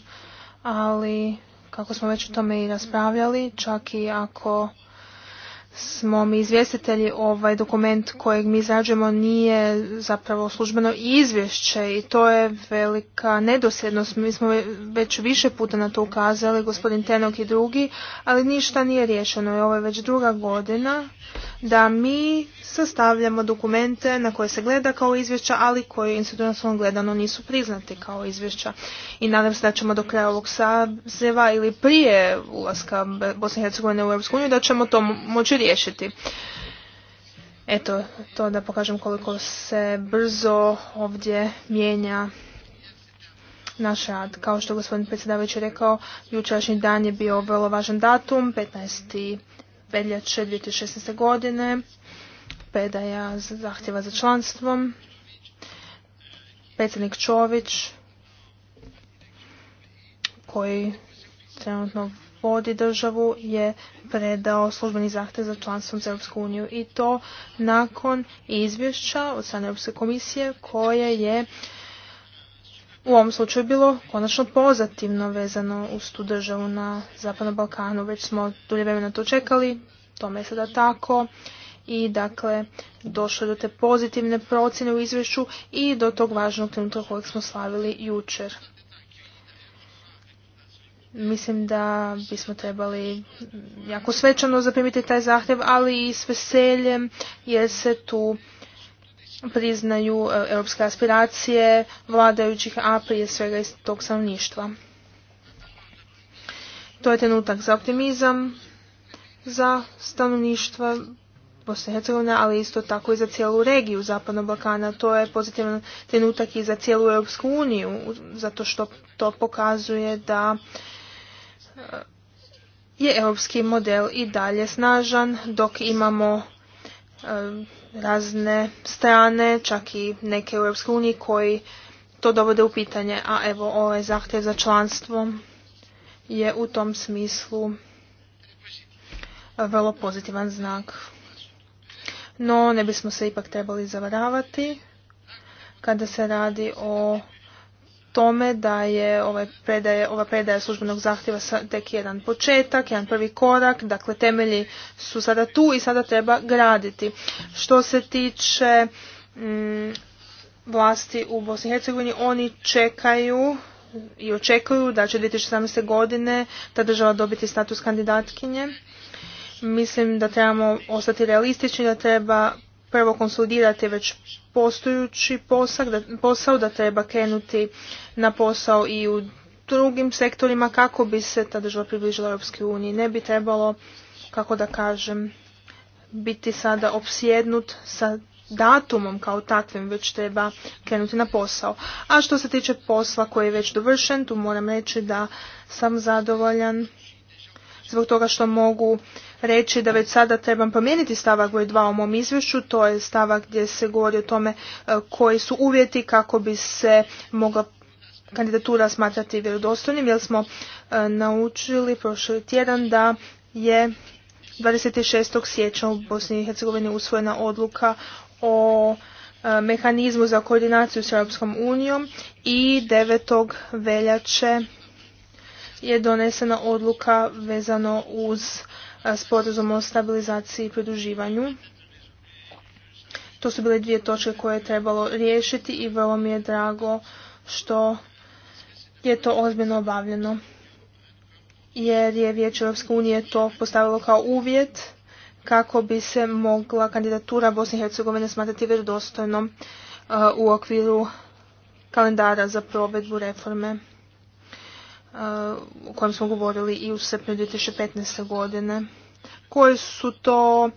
ali kako smo već o tome i raspravljali, čak i ako smo mi izvjestitelji, ovaj dokument kojeg mi izrađujemo nije zapravo službeno izvješće i to je velika nedosljednost. Mi smo već više puta na to ukazali, gospodin Tenok i drugi, ali ništa nije riješeno i ovo je već druga godina da mi sastavljamo dokumente na koje se gleda kao izvješća, ali koji institucionalno gledano nisu priznati kao izvješća. I nadam se da ćemo do kraja ovog sazeva ili prije ulaska Bosne i Hercegovine u EU da ćemo to moći riješiti. Eto, to da pokažem koliko se brzo ovdje mijenja naš rad. Kao što je gospodin predsjedavajući rekao, jučerašnji dan je bio vrlo važan datum, 15. veljače 2016. godine, predaja zahtjeva za članstvom, predsjednik Čović, koji trenutno vodi državu je predao službeni zahtjev za članstvom za Europsku uniju i to nakon izvješća od strane Europske komisije koje je u ovom slučaju bilo konačno pozitivno vezano uz tu državu na Zapadnom Balkanu. Već smo dulje vremena to čekali, tome je sada tako i dakle došlo do te pozitivne procjene u izvješću i do tog važnog trenutka kojeg smo slavili jučer. Mislim da bismo trebali jako svečano zaprimiti taj zahtjev, ali i s veseljem jer se tu priznaju e, europske aspiracije vladajućih, a prije svega iz tog stanovništva. To je trenutak za optimizam, za stanovništva Bosne i Hercegovine, ali isto tako i za cijelu regiju Zapadnog Balkana. To je pozitivan trenutak i za cijelu Europsku uniju, zato što to pokazuje da je europski model i dalje snažan dok imamo razne strane, čak i neke u EU koji to dovode u pitanje, a evo ovaj zahtjev za članstvom je u tom smislu vrlo pozitivan znak. No, ne bismo se ipak trebali zavaravati kada se radi o tome da je ovaj ova predaja službenog zahtjeva tek jedan početak, jedan prvi korak, dakle temelji su sada tu i sada treba graditi. Što se tiče mm, vlasti u Bosni i Hercegovini, oni čekaju i očekuju da će 2017. godine ta država dobiti status kandidatkinje. Mislim da trebamo ostati realistični, da treba prvo konsolidirati već postojući posao, da treba krenuti na posao i u drugim sektorima kako bi se ta država približila Europskoj uniji. Ne bi trebalo, kako da kažem, biti sada opsjednut sa datumom kao takvim, već treba krenuti na posao. A što se tiče posla koji je već dovršen, tu moram reći da sam zadovoljan zbog toga što mogu reći da već sada trebam promijeniti stavak broj 2 u mom izvješću, to je stavak gdje se govori o tome e, koji su uvjeti kako bi se mogla kandidatura smatrati vjerodostojnim, jer smo e, naučili prošli tjedan da je 26. siječnja u Bosni i Hercegovini usvojena odluka o e, mehanizmu za koordinaciju s Europskom unijom i 9. veljače je donesena odluka vezano uz sporazum o stabilizaciji i pridruživanju. To su bile dvije točke koje je trebalo riješiti i vrlo mi je drago što je to ozbiljno obavljeno. Jer je Vijeće Europske unije to postavilo kao uvjet kako bi se mogla kandidatura Bosne i Hercegovine smatrati vjerodostojnom uh, u okviru kalendara za provedbu reforme. Eh, o kojem smo govorili i u srpnju 2015. godine. Koji su to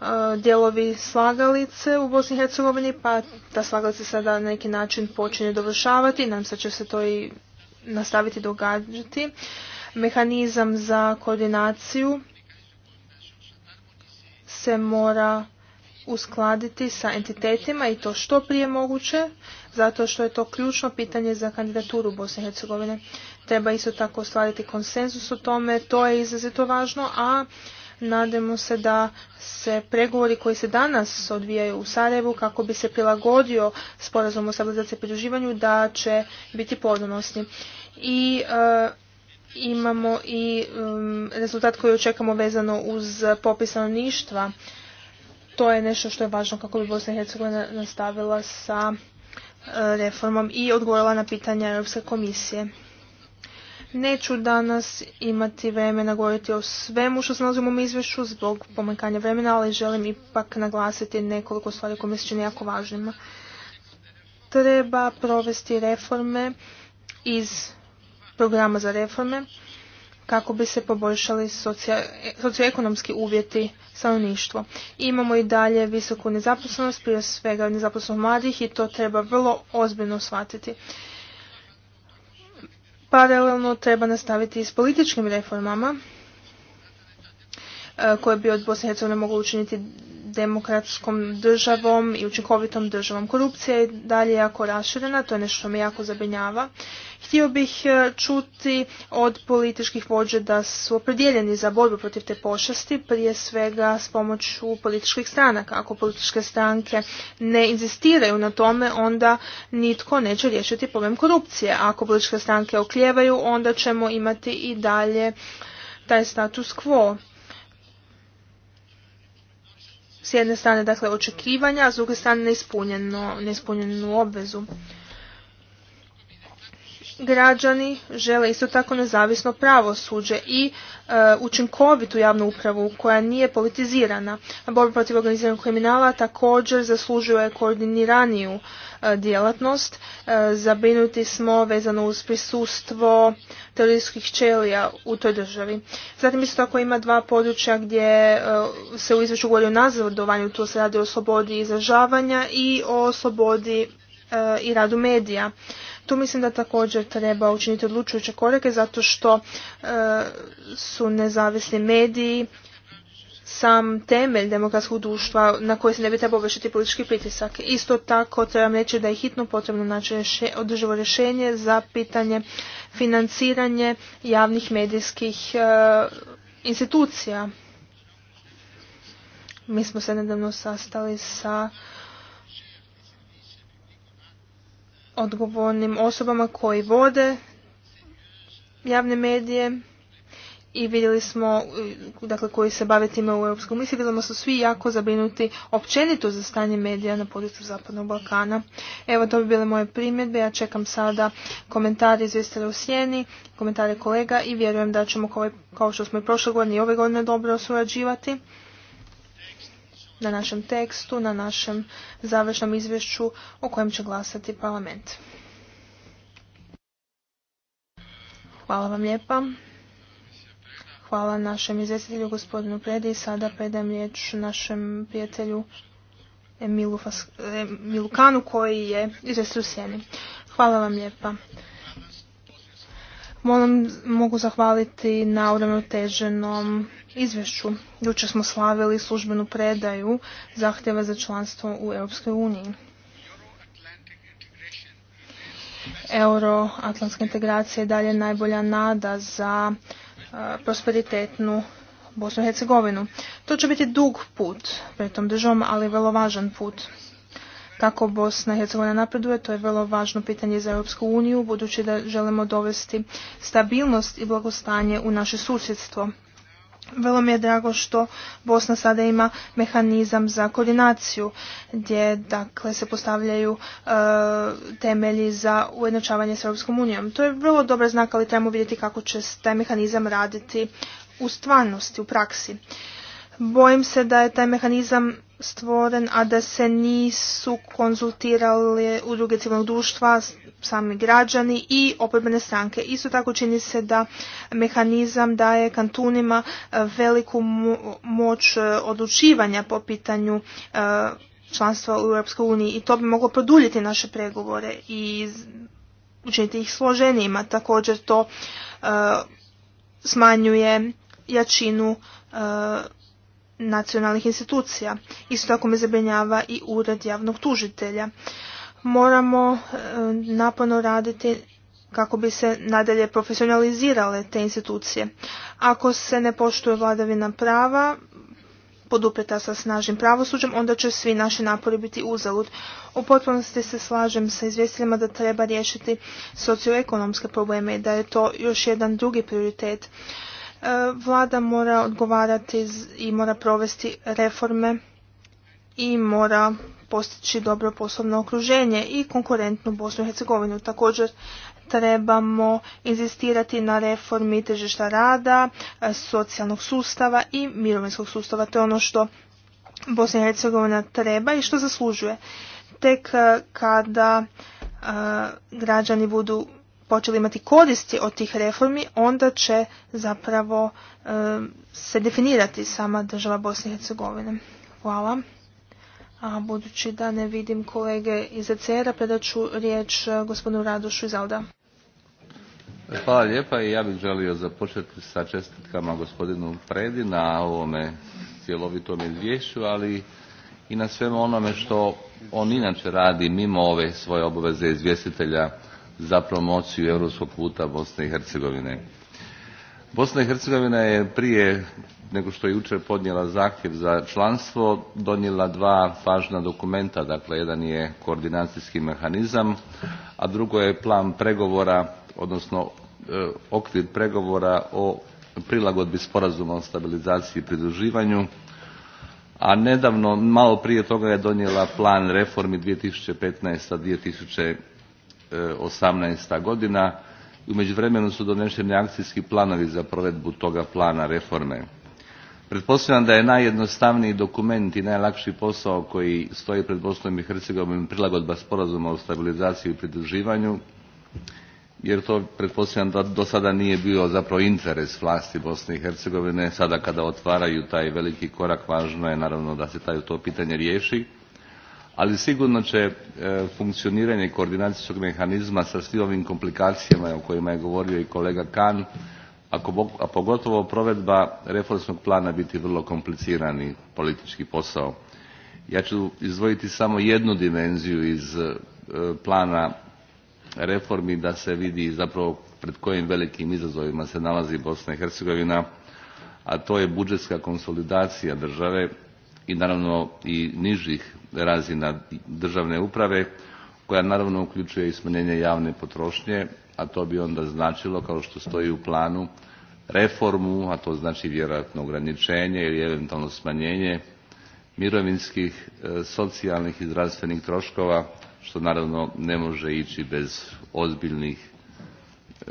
eh, dijelovi slagalice u Bosni i Hercegovini, pa ta slagalica sada na neki način počinje dovršavati, nam se će se to i nastaviti događati. Mehanizam za koordinaciju se mora uskladiti sa entitetima i to što prije moguće, zato što je to ključno pitanje za kandidaturu Bosne i Hercegovine. Treba isto tako ostvariti konsenzus o tome, to je izrazito važno, a nadamo se da se pregovori koji se danas odvijaju u Sarajevu kako bi se prilagodio sporazum o stabilizaciji i pridruživanju da će biti plodonosni. I e, imamo i mm, rezultat koji očekamo vezano uz popis stanovništva. To je nešto što je važno kako bi Bosna i Hercegovina nastavila sa e, reformom i odgovorila na pitanja Europske komisije. Neću danas imati vremena govoriti o svemu što se nalazi u mom izvješću zbog pomanjkanja vremena, ali želim ipak naglasiti nekoliko stvari koje mi se čine jako važnima. Treba provesti reforme iz programa za reforme kako bi se poboljšali socioekonomski uvjeti stanovništvo. Imamo i dalje visoku nezaposlenost, prije svega nezaposlenost mladih i to treba vrlo ozbiljno shvatiti. Paralelno treba nastaviti i s političkim reformama e, koje bi od Bosne i Hercegovine učiniti demokratskom državom i učinkovitom državom. Korupcija je dalje jako raširena, to je nešto što me jako zabrinjava. Htio bih e, čuti od političkih vođa da su opredjeljeni za borbu protiv te pošasti, prije svega s pomoću političkih stranaka. Ako političke stranke ne inzistiraju na tome, onda nitko neće riješiti problem korupcije. ako političke stranke okljevaju, onda ćemo imati i dalje taj status quo s jedne strane dakle očekivanja, a s druge strane neispunjenu, obvezu. Građani žele isto tako nezavisno pravosuđe i e, učinkovitu javnu upravu koja nije politizirana. Borba protiv organiziranog kriminala također zaslužuje koordiniraniju djelatnost. E, zabrinuti smo vezano uz prisustvo teorijskih čelija u toj državi. Zatim isto tako ima dva područja gdje e, se u izvješću govori o nazvodovanju, tu se radi o slobodi izražavanja i o slobodi e, i radu medija. Tu mislim da također treba učiniti odlučujuće korake zato što su nezavisni mediji sam temelj demokratskog društva na koje se ne bi trebao vršiti politički pritisak. Isto tako trebam reći da je hitno potrebno naći održivo rješenje za pitanje financiranje javnih medijskih e, institucija. Mi smo se nedavno sastali sa odgovornim osobama koji vode javne medije i vidjeli smo e, dakle, koji se bave time u Europskoj komisiji, vidimo su svi jako zabrinuti općenito za stanje medija na području Zapadnog Balkana. Evo to bi bile moje primjedbe, ja čekam sada komentari izvjestitelja u sjeni, komentare kolega i vjerujem da ćemo kao što smo i prošle godine i ove godine dobro surađivati na našem tekstu, na našem završnom izvješću o kojem će glasati parlament. Hvala vam lijepa. Hvala našem izvjestitelju gospodinu Predi. Sada predajem riječ našem prijatelju Emilu, Kanu koji je izvjestitelj u sjeni. Hvala vam lijepa. mogu zahvaliti na uravnoteženom izvješću. Jučer smo slavili službenu predaju zahtjeva za članstvo u Europskoj uniji. Euroatlantska integracija je dalje najbolja nada za prosperitetnu Bosnu i Hercegovinu. To će biti dug put pred tom državom, ali vrlo važan put. Kako Bosna i Hercegovina napreduje, to je vrlo važno pitanje za Europsku uniju, budući da želimo dovesti stabilnost i blagostanje u naše susjedstvo. Vrlo mi je drago što Bosna sada ima mehanizam za koordinaciju gdje dakle se postavljaju e, temelji za ujednačavanje s Europskom unijom. To je vrlo dobar znak, ali trebamo vidjeti kako će taj mehanizam raditi u stvarnosti, u praksi. Bojim se da je taj mehanizam stvoren, a da se nisu konzultirale udruge civilnog društva, sami građani i oporbene stranke. Isto tako čini se da mehanizam daje kantunima e, veliku moć e, odlučivanja po pitanju e, članstva u Europskoj uniji i to bi moglo produljiti naše pregovore i učiniti ih složenijima. Također to smanjuje jačinu nacionalnih institucija. Isto tako me zabrinjava i ured javnog tužitelja. Moramo e, naporno raditi kako bi se nadalje profesionalizirale te institucije. Ako se ne poštuje vladavina prava, podupeta sa snažnim pravosuđem, onda će svi naši napori biti uzalud. U potpunosti se slažem sa izvjestiteljima da treba riješiti socioekonomske probleme i da je to još jedan drugi prioritet E, Vlada mora odgovarati i mora provesti reforme i mora postići dobro poslovno okruženje i konkurentnu Bosnu i Hercegovinu. Također trebamo inzistirati na reformi tržišta rada, e, socijalnog sustava i mirovinskog sustava. To je ono što Bosna i Hercegovina treba i što zaslužuje. Tek e, kada građani budu počeli imati koristi od tih reformi, onda će zapravo e, se definirati sama država Bosne i Hercegovine. Hvala. A budući da ne vidim kolege iz ECR-a, predaću riječ e, gospodinu Radušu iz Alda. Hvala lijepa i ja bih želio započeti sa čestitkama gospodinu Predi na ovome cjelovitom izvješću, ali i na svemu onome što on inače radi mimo ove svoje obaveze izvjestitelja za promociju europskog puta Bosne i Hercegovine. Bosna i Hercegovina je prije nego što je jučer podnijela zahtjev za članstvo donijela dva važna dokumenta, dakle jedan je koordinacijski mehanizam, a drugo je plan pregovora, odnosno e, okvir pregovora o prilagodbi sporazuma o stabilizaciji i pridruživanju, a nedavno, malo prije toga je donijela plan reformi 2015. 2018. godina. U međuvremenu su doneseni akcijski planovi za provedbu toga plana reforme. Pretpostavljam da je najjednostavniji dokument i najlakši posao koji stoji pred Bosnom i Hercegovinom prilagodba sporazuma o stabilizaciji i pridruživanju, jer to pretpostavljam da do sada nije bio zapravo interes vlasti Bosne i Hercegovine. Sada kada otvaraju taj veliki korak, važno je naravno da se to pitanje riješi ali sigurno će e, funkcioniranje koordinacijskog mehanizma sa svim ovim komplikacijama o kojima je govorio i kolega Kan, a pogotovo provedba reformskog plana biti vrlo komplicirani politički posao. Ja ću izdvojiti samo jednu dimenziju iz e, plana reformi da se vidi zapravo pred kojim velikim izazovima se nalazi Bosna i Hercegovina, a to je budžetska konsolidacija države i naravno i nižih razina državne uprave koja naravno uključuje i smanjenje javne potrošnje a to bi onda značilo kao što stoji u planu reformu a to znači vjerojatno ograničenje ili eventualno smanjenje mirovinskih e, socijalnih i zdravstvenih troškova što naravno ne može ići bez ozbiljnih e,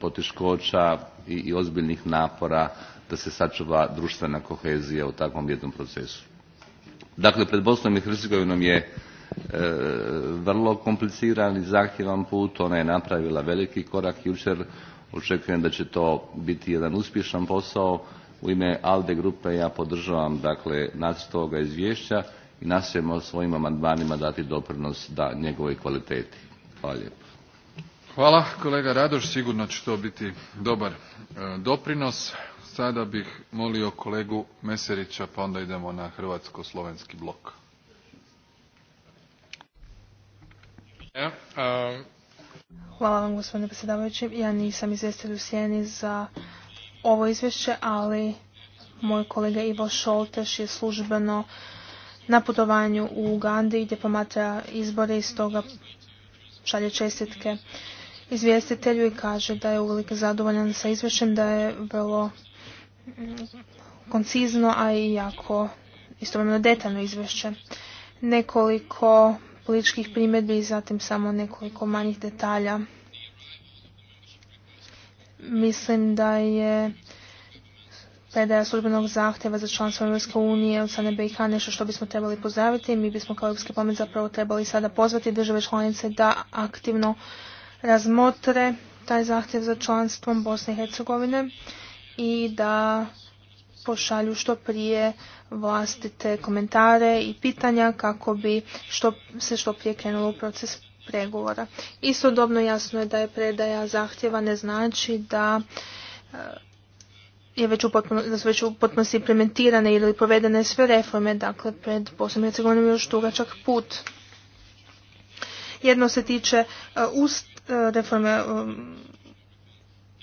poteškoća i ozbiljnih napora da se sačuva društvena kohezija u takvom jednom procesu. Dakle, pred Bosnom i Hercegovinom je e, vrlo kompliciran i zahtjevan put. Ona je napravila veliki korak jučer. Očekujem da će to biti jedan uspješan posao. U ime ALDE grupe ja podržavam dakle nacrt ovoga izvješća i nastojimo svojim amandmanima dati doprinos da njegovoj kvaliteti. Hvala lijepo. Hvala kolega Radoš, sigurno će to biti dobar e, doprinos. Sada bih molio kolegu Meserića, pa onda idemo na hrvatsko-slovenski blok. Hvala vam gospodine predsjedavajući. Ja nisam izvjestila u sjeni za ovo izvješće, ali moj kolega Ivo Šolteš je službeno na putovanju u Ugandi gdje pomatra izbore i stoga šalje čestitke izvjestitelju i kaže da je uvijek zadovoljan sa izvješćem, da je vrlo koncizno, a i jako istovremeno detaljno izvješće. Nekoliko političkih primjedbi i zatim samo nekoliko manjih detalja. Mislim da je predaja službenog zahtjeva za članstvo Europske unije od strane nešto što bismo trebali pozdraviti. Mi bismo kao Europski pamet zapravo trebali sada pozvati države članice da aktivno razmotre taj zahtjev za članstvom Bosne i Hercegovine i da pošalju što prije vlastite komentare i pitanja kako bi što, se što prije krenulo u proces pregovora. Istodobno jasno je da je predaja zahtjeva ne znači da e, je već u da su već u potpunosti implementirane ili provedene sve reforme, dakle pred Bosnom još dugačak put. Jedno se tiče e, ust, e, reforme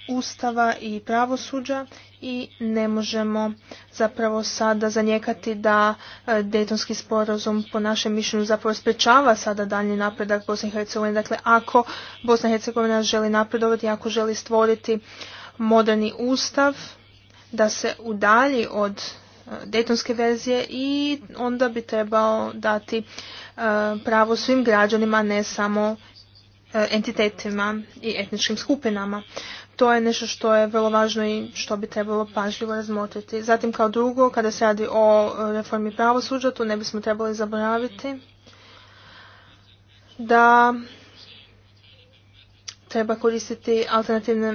ustava i pravosuđa i ne možemo zapravo sada zanijekati da e, Daytonski sporazum po našem mišljenju zapravo sprečava sada daljnji napredak Bosne i Hercegovine. Dakle, ako Bosna i Hercegovina želi napredovati, ako želi stvoriti moderni ustav, da se udalji od e, Daytonske verzije i onda bi trebao dati e, pravo svim građanima, ne samo entitetima i etničkim skupinama. To je nešto što je vrlo važno i što bi trebalo pažljivo razmotriti. Zatim kao drugo, kada se radi o reformi pravosuđa, tu ne bismo trebali zaboraviti da treba koristiti alternativne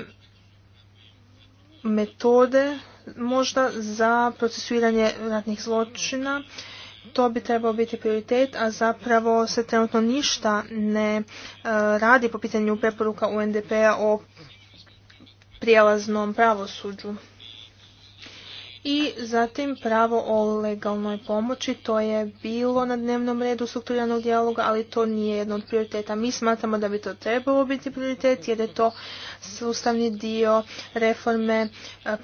metode možda za procesuiranje ratnih zločina. To bi trebao biti prioritet, a zapravo se trenutno ništa ne e, radi po pitanju preporuka UNDP-a o prijelaznom pravosuđu. I zatim pravo o legalnoj pomoći, to je bilo na dnevnom redu strukturiranog dijaloga, ali to nije jedno od prioriteta. Mi smatramo da bi to trebalo biti prioritet jer je to sustavni dio reforme e,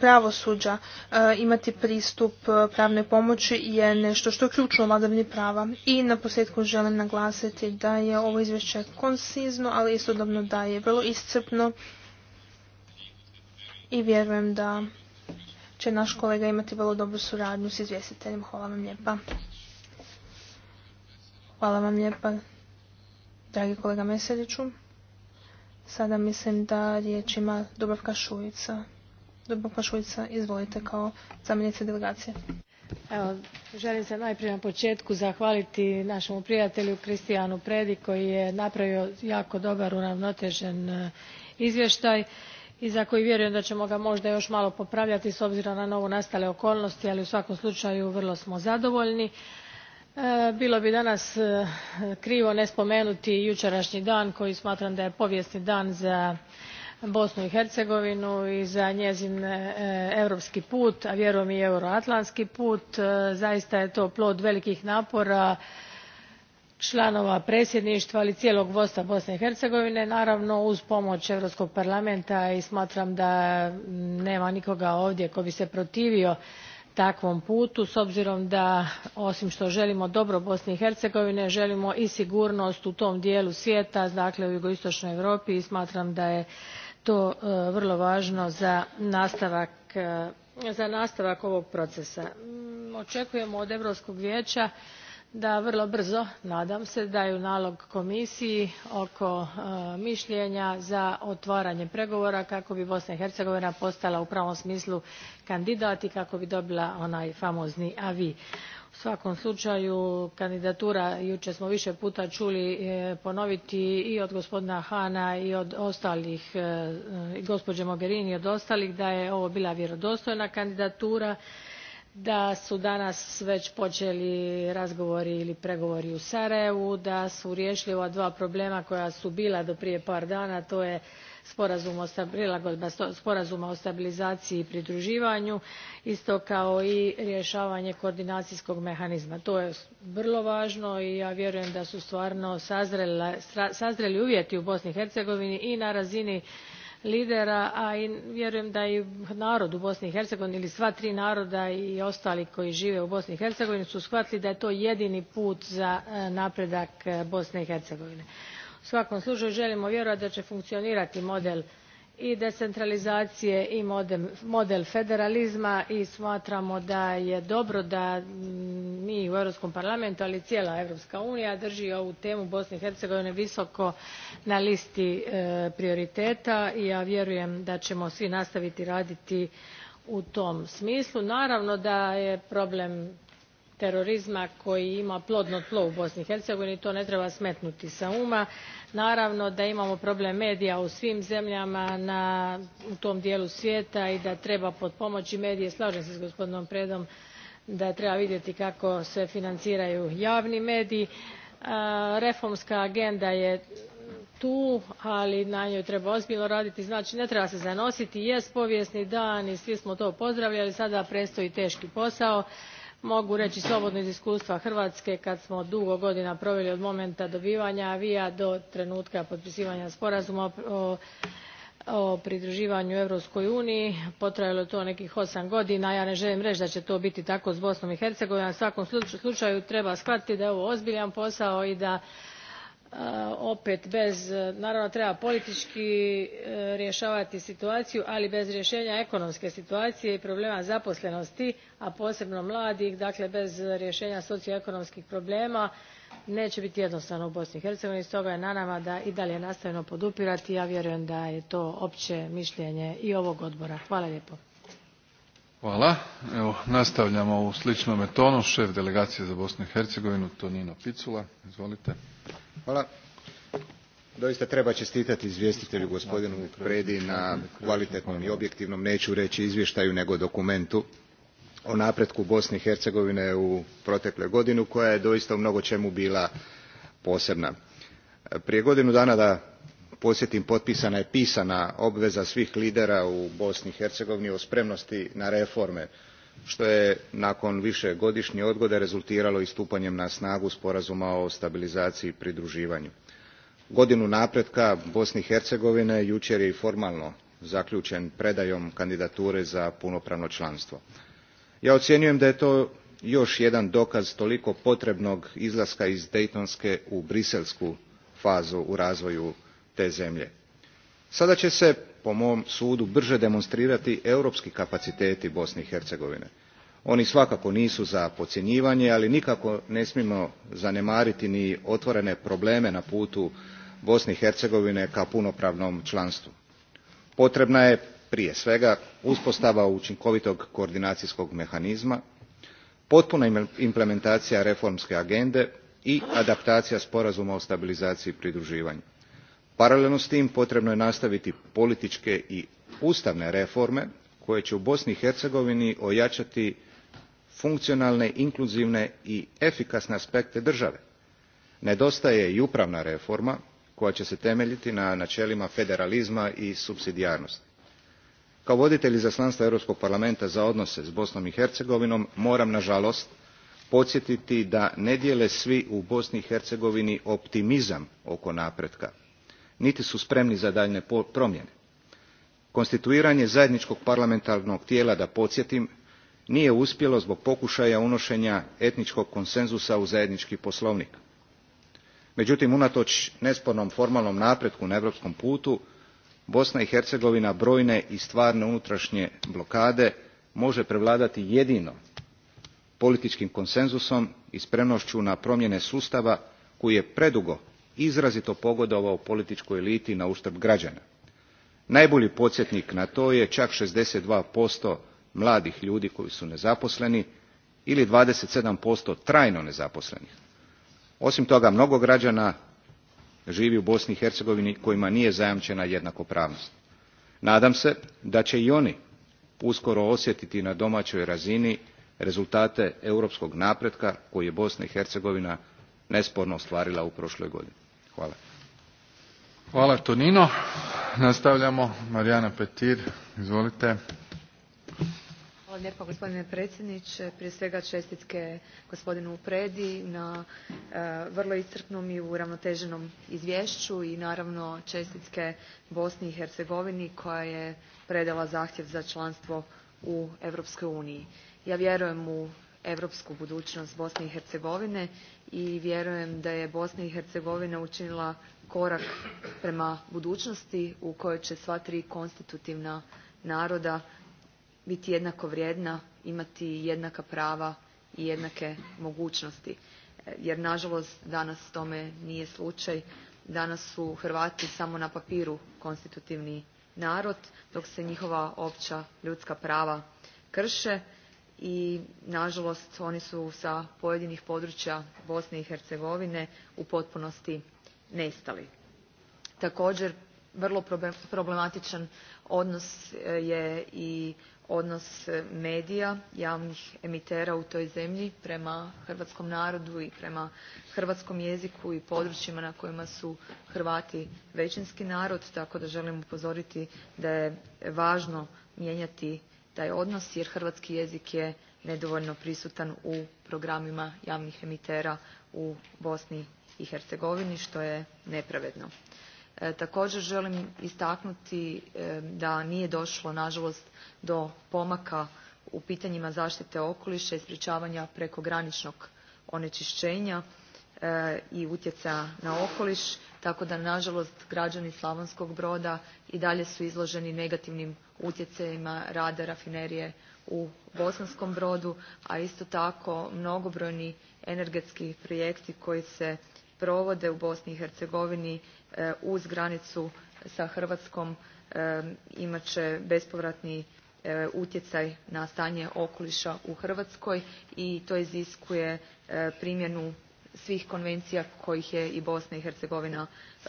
pravosuđa. E, imati pristup e, pravnoj pomoći je nešto što je ključno u vladavini prava. I na posljedku želim naglasiti da je ovo izvješće koncizno, ali istodobno da je vrlo iscrpno i vjerujem da će naš kolega imati vrlo dobru suradnju s izvjestiteljem. Hvala vam lijepa. Hvala vam lijepa, dragi kolega Meseliću. Sada mislim da riječ ima Dubravka Šujica. Dubravka Šujica, izvolite kao zamjenica delegacije. Evo, želim se najprije na početku zahvaliti našemu prijatelju Kristijanu Predi koji je napravio jako dobar uravnotežen e, izvještaj i za koji vjerujem da ćemo ga možda još malo popravljati s obzirom na novonastale okolnosti ali u svakom slučaju vrlo smo zadovoljni. E, bilo bi danas e, krivo ne spomenuti jučerašnji dan koji smatram da je povijesni dan za bosnu i hercegovinu i za njezin e, europski put a vjerujem i euroatlantski put. zaista je to plod velikih napora članova predsjedništva ali i cijelog vodstva bosne i hercegovine naravno uz pomoć europskog parlamenta i smatram da nema nikoga ovdje tko bi se protivio takvom putu s obzirom da osim što želimo dobro bosni i hercegovini želimo i sigurnost u tom dijelu svijeta dakle u jugoistočnoj europi i smatram da je to e, vrlo važno za nastavak, e, za nastavak ovog procesa. Mm, očekujemo od europskog vijeća da vrlo brzo nadam se daju nalog komisiji oko e, miljenja za otvaranje pregovora kako bi bosna i hercegovina postala u pravom smislu kandidat i kako bi dobila onaj famozni avis. u svakom slučaju, kandidatura juer smo više puta uli e, ponoviti i od gospodina Hana i od ostalih i e, gospoe mogherini i od ostalih da je ovo bila vjerodostojna kandidatura da su danas već počeli razgovori ili pregovori u sarajevu da su riješili ova dva problema koja su bila do prije par dana to je sporazuma o stabilizaciji i pridruživanju isto kao i rješavanje koordinacijskog mehanizma. to je vrlo važno i ja vjerujem da su stvarno sazreli uvjeti u bosni i hercegovini i na razini lidera a i vjerujem da i narod u bosni i hercegovini ili sva tri naroda i ostali koji žive u bosni i hercegovini su shvatili da je to jedini put za e, napredak e, bosne i hercegovine. u svakom slučaju želimo vjerovati da će funkcionirati model i decentralizacije i model federalizma i smatramo da je dobro da mi u europskom parlamentu ali i cijela europska unija drži ovu temu bosne i hercegovine visoko na listi e, prioriteta i ja vjerujem da ćemo svi nastaviti raditi u tom smislu. naravno da je problem terorizma koji ima plodno tlo u bosni i hercegovini to ne treba smetnuti s uma. naravno da imamo problem medija u svim zemljama u tom dijelu svijeta i da treba potpomoi medije slaem se s gospodinom predom da treba vidjeti kako se financiraju javni mediji. E, reformska agenda je tu ali na njoj treba ozbiljno raditi Znači, ne treba se zanositi jest povijesni dan i svi smo to pozdravljali sada predstoji teki posao mogu reći slobodno iz iskustva hrvatske kad smo dugo godina proveli od momenta dobivanja avija do trenutka potpisivanja sporazuma o pridruživanju europskoj uniji potrajalo je to nekih osam godina. ja ne elim rei da će to biti tako s bosnom i hercegovinom ali u svakom sluaju treba shvatiti da je ovo ozbiljan posao i da opet bez e, naravno treba politički e, rješavati situaciju ali bez rješenja ekonomske situacije i problema zaposlenosti a posebno mladih dakle bez rješenja socioekonomskih problema neće biti jednostavno u bosni i hercegovini stoga je na nama da i dalje nastavimo podupirati i ja vjerujem da je to opće mišljenje i ovog odbora. hvala lijepo. Hvala. nastavljamo u tonu. Šef delegacije za Bosnu Tonino Picula. Izvolite. Hvala. Doista treba čestitati izvjestitelju gospodinu Predi na kvalitetnom i objektivnom, neću reći izvještaju, nego dokumentu o napretku Bosne i Hercegovine u protekle godinu koja je doista u mnogo čemu bila posebna. Prije godinu dana da podsjetim potpisana je pisana obveza svih lidera u Bosni i Hercegovini o spremnosti na reforme što je nakon višegodišnje odgode rezultiralo i stupanjem na snagu sporazuma o stabilizaciji i pridruživanju. godinu napretka bosne i hercegovine jučer je i formalno zaključen predajom kandidature za punopravno članstvo. ja ocjenjujem da je to još jedan dokaz toliko potrebnog izlaska iz daytonske u briselsku fazu u razvoju te zemlje. sada će se po mom sudu brže demonstrirati europski kapaciteti bosne i hercegovine oni svakako nisu za podcjenjivanje ali nikako ne smijemo zanemariti ni otvorene probleme na putu bosne i hercegovine ka punopravnom članstvu potrebna je prije svega uspostava učinkovitog koordinacijskog mehanizma potpuna implementacija reformske agende i adaptacija sporazuma o stabilizaciji i pridruživanju paralelno s tim potrebno je nastaviti političke i ustavne reforme koje će u bosni i hercegovini ojačati funkcionalne inkluzivne i efikasne aspekte države. nedostaje i upravna reforma koja će se temeljiti na načelima federalizma i supsidijarnosti. kao voditelj izaslanstva europskog parlamenta za odnose s bosnom i hercegovinom moram nažalost podsjetiti da ne dijele svi u bosni i hercegovini optimizam oko napretka niti su spremni za daljnje promjene. konstituiranje zajedničkog parlamentarnog tijela da podsjetim nije uspjelo zbog pokušaja unošenja etničkog konsenzusa u zajednički poslovnik. međutim unatoč nespornom formalnom napretku na europskom putu bosna i hercegovina brojne i stvarne unutrašnje blokade može prevladati jedino političkim konsenzusom i spremnošću na promjene sustava koji je predugo izrazito pogodovao političkoj eliti na uštrb građana. najbolji podsjetnik na to je čak sixty two mladih ljudi koji su nezaposleni ili twenty seven trajno nezaposlenih. osim toga mnogo građana živi u bosni i hercegovini kojima nije zajamčena jednakopravnost. nadam se da će i oni uskoro osjetiti na domaćoj razini rezultate europskog napretka koji je bosna i hercegovina nesporno ostvarila u prošloj godini. Hvala. Hvala Tonino. Nastavljamo. Marijana Petir, izvolite. Hvala lijepo gospodine predsjedniče. Prije svega čestitke gospodinu Predi na e, vrlo iscrpnom i uravnoteženom izvješću i naravno čestitke Bosni i Hercegovini koja je predala zahtjev za članstvo u Europskoj uniji. Ja vjerujem u europsku budućnost Bosne i Hercegovine i vjerujem da je Bosna i Hercegovina učinila korak prema budućnosti u kojoj će sva tri konstitutivna naroda biti jednako vrijedna, imati jednaka prava i jednake mogućnosti jer nažalost danas tome nije slučaj. Danas su Hrvati samo na papiru konstitutivni narod dok se njihova opća ljudska prava krše i nažalost oni su sa pojedinih područja Bosne i Hercegovine u potpunosti nestali. Također vrlo problematičan odnos e, je i odnos e, medija, javnih emitera u toj zemlji prema hrvatskom narodu i prema hrvatskom jeziku i područjima na kojima su Hrvati većinski narod, tako da želim upozoriti da je važno mijenjati taj odnos jer hrvatski jezik je nedovoljno prisutan u programima javnih emitera u Bosni i Hercegovini što je nepravedno. E, također želim istaknuti e, da nije došlo nažalost do pomaka u pitanjima zaštite okoliša i sprječavanja prekograničnog onečišćenja e, i utjecaja na okoliš tako da nažalost građani Slavonskog Broda i dalje su izloženi negativnim utjecajima rada rafinerije u Bosanskom Brodu, a isto tako mnogobrojni energetski projekti koji se provode u Bosni i Hercegovini e, uz granicu sa Hrvatskom e, imat će bespovratni e, utjecaj na stanje okoliša u Hrvatskoj i to iziskuje primjenu svih konvencija kojih je i Bosna i Hercegovina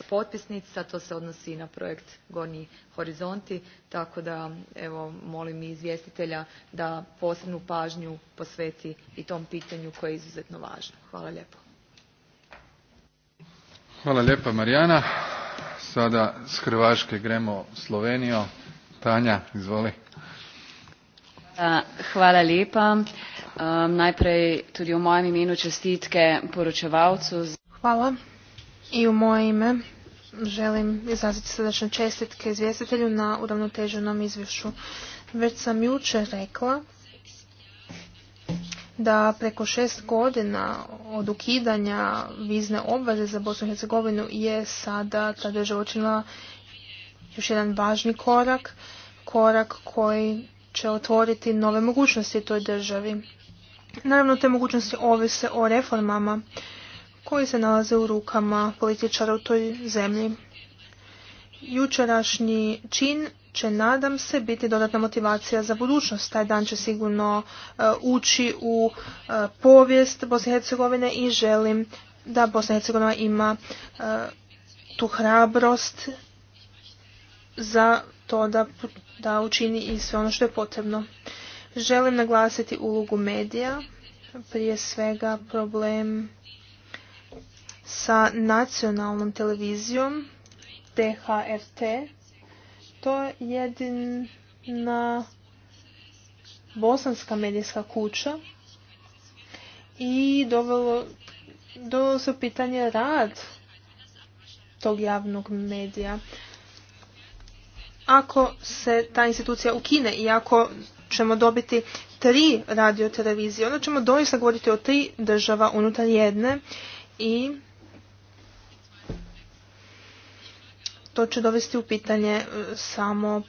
potpisnica. To se odnosi i na projekt Gornji horizonti, tako da evo molim i izvjestitelja da posebnu pažnju posveti i tom pitanju koje je izuzetno važno. Hvala lijepo. Hvala lijepa Marijana. Sada s Hrvaške gremo Slovenijo. Tanja, izvoli. Hvala lijepa. Ehm, najprej tudi v mojem imenu čestitke poročevalcu. Hvala. I u moje ime želim izraziti srdečne čestitke izvjestitelju na uravnoteženom izvješću. Već sam jučer rekla da preko šest godina od ukidanja vizne obveze za Bosnu i Hercegovinu je sada ta država učinila još jedan važni korak, korak koji će otvoriti nove mogućnosti toj državi. Naravno, te mogućnosti ovise o reformama koji se nalaze u rukama političara u toj zemlji. Jučerašnji čin će, nadam se, biti dodatna motivacija za budućnost. Taj dan će sigurno e, ući u e, povijest Bosne i Hercegovine i želim da Bosna i Hercegovina ima e, tu hrabrost za to da, da učini i sve ono što je potrebno. Želim naglasiti ulogu medija, prije svega problem sa nacionalnom televizijom THRT. To je jedina bosanska medijska kuća i dovelo, dovelo se u pitanje rad tog javnog medija. Ako se ta institucija ukine i ako ćemo dobiti tri radiotelevizije, onda ćemo doista govoriti o tri država unutar jedne i to će dovesti u pitanje e, samo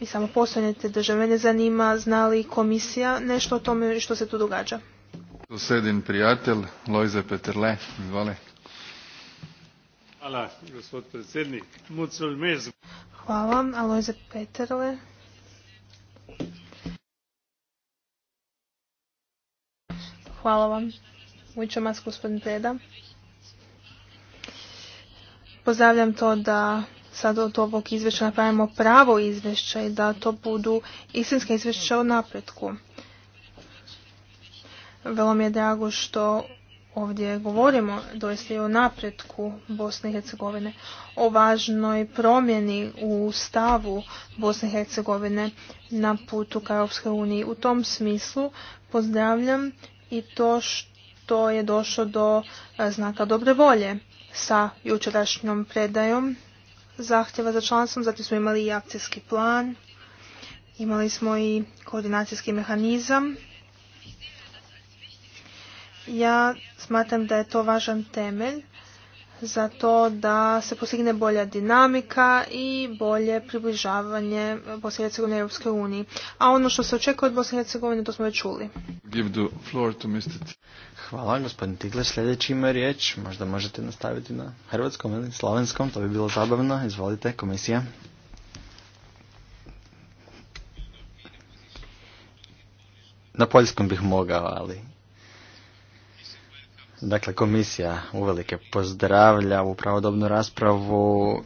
i samo postojanje te države. Mene zanima zna li komisija nešto o tome što se tu događa. prijatelj, Lojze Peterle, izvale. Hvala, gospod predsjednik. Hvala, Alojze Peterle. Hvala vam. vas, gospodin Preda. Pozdravljam to da sad od ovog izvješća napravimo pravo izvješće i da to budu istinska izvješća o napretku. Velo mi je drago što ovdje govorimo doista i o napretku Bosne i Hercegovine, o važnoj promjeni u stavu Bosne i Hercegovine na putu ka Europskoj uniji. U tom smislu pozdravljam i to što je došlo do e, znaka dobre volje sa jučerašnjom predajom zahtjeva za članstvom, zatim smo imali i akcijski plan, imali smo i koordinacijski mehanizam. Ja smatram da je to važan temelj za to da se postigne bolja dinamika i bolje približavanje Bosne i Hercegovine Europske unije. A ono što se očekuje od Bosne i Hercegovine, to smo već čuli. Hvala, gospodin Tigler. Sljedeći ima riječ. Možda možete nastaviti na hrvatskom ili slovenskom. To bi bilo zabavno. Izvolite, komisija. Na poljskom bih mogao, ali Dakle, komisija uvelike pozdravlja u pravodobnu raspravu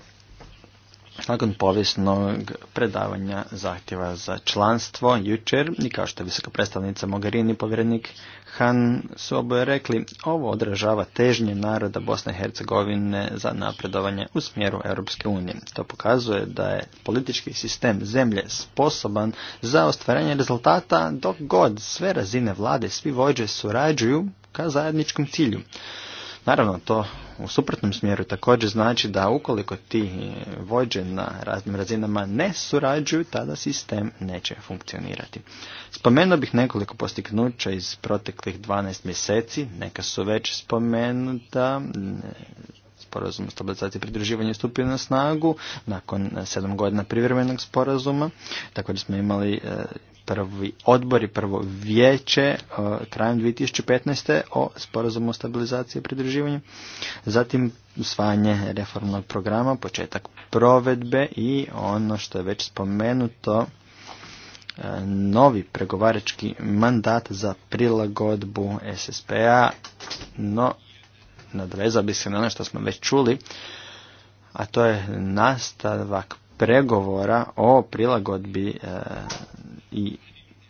nakon povijesnog predavanja zahtjeva za članstvo jučer i kao što je visoka predstavnica Mogherini povjerenik Han su oboje rekli, ovo odražava težnje naroda Bosne i Hercegovine za napredovanje u smjeru Europske unije. To pokazuje da je politički sistem zemlje sposoban za ostvarenje rezultata dok god sve razine vlade, svi vođe surađuju ka zajedničkom cilju. Naravno, to u suprotnom smjeru također znači da ukoliko ti vođe na raznim razinama ne surađuju, tada sistem neće funkcionirati. Spomenuo bih nekoliko postignuća iz proteklih 12 mjeseci, neka su već spomenuta, sporazum o stabilizaciji pridruživanja stupio na snagu nakon sedam godina privremenog sporazuma. Također smo imali e, prvi odbor i prvo vijeće e, krajem 2015. o sporazumu o stabilizaciji i pridruživanju, zatim usvajanje reformnog programa, početak provedbe i ono što je već spomenuto, e, novi pregovarački mandat za prilagodbu SSP-a, no nadvezao bi se na ono što smo već čuli, a to je nastavak pregovora o prilagodbi e, i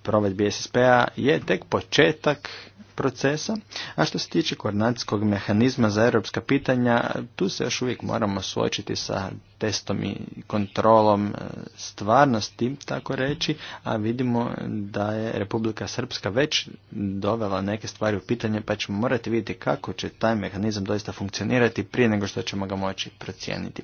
provedbi SSP-a je tek početak procesa, a što se tiče koordinacijskog mehanizma za europska pitanja, tu se još uvijek moramo suočiti sa testom i kontrolom e, stvarnosti, tako reći, a vidimo da je Republika Srpska već dovela neke stvari u pitanje, pa ćemo morati vidjeti kako će taj mehanizam doista funkcionirati prije nego što ćemo ga moći procijeniti.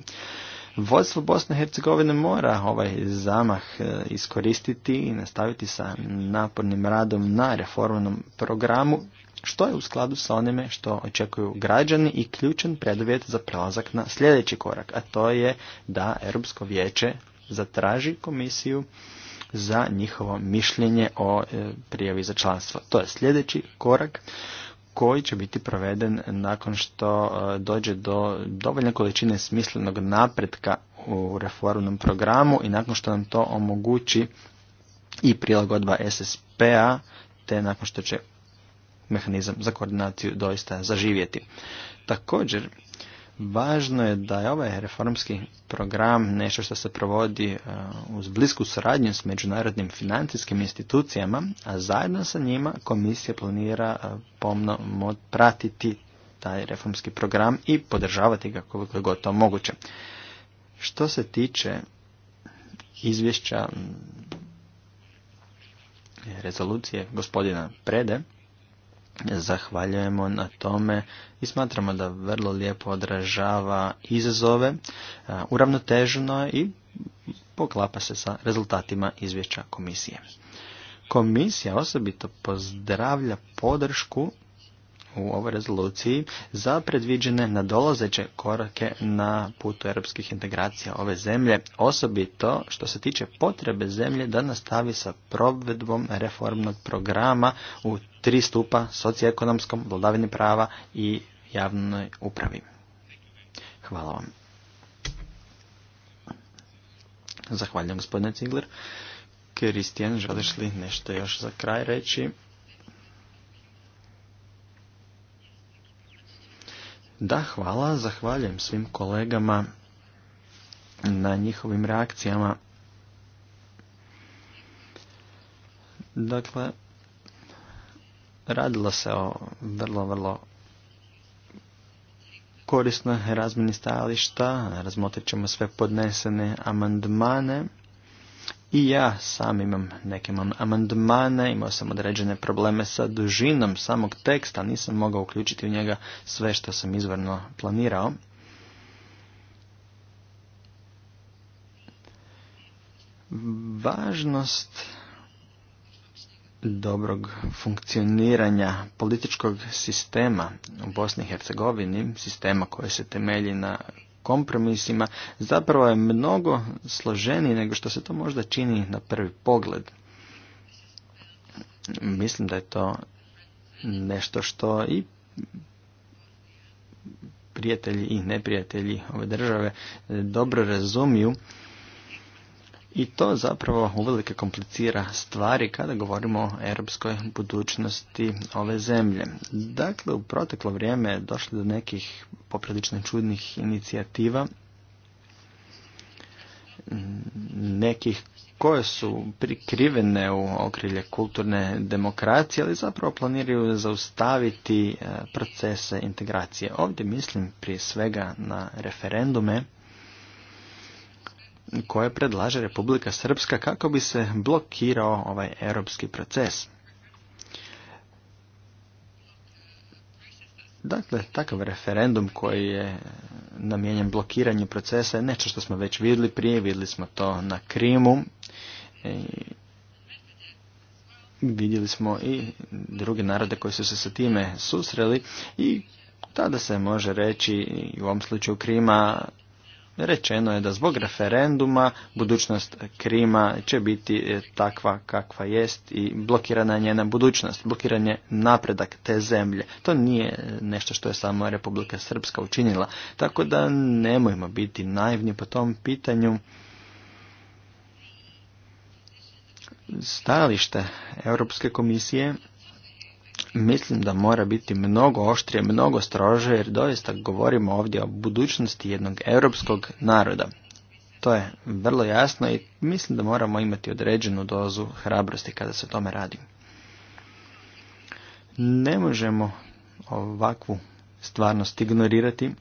Vodstvo Bosne i Hercegovine mora ovaj zamah e, iskoristiti i nastaviti sa napornim radom na reformnom programu što je u skladu sa onime što očekuju građani i ključan preduvjet za prelazak na sljedeći korak, a to je da Europsko vijeće zatraži komisiju za njihovo mišljenje o e, prijavi za članstvo. To je sljedeći korak koji će biti proveden nakon što e, dođe do dovoljne količine smislenog napretka u reformnom programu i nakon što nam to omogući i prilagodba SSP-a, te nakon što će mehanizam za koordinaciju doista zaživjeti. Također, Važno je da je ovaj reformski program nešto što se provodi e, uz blisku suradnju s međunarodnim financijskim institucijama, a zajedno sa njima komisija planira e, pomno pratiti taj reformski program i podržavati ga koliko je gotovo moguće. Što se tiče izvješća mm, rezolucije gospodina Prede, zahvaljujemo na tome i smatramo da vrlo lijepo odražava izazove, e, uravnoteženo i poklapa se sa rezultatima izvješća komisije. Komisija osobito pozdravlja podršku u ovoj rezoluciji za predviđene nadolazeće korake na putu europskih integracija ove zemlje, osobito što se tiče potrebe zemlje da nastavi sa provedbom reformnog programa u tri stupa socioekonomskom, vladavini prava i javnoj upravi. Hvala vam. Zahvaljujem gospodine Cigler. Kristijan, želiš li nešto još za kraj reći? Da, hvala. Zahvaljujem svim kolegama na njihovim reakcijama. Dakle, radilo se o vrlo, vrlo korisnoj razmini stajališta. Razmotrit ćemo sve podnesene amandmane. I ja sam imam neke amandmane, imao sam određene probleme sa dužinom samog teksta, nisam mogao uključiti u njega sve što sam izvorno planirao. Važnost dobrog funkcioniranja političkog sistema u Bosni i Hercegovini, sistema koji se temelji na kompromisima zapravo je mnogo složeniji nego što se to možda čini na prvi pogled. Mislim da je to nešto što i prijatelji i neprijatelji ove države dobro razumiju i to zapravo uvelike komplicira stvari kada govorimo o europskoj budućnosti ove zemlje. Dakle, u proteklo vrijeme je došlo do nekih poprilično čudnih inicijativa, nekih koje su prikrivene u okrilje kulturne demokracije, ali zapravo planiraju zaustaviti e, procese integracije. Ovdje mislim prije svega na referendume, koje predlaže Republika Srpska kako bi se blokirao ovaj europski proces. Dakle, takav referendum koji je namijenjen blokiranju procesa je nešto što smo već vidjeli prije, vidjeli smo to na Krimu. I vidjeli smo i druge narode koji su se sa time susreli i tada se može reći i u ovom slučaju Krima Rečeno je da zbog referenduma budućnost Krima će biti e, takva kakva jest i blokirana je njena budućnost, blokiran je napredak te zemlje. To nije e, nešto što je samo Republika Srpska učinila, tako da nemojmo biti naivni po tom pitanju. Stajalište Europske komisije mislim da mora biti mnogo oštrije, mnogo strože jer doista govorimo ovdje o budućnosti jednog europskog naroda. To je vrlo jasno i mislim da moramo imati određenu dozu hrabrosti kada se o tome radi. Ne možemo ovakvu stvarnost ignorirati.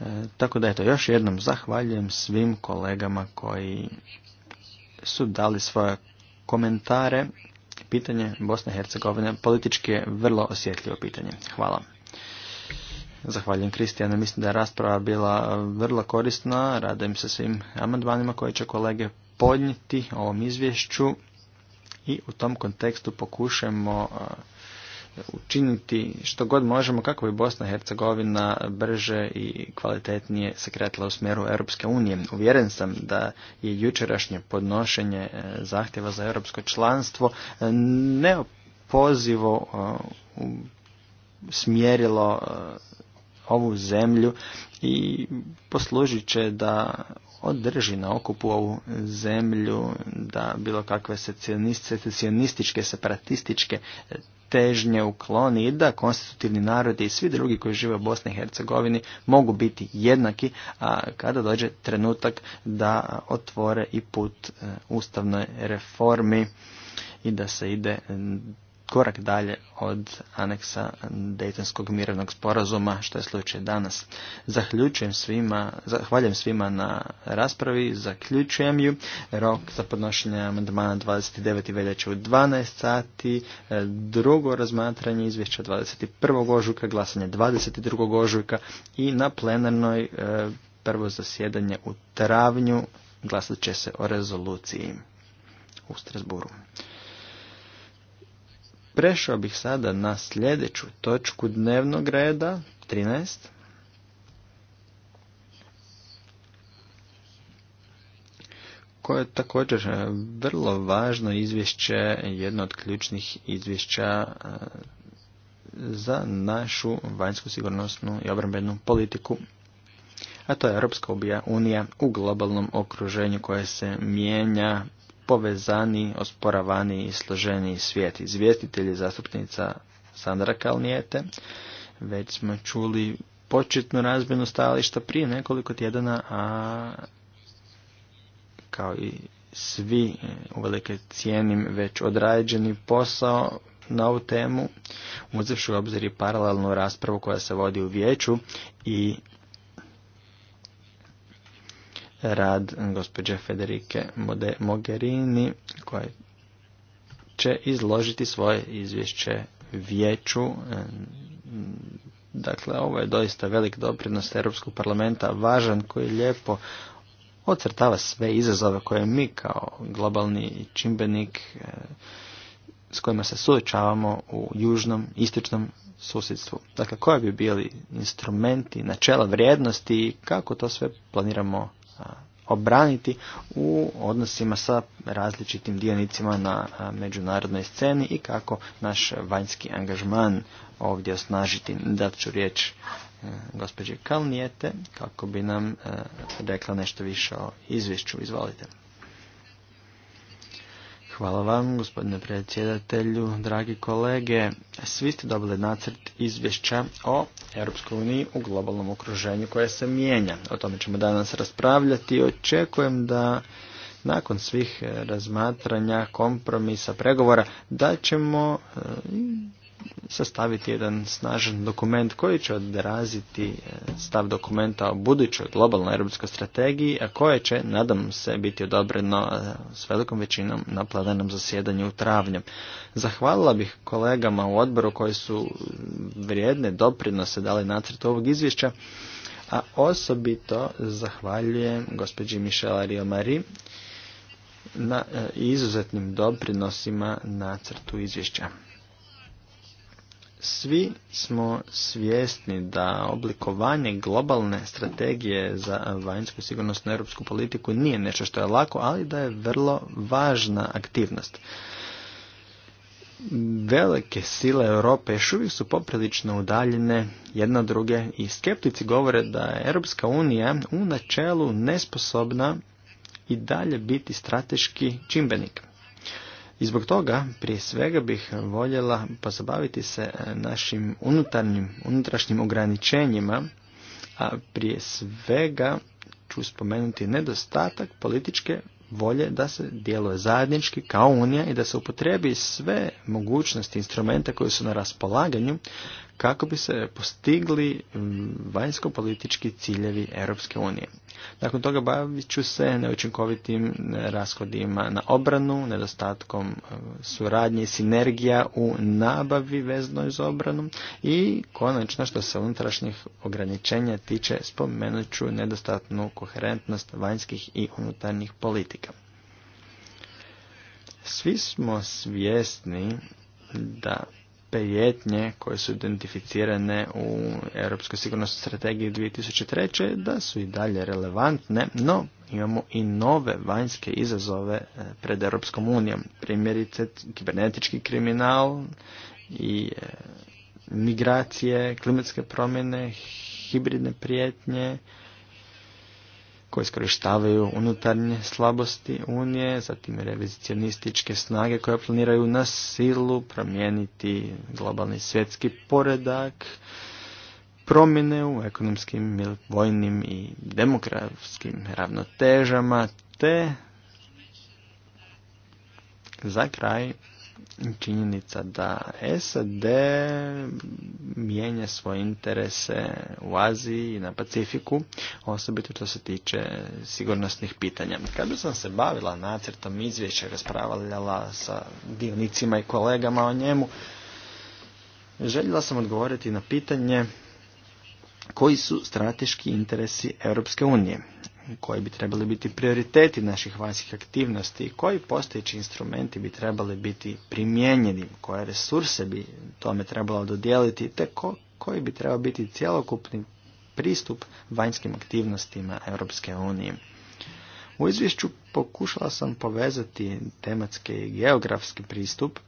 E, tako da eto, još jednom zahvaljujem svim kolegama koji su dali svoje komentare pitanje Bosne i Hercegovine politički je vrlo osjetljivo pitanje. Hvala. Zahvaljujem Kristijana. mislim da je rasprava bila vrlo korisna, radujem se svim amandmanima koje će kolege podnijeti ovom izvješću i u tom kontekstu pokušajmo učiniti što god možemo kako bi Bosna i Hercegovina brže i kvalitetnije se kretila u smjeru Europske unije. Uvjeren sam da je jučerašnje podnošenje e, zahtjeva za europsko članstvo e, neopozivo e, smjerilo ovu zemlju i poslužit će da održi na okupu ovu zemlju, da bilo kakve secesionističke, separatističke težnje ukloni i da konstitutivni narodi i svi drugi koji žive u Bosni i Hercegovini mogu biti jednaki a kada dođe trenutak da otvore i put e, ustavnoj reformi i da se ide korak dalje od aneksa Dejtonskog mirovnog sporazuma, što je slučaj danas. Zaključujem svima, zahvaljujem svima na raspravi, zaključujem ju. Rok za podnošenje amandmana 29. veljače u 12 sati, e, drugo razmatranje izvješća 21. ožujka, glasanje 22. ožujka i na plenarnoj e, prvo zasjedanje u travnju glasat će se o rezoluciji u Strasburu. Prešao bih sada na sljedeću točku dnevnog reda, 13. koje je također e, vrlo važno izvješće, jedno od ključnih izvješća e, za našu vanjsku sigurnosnu i obrambenu politiku, a to je Europska unija u globalnom okruženju koje se mijenja povezani, osporavani i složeni svijet. Izvjestitelj je zastupnica Sandra Kalnijete. Već smo čuli početnu razmjenu stajališta prije nekoliko tjedana, a kao i svi e, u velike cijenim već odrađeni posao na ovu temu, uzevši u obzir i paralelnu raspravu koja se vodi u vijeću i rad gospođe Federike Mogherini koja će izložiti svoje izvješće vijeću. E, dakle, ovo je doista velik doprinos Europskog parlamenta, važan koji lijepo ocrtava sve izazove koje mi kao globalni čimbenik e, s kojima se suočavamo u južnom, istočnom susjedstvu. Dakle, koji bi bili instrumenti, načela vrijednosti i kako to sve planiramo obraniti u odnosima sa različitim dionicima na međunarodnoj sceni i kako naš vanjski angažman ovdje osnažiti. Dat ću riječ e, gospođe Kalnijete kako bi nam e, rekla nešto više o izvješću. Izvolite. Hvala vam, gospodine predsjedatelju, dragi kolege. Svi ste dobili nacrt izvješća o Europskoj uniji u globalnom okruženju koje se mijenja. O tome ćemo danas raspravljati i očekujem da nakon svih eh, razmatranja, kompromisa, pregovora, da ćemo eh, sastaviti jedan snažan dokument koji će odraziti e, stav dokumenta o budućoj globalnoj europskoj strategiji, a koje će, nadam se, biti odobreno e, s velikom većinom na plenarnom zasjedanju u travnju. Zahvalila bih kolegama u odboru koji su vrijedne doprinose dali nacrt ovog izvješća, a osobito zahvaljujem gospođi Mišela Riomari na e, izuzetnim doprinosima nacrtu izvješća. Svi smo svjesni da oblikovanje globalne strategije za vanjsku na europsku politiku nije nešto što je lako, ali da je vrlo važna aktivnost. Velike sile Europe još uvijek su poprilično udaljene jedna od druge i skeptici govore da je Europska unija u načelu nesposobna i dalje biti strateški čimbenik. I zbog toga, prije svega bih voljela pozabaviti se e, našim unutarnjim, unutrašnjim ograničenjima, a prije svega ću spomenuti nedostatak političke volje da se djeluje zajednički kao Unija i da se upotrebi sve mogućnosti instrumenta koji su na raspolaganju kako bi se postigli mm, vanjsko-politički ciljevi Europske unije. Nakon toga bavit ću se neučinkovitim rashodima na obranu, nedostatkom e, suradnje i sinergija u nabavi veznoj za obranu i konačno što se unutrašnjih ograničenja tiče spomenut ću nedostatnu koherentnost vanjskih i unutarnjih politika. Svi smo svjesni da prijetnje koje su identificirane u Europskoj sigurnosnoj strategiji 2003. da su i dalje relevantne, no imamo i nove vanjske izazove eh, pred Europskom unijom. Primjerice kibernetički kriminal i eh, migracije, klimatske promjene, hibridne prijetnje, koji iskorištavaju unutarnje slabosti Unije, zatim revizicionističke snage koje planiraju na silu promijeniti globalni svjetski poredak, promjene u ekonomskim, vojnim i demokratskim ravnotežama, te za kraj činjenica da SAD mijenja svoje interese u Aziji i na Pacifiku, osobito što se tiče sigurnosnih pitanja. Kada sam se bavila nacrtom izvješća, raspravljala sa dionicima i kolegama o njemu, željela sam odgovoriti na pitanje koji su strateški interesi Europske unije koji bi trebali biti prioriteti naših vanjskih aktivnosti i koji postojeći instrumenti bi trebali biti primijenjeni, koje resurse bi tome trebalo dodijeliti, te koji bi trebao biti cjelokupni pristup vanjskim aktivnostima Europske unije. U izvješću pokušala sam povezati tematski i geografski pristup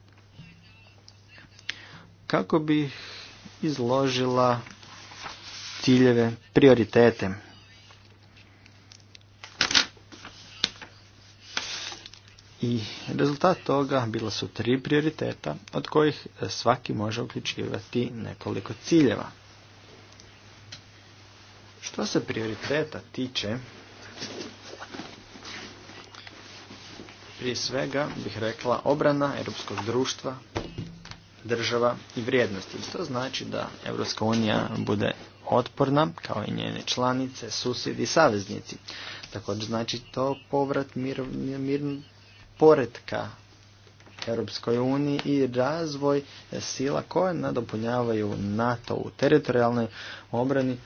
kako bih izložila ciljeve, prioritete I rezultat toga bila su tri prioriteta od kojih svaki može uključivati nekoliko ciljeva. Što se prioriteta tiče, prije svega bih rekla obrana europskog društva, država i vrijednosti. Što znači da Europska unija bude otporna, kao i njene članice, susjedi i saveznici. Također znači to povrat mir, poretka Europskoj uniji i razvoj sila koje nadopunjavaju NATO u teritorijalnoj obrani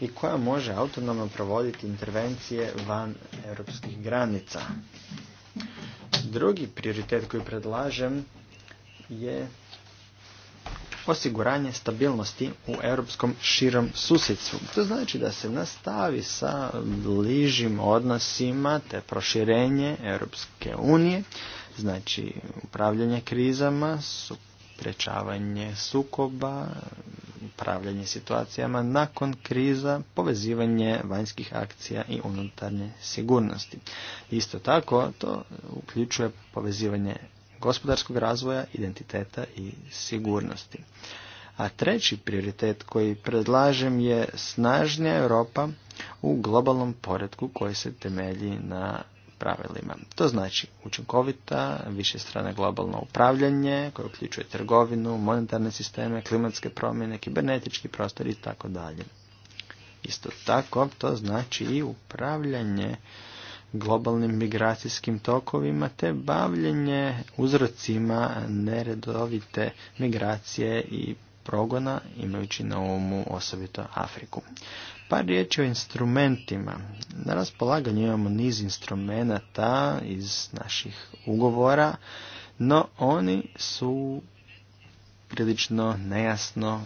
i koja može autonomno provoditi intervencije van europskih granica. Drugi prioritet koji predlažem je osiguranje stabilnosti u europskom širom susjedstvu. To znači da se nastavi sa bližim odnosima te proširenje Europske unije, znači upravljanje krizama, suprečavanje sukoba, upravljanje situacijama nakon kriza, povezivanje vanjskih akcija i unutarnje sigurnosti. Isto tako to uključuje povezivanje gospodarskog razvoja, identiteta i sigurnosti. A treći prioritet koji predlažem je snažnija Europa u globalnom poredku koji se temelji na pravilima. To znači učinkovita, višestrana globalno upravljanje koje uključuje trgovinu, monetarne sisteme, klimatske promjene, kibernetički prostor i tako dalje. Isto tako to znači i upravljanje globalnim migracijskim tokovima te bavljenje uzrocima neredovite migracije i progona imajući na umu osobito Afriku. Par riječi o instrumentima. Na raspolaganju imamo niz instrumenata iz naših ugovora, no oni su prilično nejasno,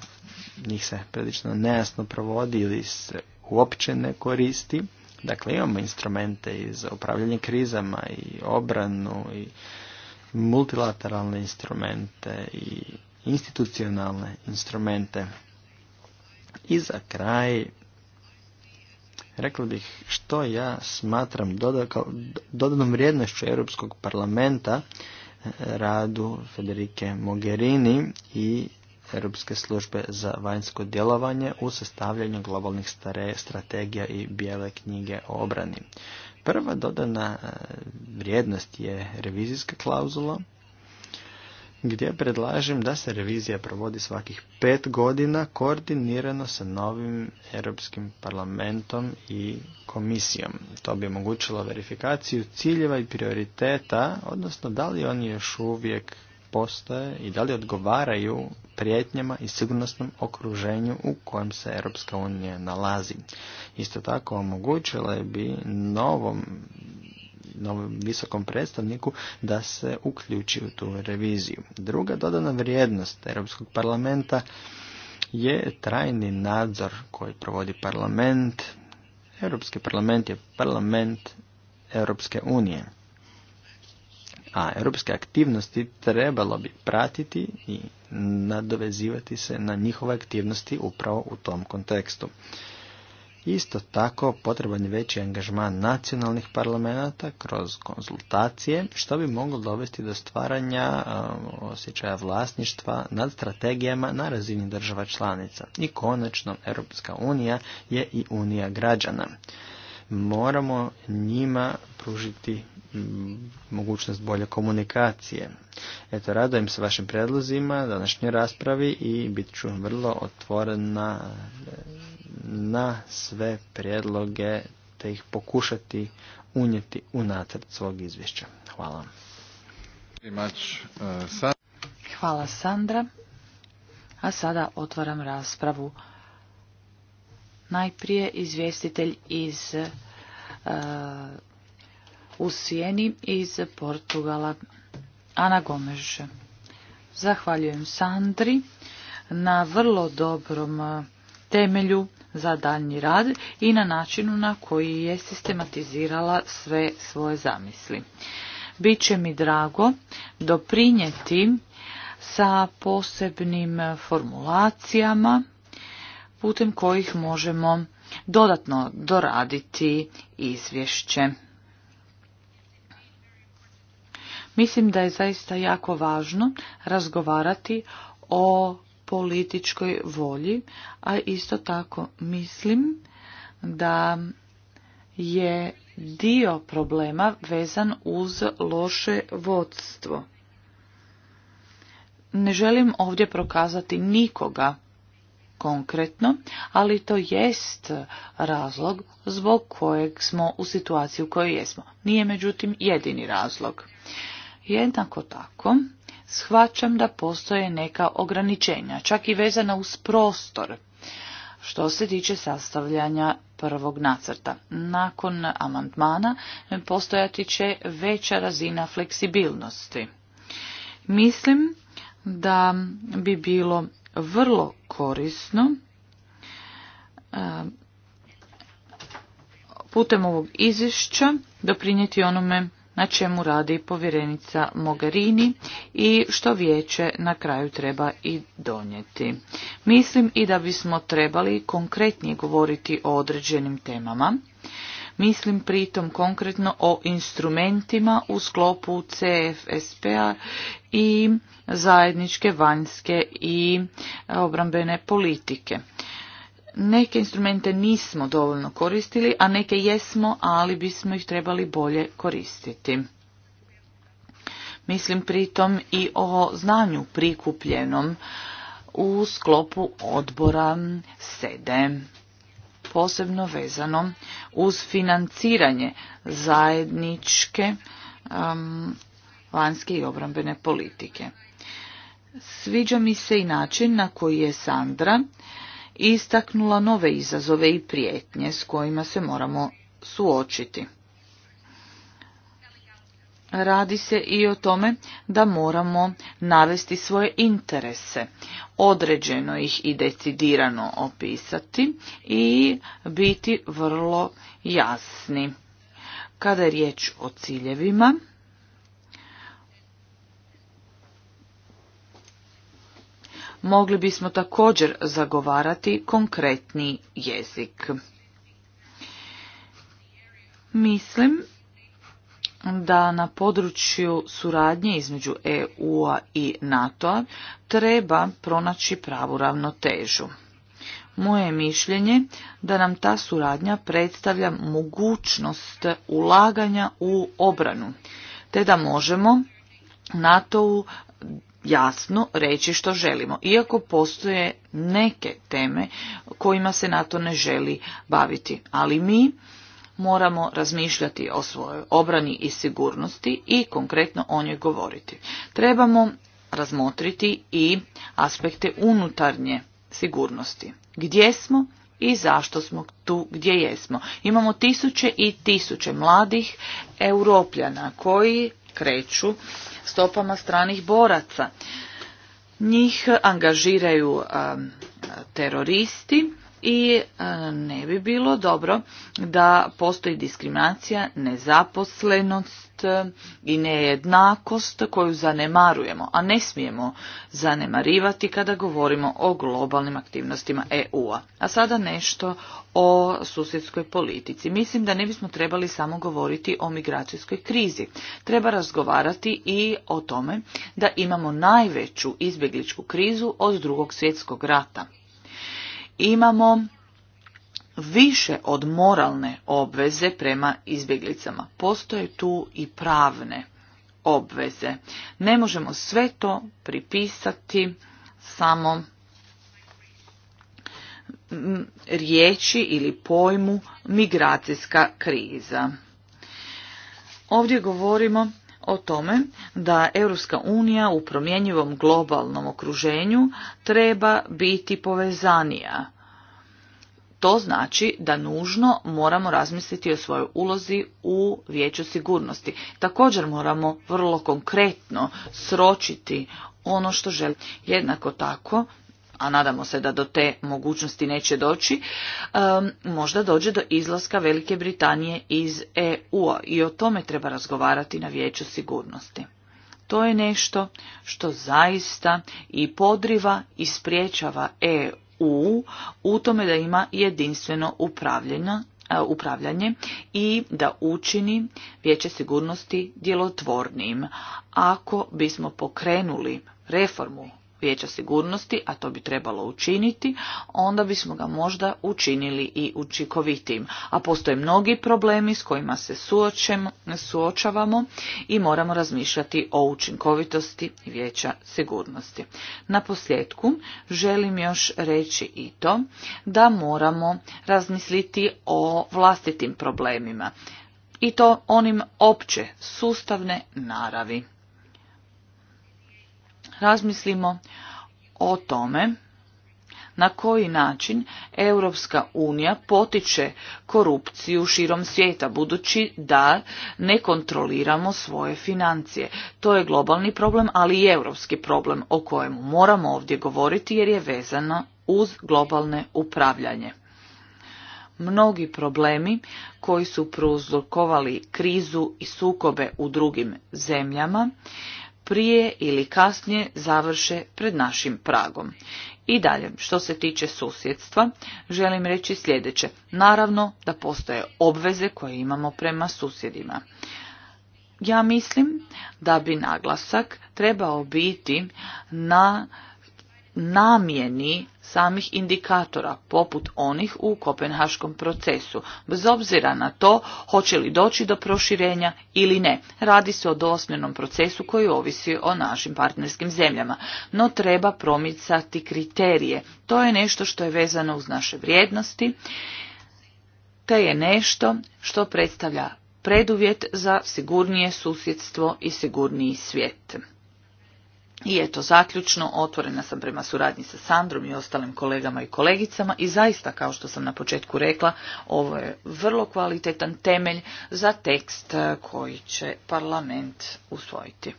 njih se prilično nejasno provodi ili se uopće ne koristi. Dakle, imamo instrumente i za upravljanje krizama i obranu i multilateralne instrumente i institucionalne instrumente. I za kraj, rekli bih što ja smatram dodanom vrijednošću Europskog parlamenta radu Federike Mogherini i Europske službe za vanjsko djelovanje u sastavljanju globalnih stare strategija i bijele knjige o obrani. Prva dodana e, vrijednost je revizijska klauzula gdje predlažem da se revizija provodi svakih pet godina koordinirano sa novim Europskim parlamentom i komisijom. To bi omogućilo verifikaciju ciljeva i prioriteta, odnosno da li oni još uvijek postoje i da li odgovaraju prijetnjama i sigurnosnom okruženju u kojem se Europska unija nalazi. Isto tako omogućila bi novom novom visokom predstavniku da se uključi u tu reviziju. Druga dodana vrijednost Europskog parlamenta je trajni nadzor koji provodi parlament. Europski parlament je parlament Europske unije a europske aktivnosti trebalo bi pratiti i nadovezivati se na njihove aktivnosti upravo u tom kontekstu. Isto tako potreban je veći angažman nacionalnih parlamenta kroz konzultacije, što bi moglo dovesti do stvaranja osjećaja vlasništva nad strategijama na razini država članica. I konačno, Europska unija je i unija građana moramo njima pružiti mogućnost bolje komunikacije. Eto, radojem se vašim predlozima, današnjoj raspravi i bit ću vrlo otvorena e, na, sve prijedloge te ih pokušati unijeti u nacrt svog izvješća. Hvala. Hvala Sandra. A sada otvaram raspravu. Najprije izvjestitelj iz e, u Sijeni iz Portugala, Ana Gomež. Zahvaljujem Sandri na vrlo dobrom e, temelju za daljnji rad i na načinu na koji je sistematizirala sve svoje zamisli. Biće mi drago doprinjeti sa posebnim formulacijama putem kojih možemo dodatno doraditi izvješće. Mislim da je zaista jako važno razgovarati o političkoj volji, a isto tako mislim da je dio problema vezan uz loše vodstvo. Ne želim ovdje prokazati nikoga konkretno, ali to jest razlog zbog kojeg smo u situaciji u kojoj jesmo. Nije međutim jedini razlog. Jednako tako, shvaćam da postoje neka ograničenja, čak i vezana uz prostor, što se tiče sastavljanja prvog nacrta. Nakon amandmana postojati će veća razina fleksibilnosti. Mislim da bi bilo vrlo korisno e, putem ovog izvješća doprinijeti onome na čemu radi povjerenica Mogherini i što vijeće na kraju treba i donijeti. Mislim i da bismo trebali konkretnije govoriti o određenim temama Mislim pritom konkretno o instrumentima u sklopu CFSP-a i zajedničke vanjske i e, obrambene politike. Neke instrumente nismo dovoljno koristili, a neke jesmo, ali bismo ih trebali bolje koristiti. Mislim pritom i o znanju prikupljenom u sklopu odbora sede posebno vezano uz financiranje zajedničke um, vanjske i obrambene politike. Sviđa mi se i način na koji je Sandra istaknula nove izazove i prijetnje s kojima se moramo suočiti radi se i o tome da moramo navesti svoje interese, određeno ih i decidirano opisati i biti vrlo jasni. Kada je riječ o ciljevima, mogli bismo također zagovarati konkretni jezik. Mislim da na području suradnje između EU-a i NATO-a treba pronaći pravu ravnotežu. Moje mišljenje da nam ta suradnja predstavlja mogućnost ulaganja u obranu, te da možemo NATO-u jasno reći što želimo, iako postoje neke teme kojima se NATO ne želi baviti. Ali mi moramo razmišljati o svojoj obrani i sigurnosti i konkretno o njoj govoriti. Trebamo razmotriti i aspekte unutarnje sigurnosti. Gdje smo i zašto smo tu gdje jesmo. Imamo tisuće i tisuće mladih europljana koji kreću stopama stranih boraca. Njih angažiraju teroristi i e, ne bi bilo dobro da postoji diskriminacija, nezaposlenost e, i nejednakost koju zanemarujemo, a ne smijemo zanemarivati kada govorimo o globalnim aktivnostima EU-a. A sada nešto o susjedskoj politici. Mislim da ne bismo trebali samo govoriti o migracijskoj krizi. Treba razgovarati i o tome da imamo najveću izbjegličku krizu od drugog svjetskog rata imamo više od moralne obveze prema izbjeglicama. Postoje tu i pravne obveze. Ne možemo sve to pripisati samo mm, riječi ili pojmu migracijska kriza. Ovdje govorimo o tome da Europska unija u promjenjivom globalnom okruženju treba biti povezanija. To znači da nužno moramo razmisliti o svojoj ulozi u vijeću sigurnosti. Također moramo vrlo konkretno sročiti ono što želimo. Jednako tako a nadamo se da do te mogućnosti neće doći, možda dođe do izlaska Velike Britanije iz eu i o tome treba razgovarati na vijeću sigurnosti. To je nešto što zaista i podriva i spriječava EU u tome da ima jedinstveno upravljanje, upravljanje i da učini vijeće sigurnosti djelotvornim. Ako bismo pokrenuli reformu vijeća sigurnosti, a to bi trebalo učiniti, onda bismo ga možda učinili i učinkovitijim. A postoje mnogi problemi s kojima se suočavamo i moramo razmišljati o učinkovitosti vijeća sigurnosti. Na posljedku želim još reći i to da moramo razmisliti o vlastitim problemima i to onim opće sustavne naravi razmislimo o tome na koji način Europska unija potiče korupciju širom svijeta, budući da ne kontroliramo svoje financije. To je globalni problem, ali i europski problem o kojemu moramo ovdje govoriti jer je vezana uz globalne upravljanje. Mnogi problemi koji su prouzrokovali krizu i sukobe u drugim zemljama prije ili kasnije završe pred našim pragom. I dalje, što se tiče susjedstva, želim reći sljedeće. Naravno da postoje obveze koje imamo prema susjedima. Ja mislim da bi naglasak trebao biti na namjeni samih indikatora, poput onih u kopenhaškom procesu, bez obzira na to hoće li doći do proširenja ili ne. Radi se o dosmjernom procesu koji ovisi o našim partnerskim zemljama, no treba promicati kriterije. To je nešto što je vezano uz naše vrijednosti, te je nešto što predstavlja preduvjet za sigurnije susjedstvo i sigurniji svijet. I eto, zaključno, otvorena sam prema suradnji sa Sandrom i ostalim kolegama i kolegicama i zaista, kao što sam na početku rekla, ovo je vrlo kvalitetan temelj za tekst e, koji će parlament usvojiti.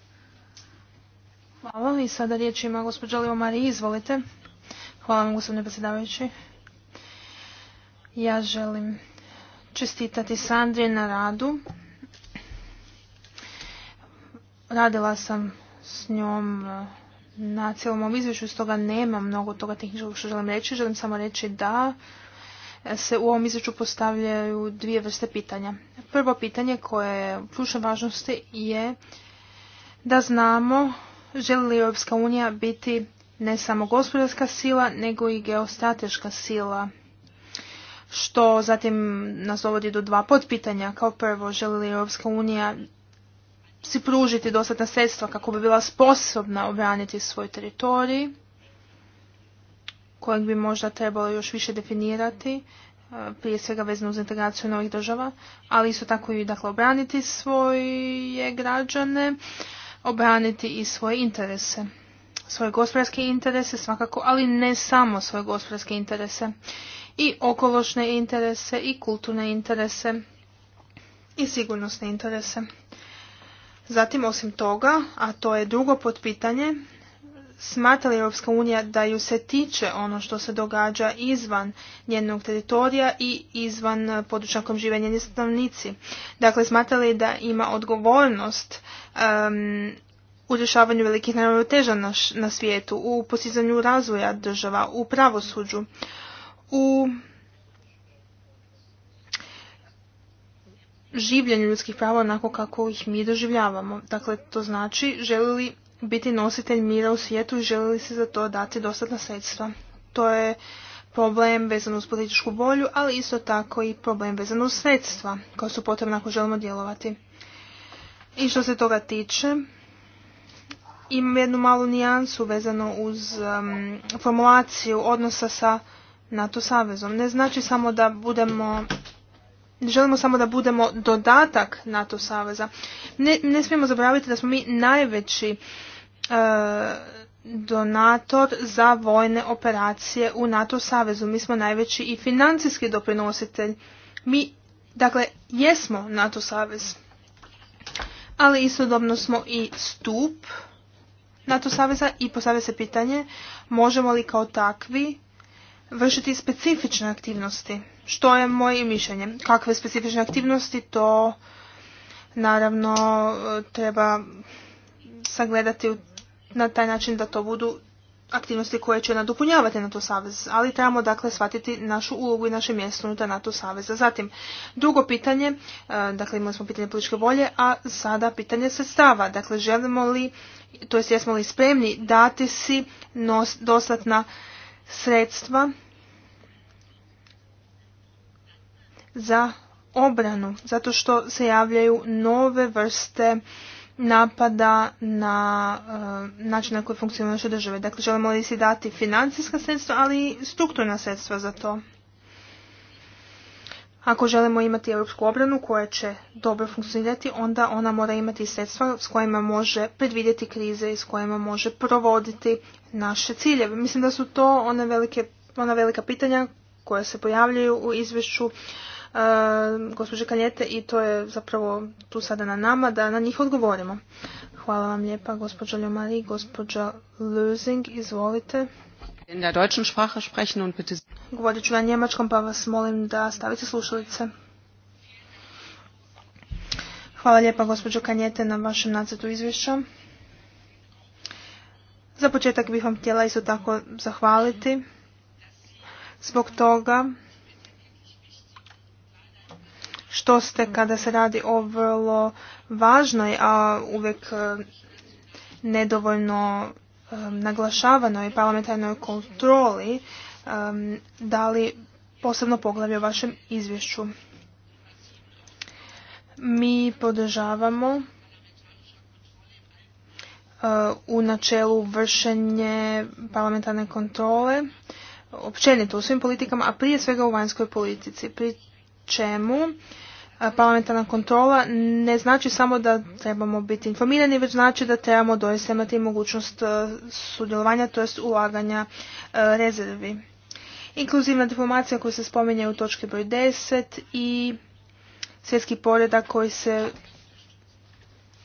Hvala i sada riječ ima gospođa izvolite. Hvala vam gospodine predsjedavajući. Ja želim čestitati Sandri na radu. Radila sam s njom eh, na cijelom ovom izvješću, stoga nema mnogo toga tehničkog što želim reći. Želim samo reći da eh, se u ovom izvješću postavljaju dvije vrste pitanja. Prvo pitanje koje je ključne važnosti je da znamo želi li Europska unija biti ne samo gospodarska sila, nego i geostrateška sila. Što zatim nas dovodi do dva potpitanja. Kao prvo, želi li Europska unija si pružiti dostatna sredstva kako bi bila sposobna obraniti svoj teritorij, kojeg bi možda trebalo još više definirati, e, prije svega vezano uz integraciju novih država, ali isto tako i dakle, obraniti svoje građane, obraniti i svoje interese. Svoje gospodarske interese svakako, ali ne samo svoje gospodarske interese. I okološne interese, i kulturne interese, i sigurnosne interese. Zatim, osim toga, a to je drugo potpitanje, smatra li Europska unija da ju se tiče ono što se događa izvan njenog teritorija i izvan područja kojem žive njeni stanovnici? Dakle, smatra li da ima odgovornost u rješavanju velikih neravnoteža na, na svijetu, u postizanju razvoja država, u pravosuđu, u življenju ljudskih prava onako kako ih mi doživljavamo. Dakle, to znači želi biti nositelj mira u svijetu i želi li se za to dati dostatna sredstva. To je problem vezan uz političku bolju, ali isto tako i problem vezan uz sredstva koja su potrebna ako želimo djelovati. I što se toga tiče, imam jednu malu nijansu vezano uz um, formulaciju odnosa sa NATO savezom. Ne znači samo da budemo želimo samo da budemo dodatak NATO saveza. Ne, smijemo zaboraviti da smo mi najveći e, donator za vojne operacije u NATO savezu. Mi smo najveći i financijski doprinositelj. Mi, dakle, jesmo NATO savez. Ali istodobno smo i stup NATO saveza i postavlja se pitanje možemo li kao takvi vršiti specifične aktivnosti što je moje mišljenje. Kakve specifične aktivnosti to naravno treba sagledati na taj način da to budu aktivnosti koje će nadopunjavati NATO savez, ali trebamo dakle shvatiti našu ulogu i naše mjesto unutar NATO saveza. Zatim, drugo pitanje, e, dakle imali smo pitanje političke volje, a sada pitanje sredstava. Dakle, želimo li, to jest jesmo li spremni dati si dostatna sredstva za obranu, zato što se javljaju nove vrste napada na eh, način na koji funkcionira naše države. Dakle, želimo li si dati financijska sredstva, ali i strukturna sredstva za to. Ako želimo imati europsku obranu koja će dobro funkcionirati, onda ona mora imati sredstva s kojima može predvidjeti krize i s kojima može provoditi naše ciljeve. Mislim da su to velike, ona velika pitanja koja se pojavljaju u izvješću gospođe Kanjete, i to je zapravo tu sada na nama da na njih odgovorimo. Hvala vam lijepa gospođa Ljomari, gospođa Lusing, izvolite. In der deutschen Sprache Govorit ću na njemačkom pa vas molim da stavite slušalice. Hvala lijepa gospođo Kanjete na vašem nacrtu izvješća. Za početak bih vam htjela isto tako zahvaliti zbog toga što ste kada se radi o vrlo važnoj, a uvijek e, nedovoljno e, naglašavanoj parlamentarnoj kontroli e, dali posebno poglavlje o vašem izvješću. Mi podržavamo u načelu vršenje parlamentarne kontrole općenito u svim politikama, a prije svega u vanjskoj politici, pri čemu parlamentarna kontrola ne znači samo da trebamo biti informirani, već znači da trebamo doista imati mogućnost e, sudjelovanja, to jest ulaganja e, rezervi. Inkluzivna diplomacija koja se spominje u točki broj 10 i svjetski poredak koji se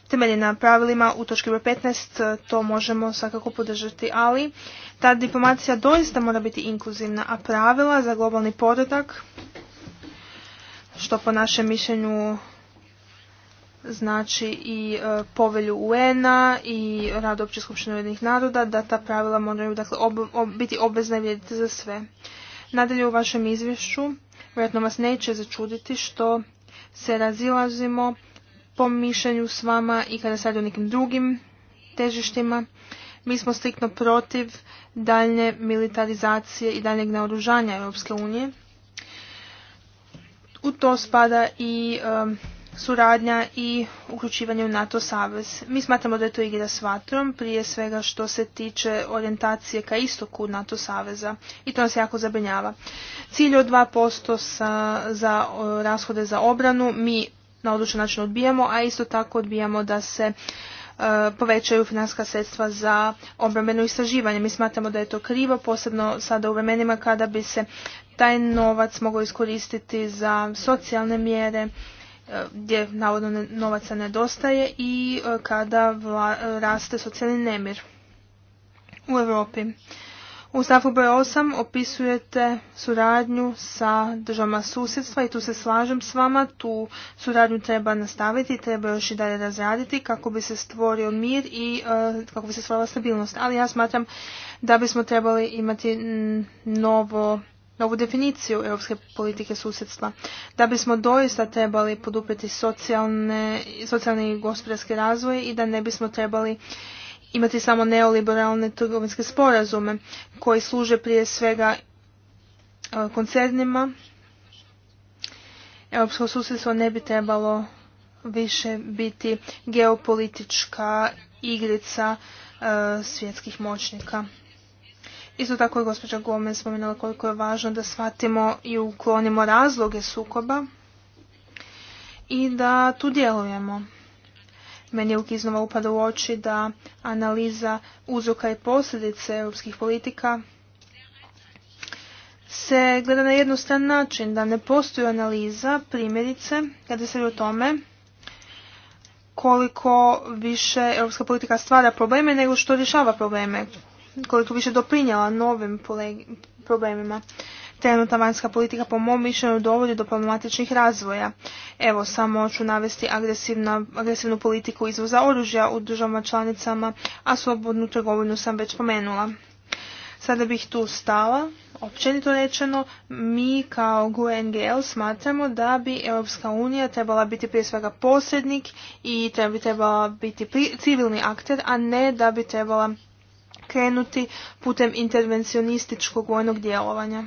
temelji na pravilima u točki broj 15, e, to možemo svakako podržati, ali ta diplomacija doista mora biti inkluzivna, a pravila za globalni poredak što po našem mišljenju znači i e, povelju UN-a i rad opće skupštine Ujedinih naroda, da ta pravila moraju dakle, biti obvezna i vrijediti za sve. Nadalje u vašem izvješću, vjerojatno vas neće začuditi što se razilazimo po mišljenju s vama i kada se radi o nekim drugim težištima. Mi smo striktno protiv daljnje militarizacije i daljnjeg naoružanja Europske unije u to spada i um, suradnja i uključivanje u NATO savez. Mi smatramo da je to igra s vatrom, prije svega što se tiče orijentacije ka istoku NATO saveza i to nas jako zabrinjava. Cilj od 2% sa, za rashode za obranu mi na odlučan način odbijamo, a isto tako odbijamo da se e, povećaju financijska sredstva za obrambeno istraživanje. Mi smatramo da je to krivo, posebno sada u vremenima kada bi se taj novac mogao iskoristiti za socijalne mjere e, gdje navodno novaca nedostaje i e, kada raste socijalni nemir u Europi. U stavku b 8 opisujete suradnju sa državama susjedstva i tu se slažem s vama, tu suradnju treba nastaviti, treba još i dalje razraditi kako bi se stvorio mir i e, kako bi se stvorila stabilnost. Ali ja smatram da bismo trebali imati novo novu definiciju europske politike susjedstva. Da bismo doista trebali poduprijeti socijalni i gospodarski razvoj i da ne bismo trebali imati samo neoliberalne trgovinske sporazume koji služe prije svega e, koncernima. Europsko susjedstvo ne bi trebalo više biti geopolitička igrica e, svjetskih moćnika. Isto tako je gospođa Gomez spomenula koliko je važno da shvatimo i uklonimo razloge sukoba i da tu djelujemo. Meni je iznova upada u oči da analiza uzroka i posljedice europskih politika se gleda na jednostran način, da ne postoji analiza, primjerice, kada se o tome koliko više europska politika stvara probleme nego što rješava probleme, koliko više doprinijela novim problemima. Trenutna vanjska politika po mom mišljenju dovodi do problematičnih razvoja. Evo, samo ću navesti agresivnu politiku izvoza oružja u državama članicama, a slobodnu trgovinu sam već spomenula. Sada bih tu stala. Općenito rečeno, mi kao GUNGL smatramo da bi Europska unija trebala biti prije svega posrednik i treba bi trebala biti civilni akter, a ne da bi trebala krenuti putem intervencionističkog vojnog djelovanja.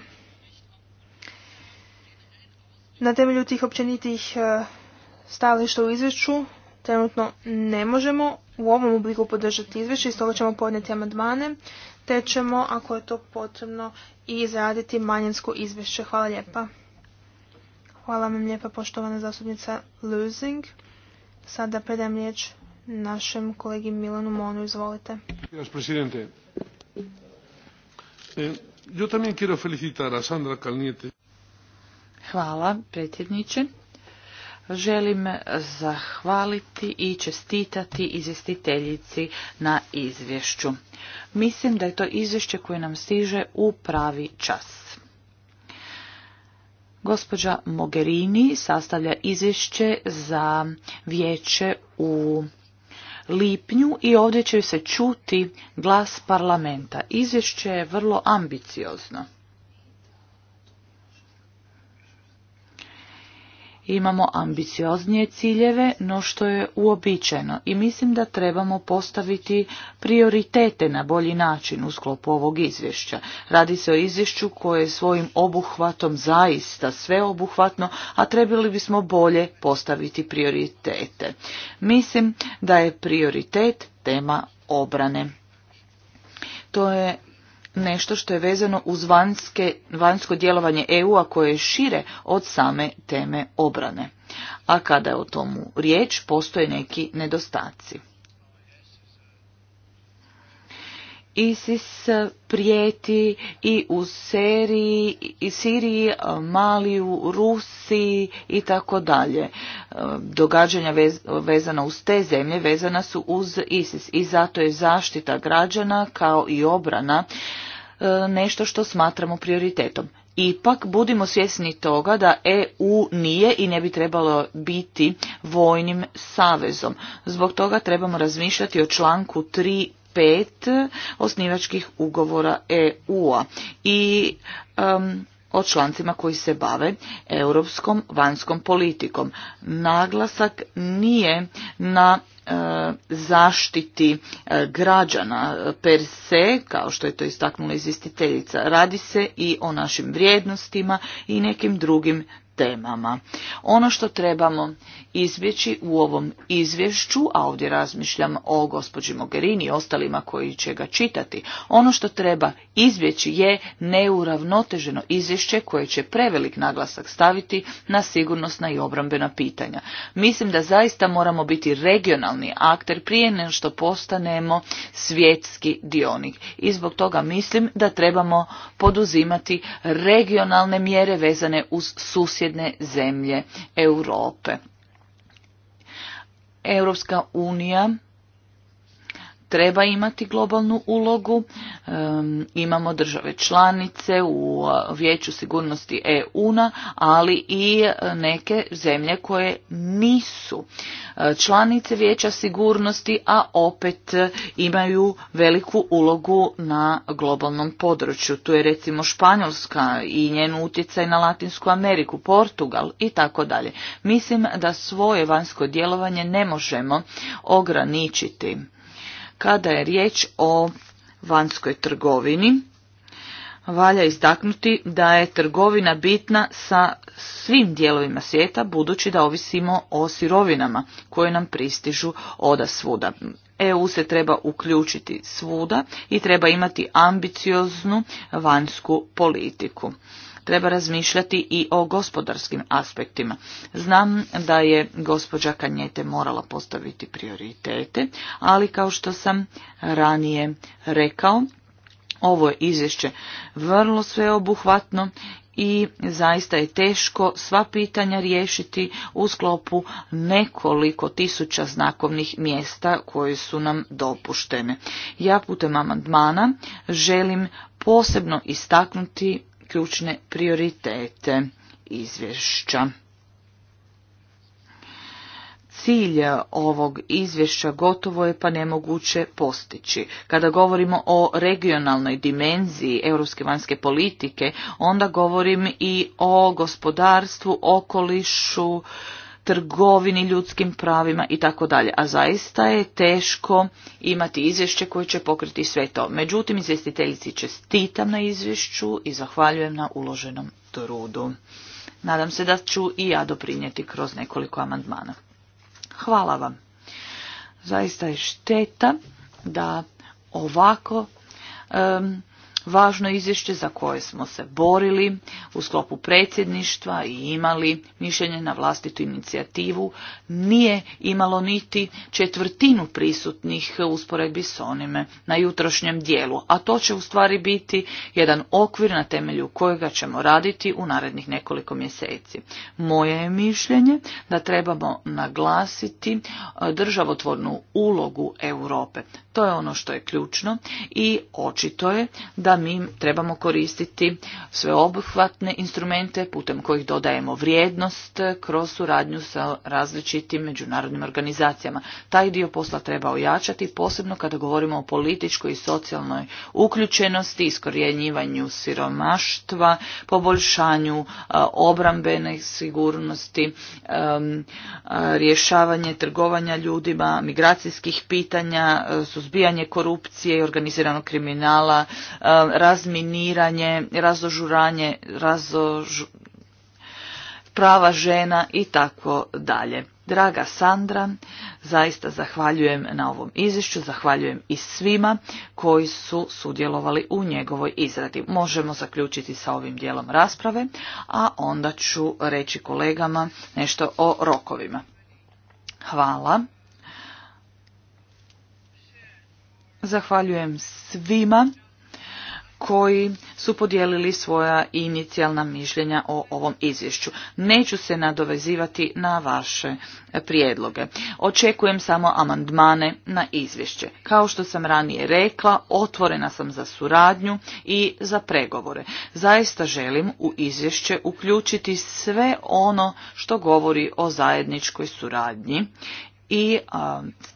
Na temelju tih općenitih e, stajališta u izvješću trenutno ne možemo u ovom obliku podržati izvješće i stoga ćemo podnijeti amandmane te ćemo, ako je to potrebno, i izraditi manjinsko izvješće. Hvala lijepa. Hvala vam lijepa poštovana zastupnica Losing. Sada predajem riječ našem kolegi Milanu Monu. Izvolite. Eh, Hvala, predsjedniče. Želim zahvaliti i čestitati izvjestiteljici na izvješću. Mislim da je to izvješće koje nam stiže u pravi čas. Gospođa Mogherini sastavlja izvješće za vijeće u lipnju i ovdje će se čuti glas parlamenta. Izvješće je vrlo ambiciozno. imamo ambicioznije ciljeve no što je uobičajeno i mislim da trebamo postaviti prioritete na bolji način u sklopu ovog izvješća. Radi se o izvješću koje je svojim obuhvatom zaista sveobuhvatno, a trebali bismo bolje postaviti prioritete. Mislim da je prioritet tema obrane. To je nešto što je vezano uz vanjsko djelovanje EU-a koje je šire od same teme obrane. A kada je o tomu riječ, postoje neki nedostaci. ISIS prijeti i u Seriji, i Siriji, Maliju, Rusiji i tako dalje. E, događanja vezana uz te zemlje vezana su uz ISIS i zato je zaštita građana kao i obrana e, nešto što smatramo prioritetom. Ipak budimo svjesni toga da EU nije i ne bi trebalo biti vojnim savezom. Zbog toga trebamo razmišljati o članku 3 pet osnivačkih ugovora EU-a i um, o člancima koji se bave europskom vanjskom politikom. Naglasak nije na e, zaštiti e, građana per se, kao što je to istaknula izvjestiteljica. Radi se i o našim vrijednostima i nekim drugim temama. Ono što trebamo izbjeći u ovom izvješću, a ovdje razmišljam o gospođi Mogherini i ostalima koji će ga čitati, ono što treba izbjeći je neuravnoteženo izvješće koje će prevelik naglasak staviti na sigurnosna i obrambena pitanja. Mislim da zaista moramo biti regionalni akter prije nego što postanemo svjetski dionik i zbog toga mislim da trebamo poduzimati regionalne mjere vezane uz susjedstvo susjedne zemlje Europe. Europska unija treba imati globalnu ulogu. imamo države članice u Vijeću sigurnosti EU-a, ali i e, neke zemlje koje nisu e, članice Vijeća sigurnosti, a opet e, imaju veliku ulogu na globalnom području. Tu je recimo Španjolska i njen utjecaj na Latinsku Ameriku, Portugal i tako dalje. Mislim da svoje vanjsko djelovanje ne možemo ograničiti kada je riječ o vanjskoj trgovini, valja istaknuti da je trgovina bitna sa svim dijelovima svijeta budući da ovisimo o sirovinama koje nam pristižu oda svuda. EU se treba uključiti svuda i treba imati ambicioznu vanjsku politiku treba razmišljati i o gospodarskim aspektima. Znam da je gospođa Kanjete morala postaviti prioritete, ali kao što sam ranije rekao, ovo je izvješće vrlo sveobuhvatno i zaista je teško sva pitanja riješiti u sklopu nekoliko tisuća znakovnih mjesta koje su nam dopuštene. Ja putem amandmana želim posebno istaknuti ključne prioritete izvješća. Cilj ovog izvješća gotovo je pa nemoguće postići. Kada govorimo o regionalnoj dimenziji europske vanjske politike, onda govorim i o gospodarstvu, okolišu, trgovini ljudskim pravima i tako dalje. A zaista je teško imati izvješće koje će pokriti sve to. Međutim, izvjestiteljici čestitam na izvješću i zahvaljujem na uloženom trudu. Nadam se da ću i ja doprinijeti kroz nekoliko amandmana. Hvala vam. Zaista je šteta da ovako važno izvješće za koje smo se borili u sklopu predsjedništva i imali mišljenje na vlastitu inicijativu, nije imalo niti četvrtinu prisutnih usporedbi s onime na jutrošnjem dijelu, a to će u stvari biti jedan okvir na temelju kojega ćemo raditi u narednih nekoliko mjeseci. Moje je mišljenje da trebamo naglasiti e, državotvornu ulogu Europe. To je ono što je ključno i očito je da mi trebamo koristiti sveobuhvatne instrumente putem kojih dodajemo vrijednost kroz suradnju sa različitim međunarodnim organizacijama. Taj dio posla treba ojačati, posebno kada govorimo o političkoj i socijalnoj uključenosti, iskorjenjivanju siromaštva, poboljšanju obrambene sigurnosti, rješavanje trgovanja ljudima, migracijskih pitanja, suzbijanje korupcije i organiziranog kriminala, razminiranje, razožuranje, razož... prava žena i tako dalje. Draga Sandra, zaista zahvaljujem na ovom izvješću, zahvaljujem i svima koji su sudjelovali u njegovoj izradi. Možemo zaključiti sa ovim dijelom rasprave, a onda ću reći kolegama nešto o rokovima. Hvala. Zahvaljujem svima koji su podijelili svoja inicijalna mišljenja o ovom izvješću. Neću se nadovezivati na vaše prijedloge. Očekujem samo amandmane na izvješće. Kao što sam ranije rekla, otvorena sam za suradnju i za pregovore. Zaista želim u izvješće uključiti sve ono što govori o zajedničkoj suradnji i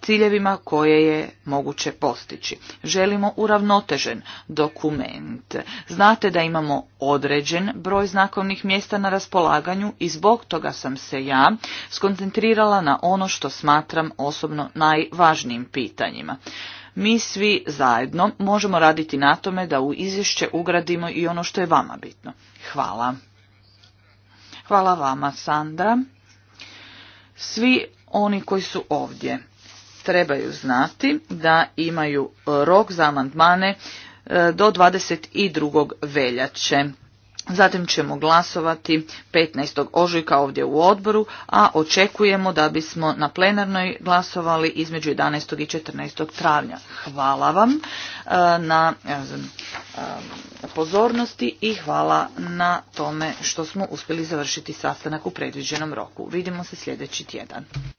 ciljevima koje je moguće postići. Želimo uravnotežen dokument. Znate da imamo određen broj znakovnih mjesta na raspolaganju i zbog toga sam se ja skoncentrirala na ono što smatram osobno najvažnijim pitanjima mi svi zajedno možemo raditi na tome da u izvješće ugradimo i ono što je vama bitno. Hvala. Hvala vama, Sandra. Svi oni koji su ovdje trebaju znati da imaju rok za amandmane e, do 22. veljače. Zatim ćemo glasovati 15. ožujka ovdje u odboru, a očekujemo da bismo na plenarnoj glasovali između 11. i 14. travnja. Hvala vam e, na e, pozornosti i hvala na tome što smo uspjeli završiti sastanak u predviđenom roku. Vidimo se sljedeći tjedan.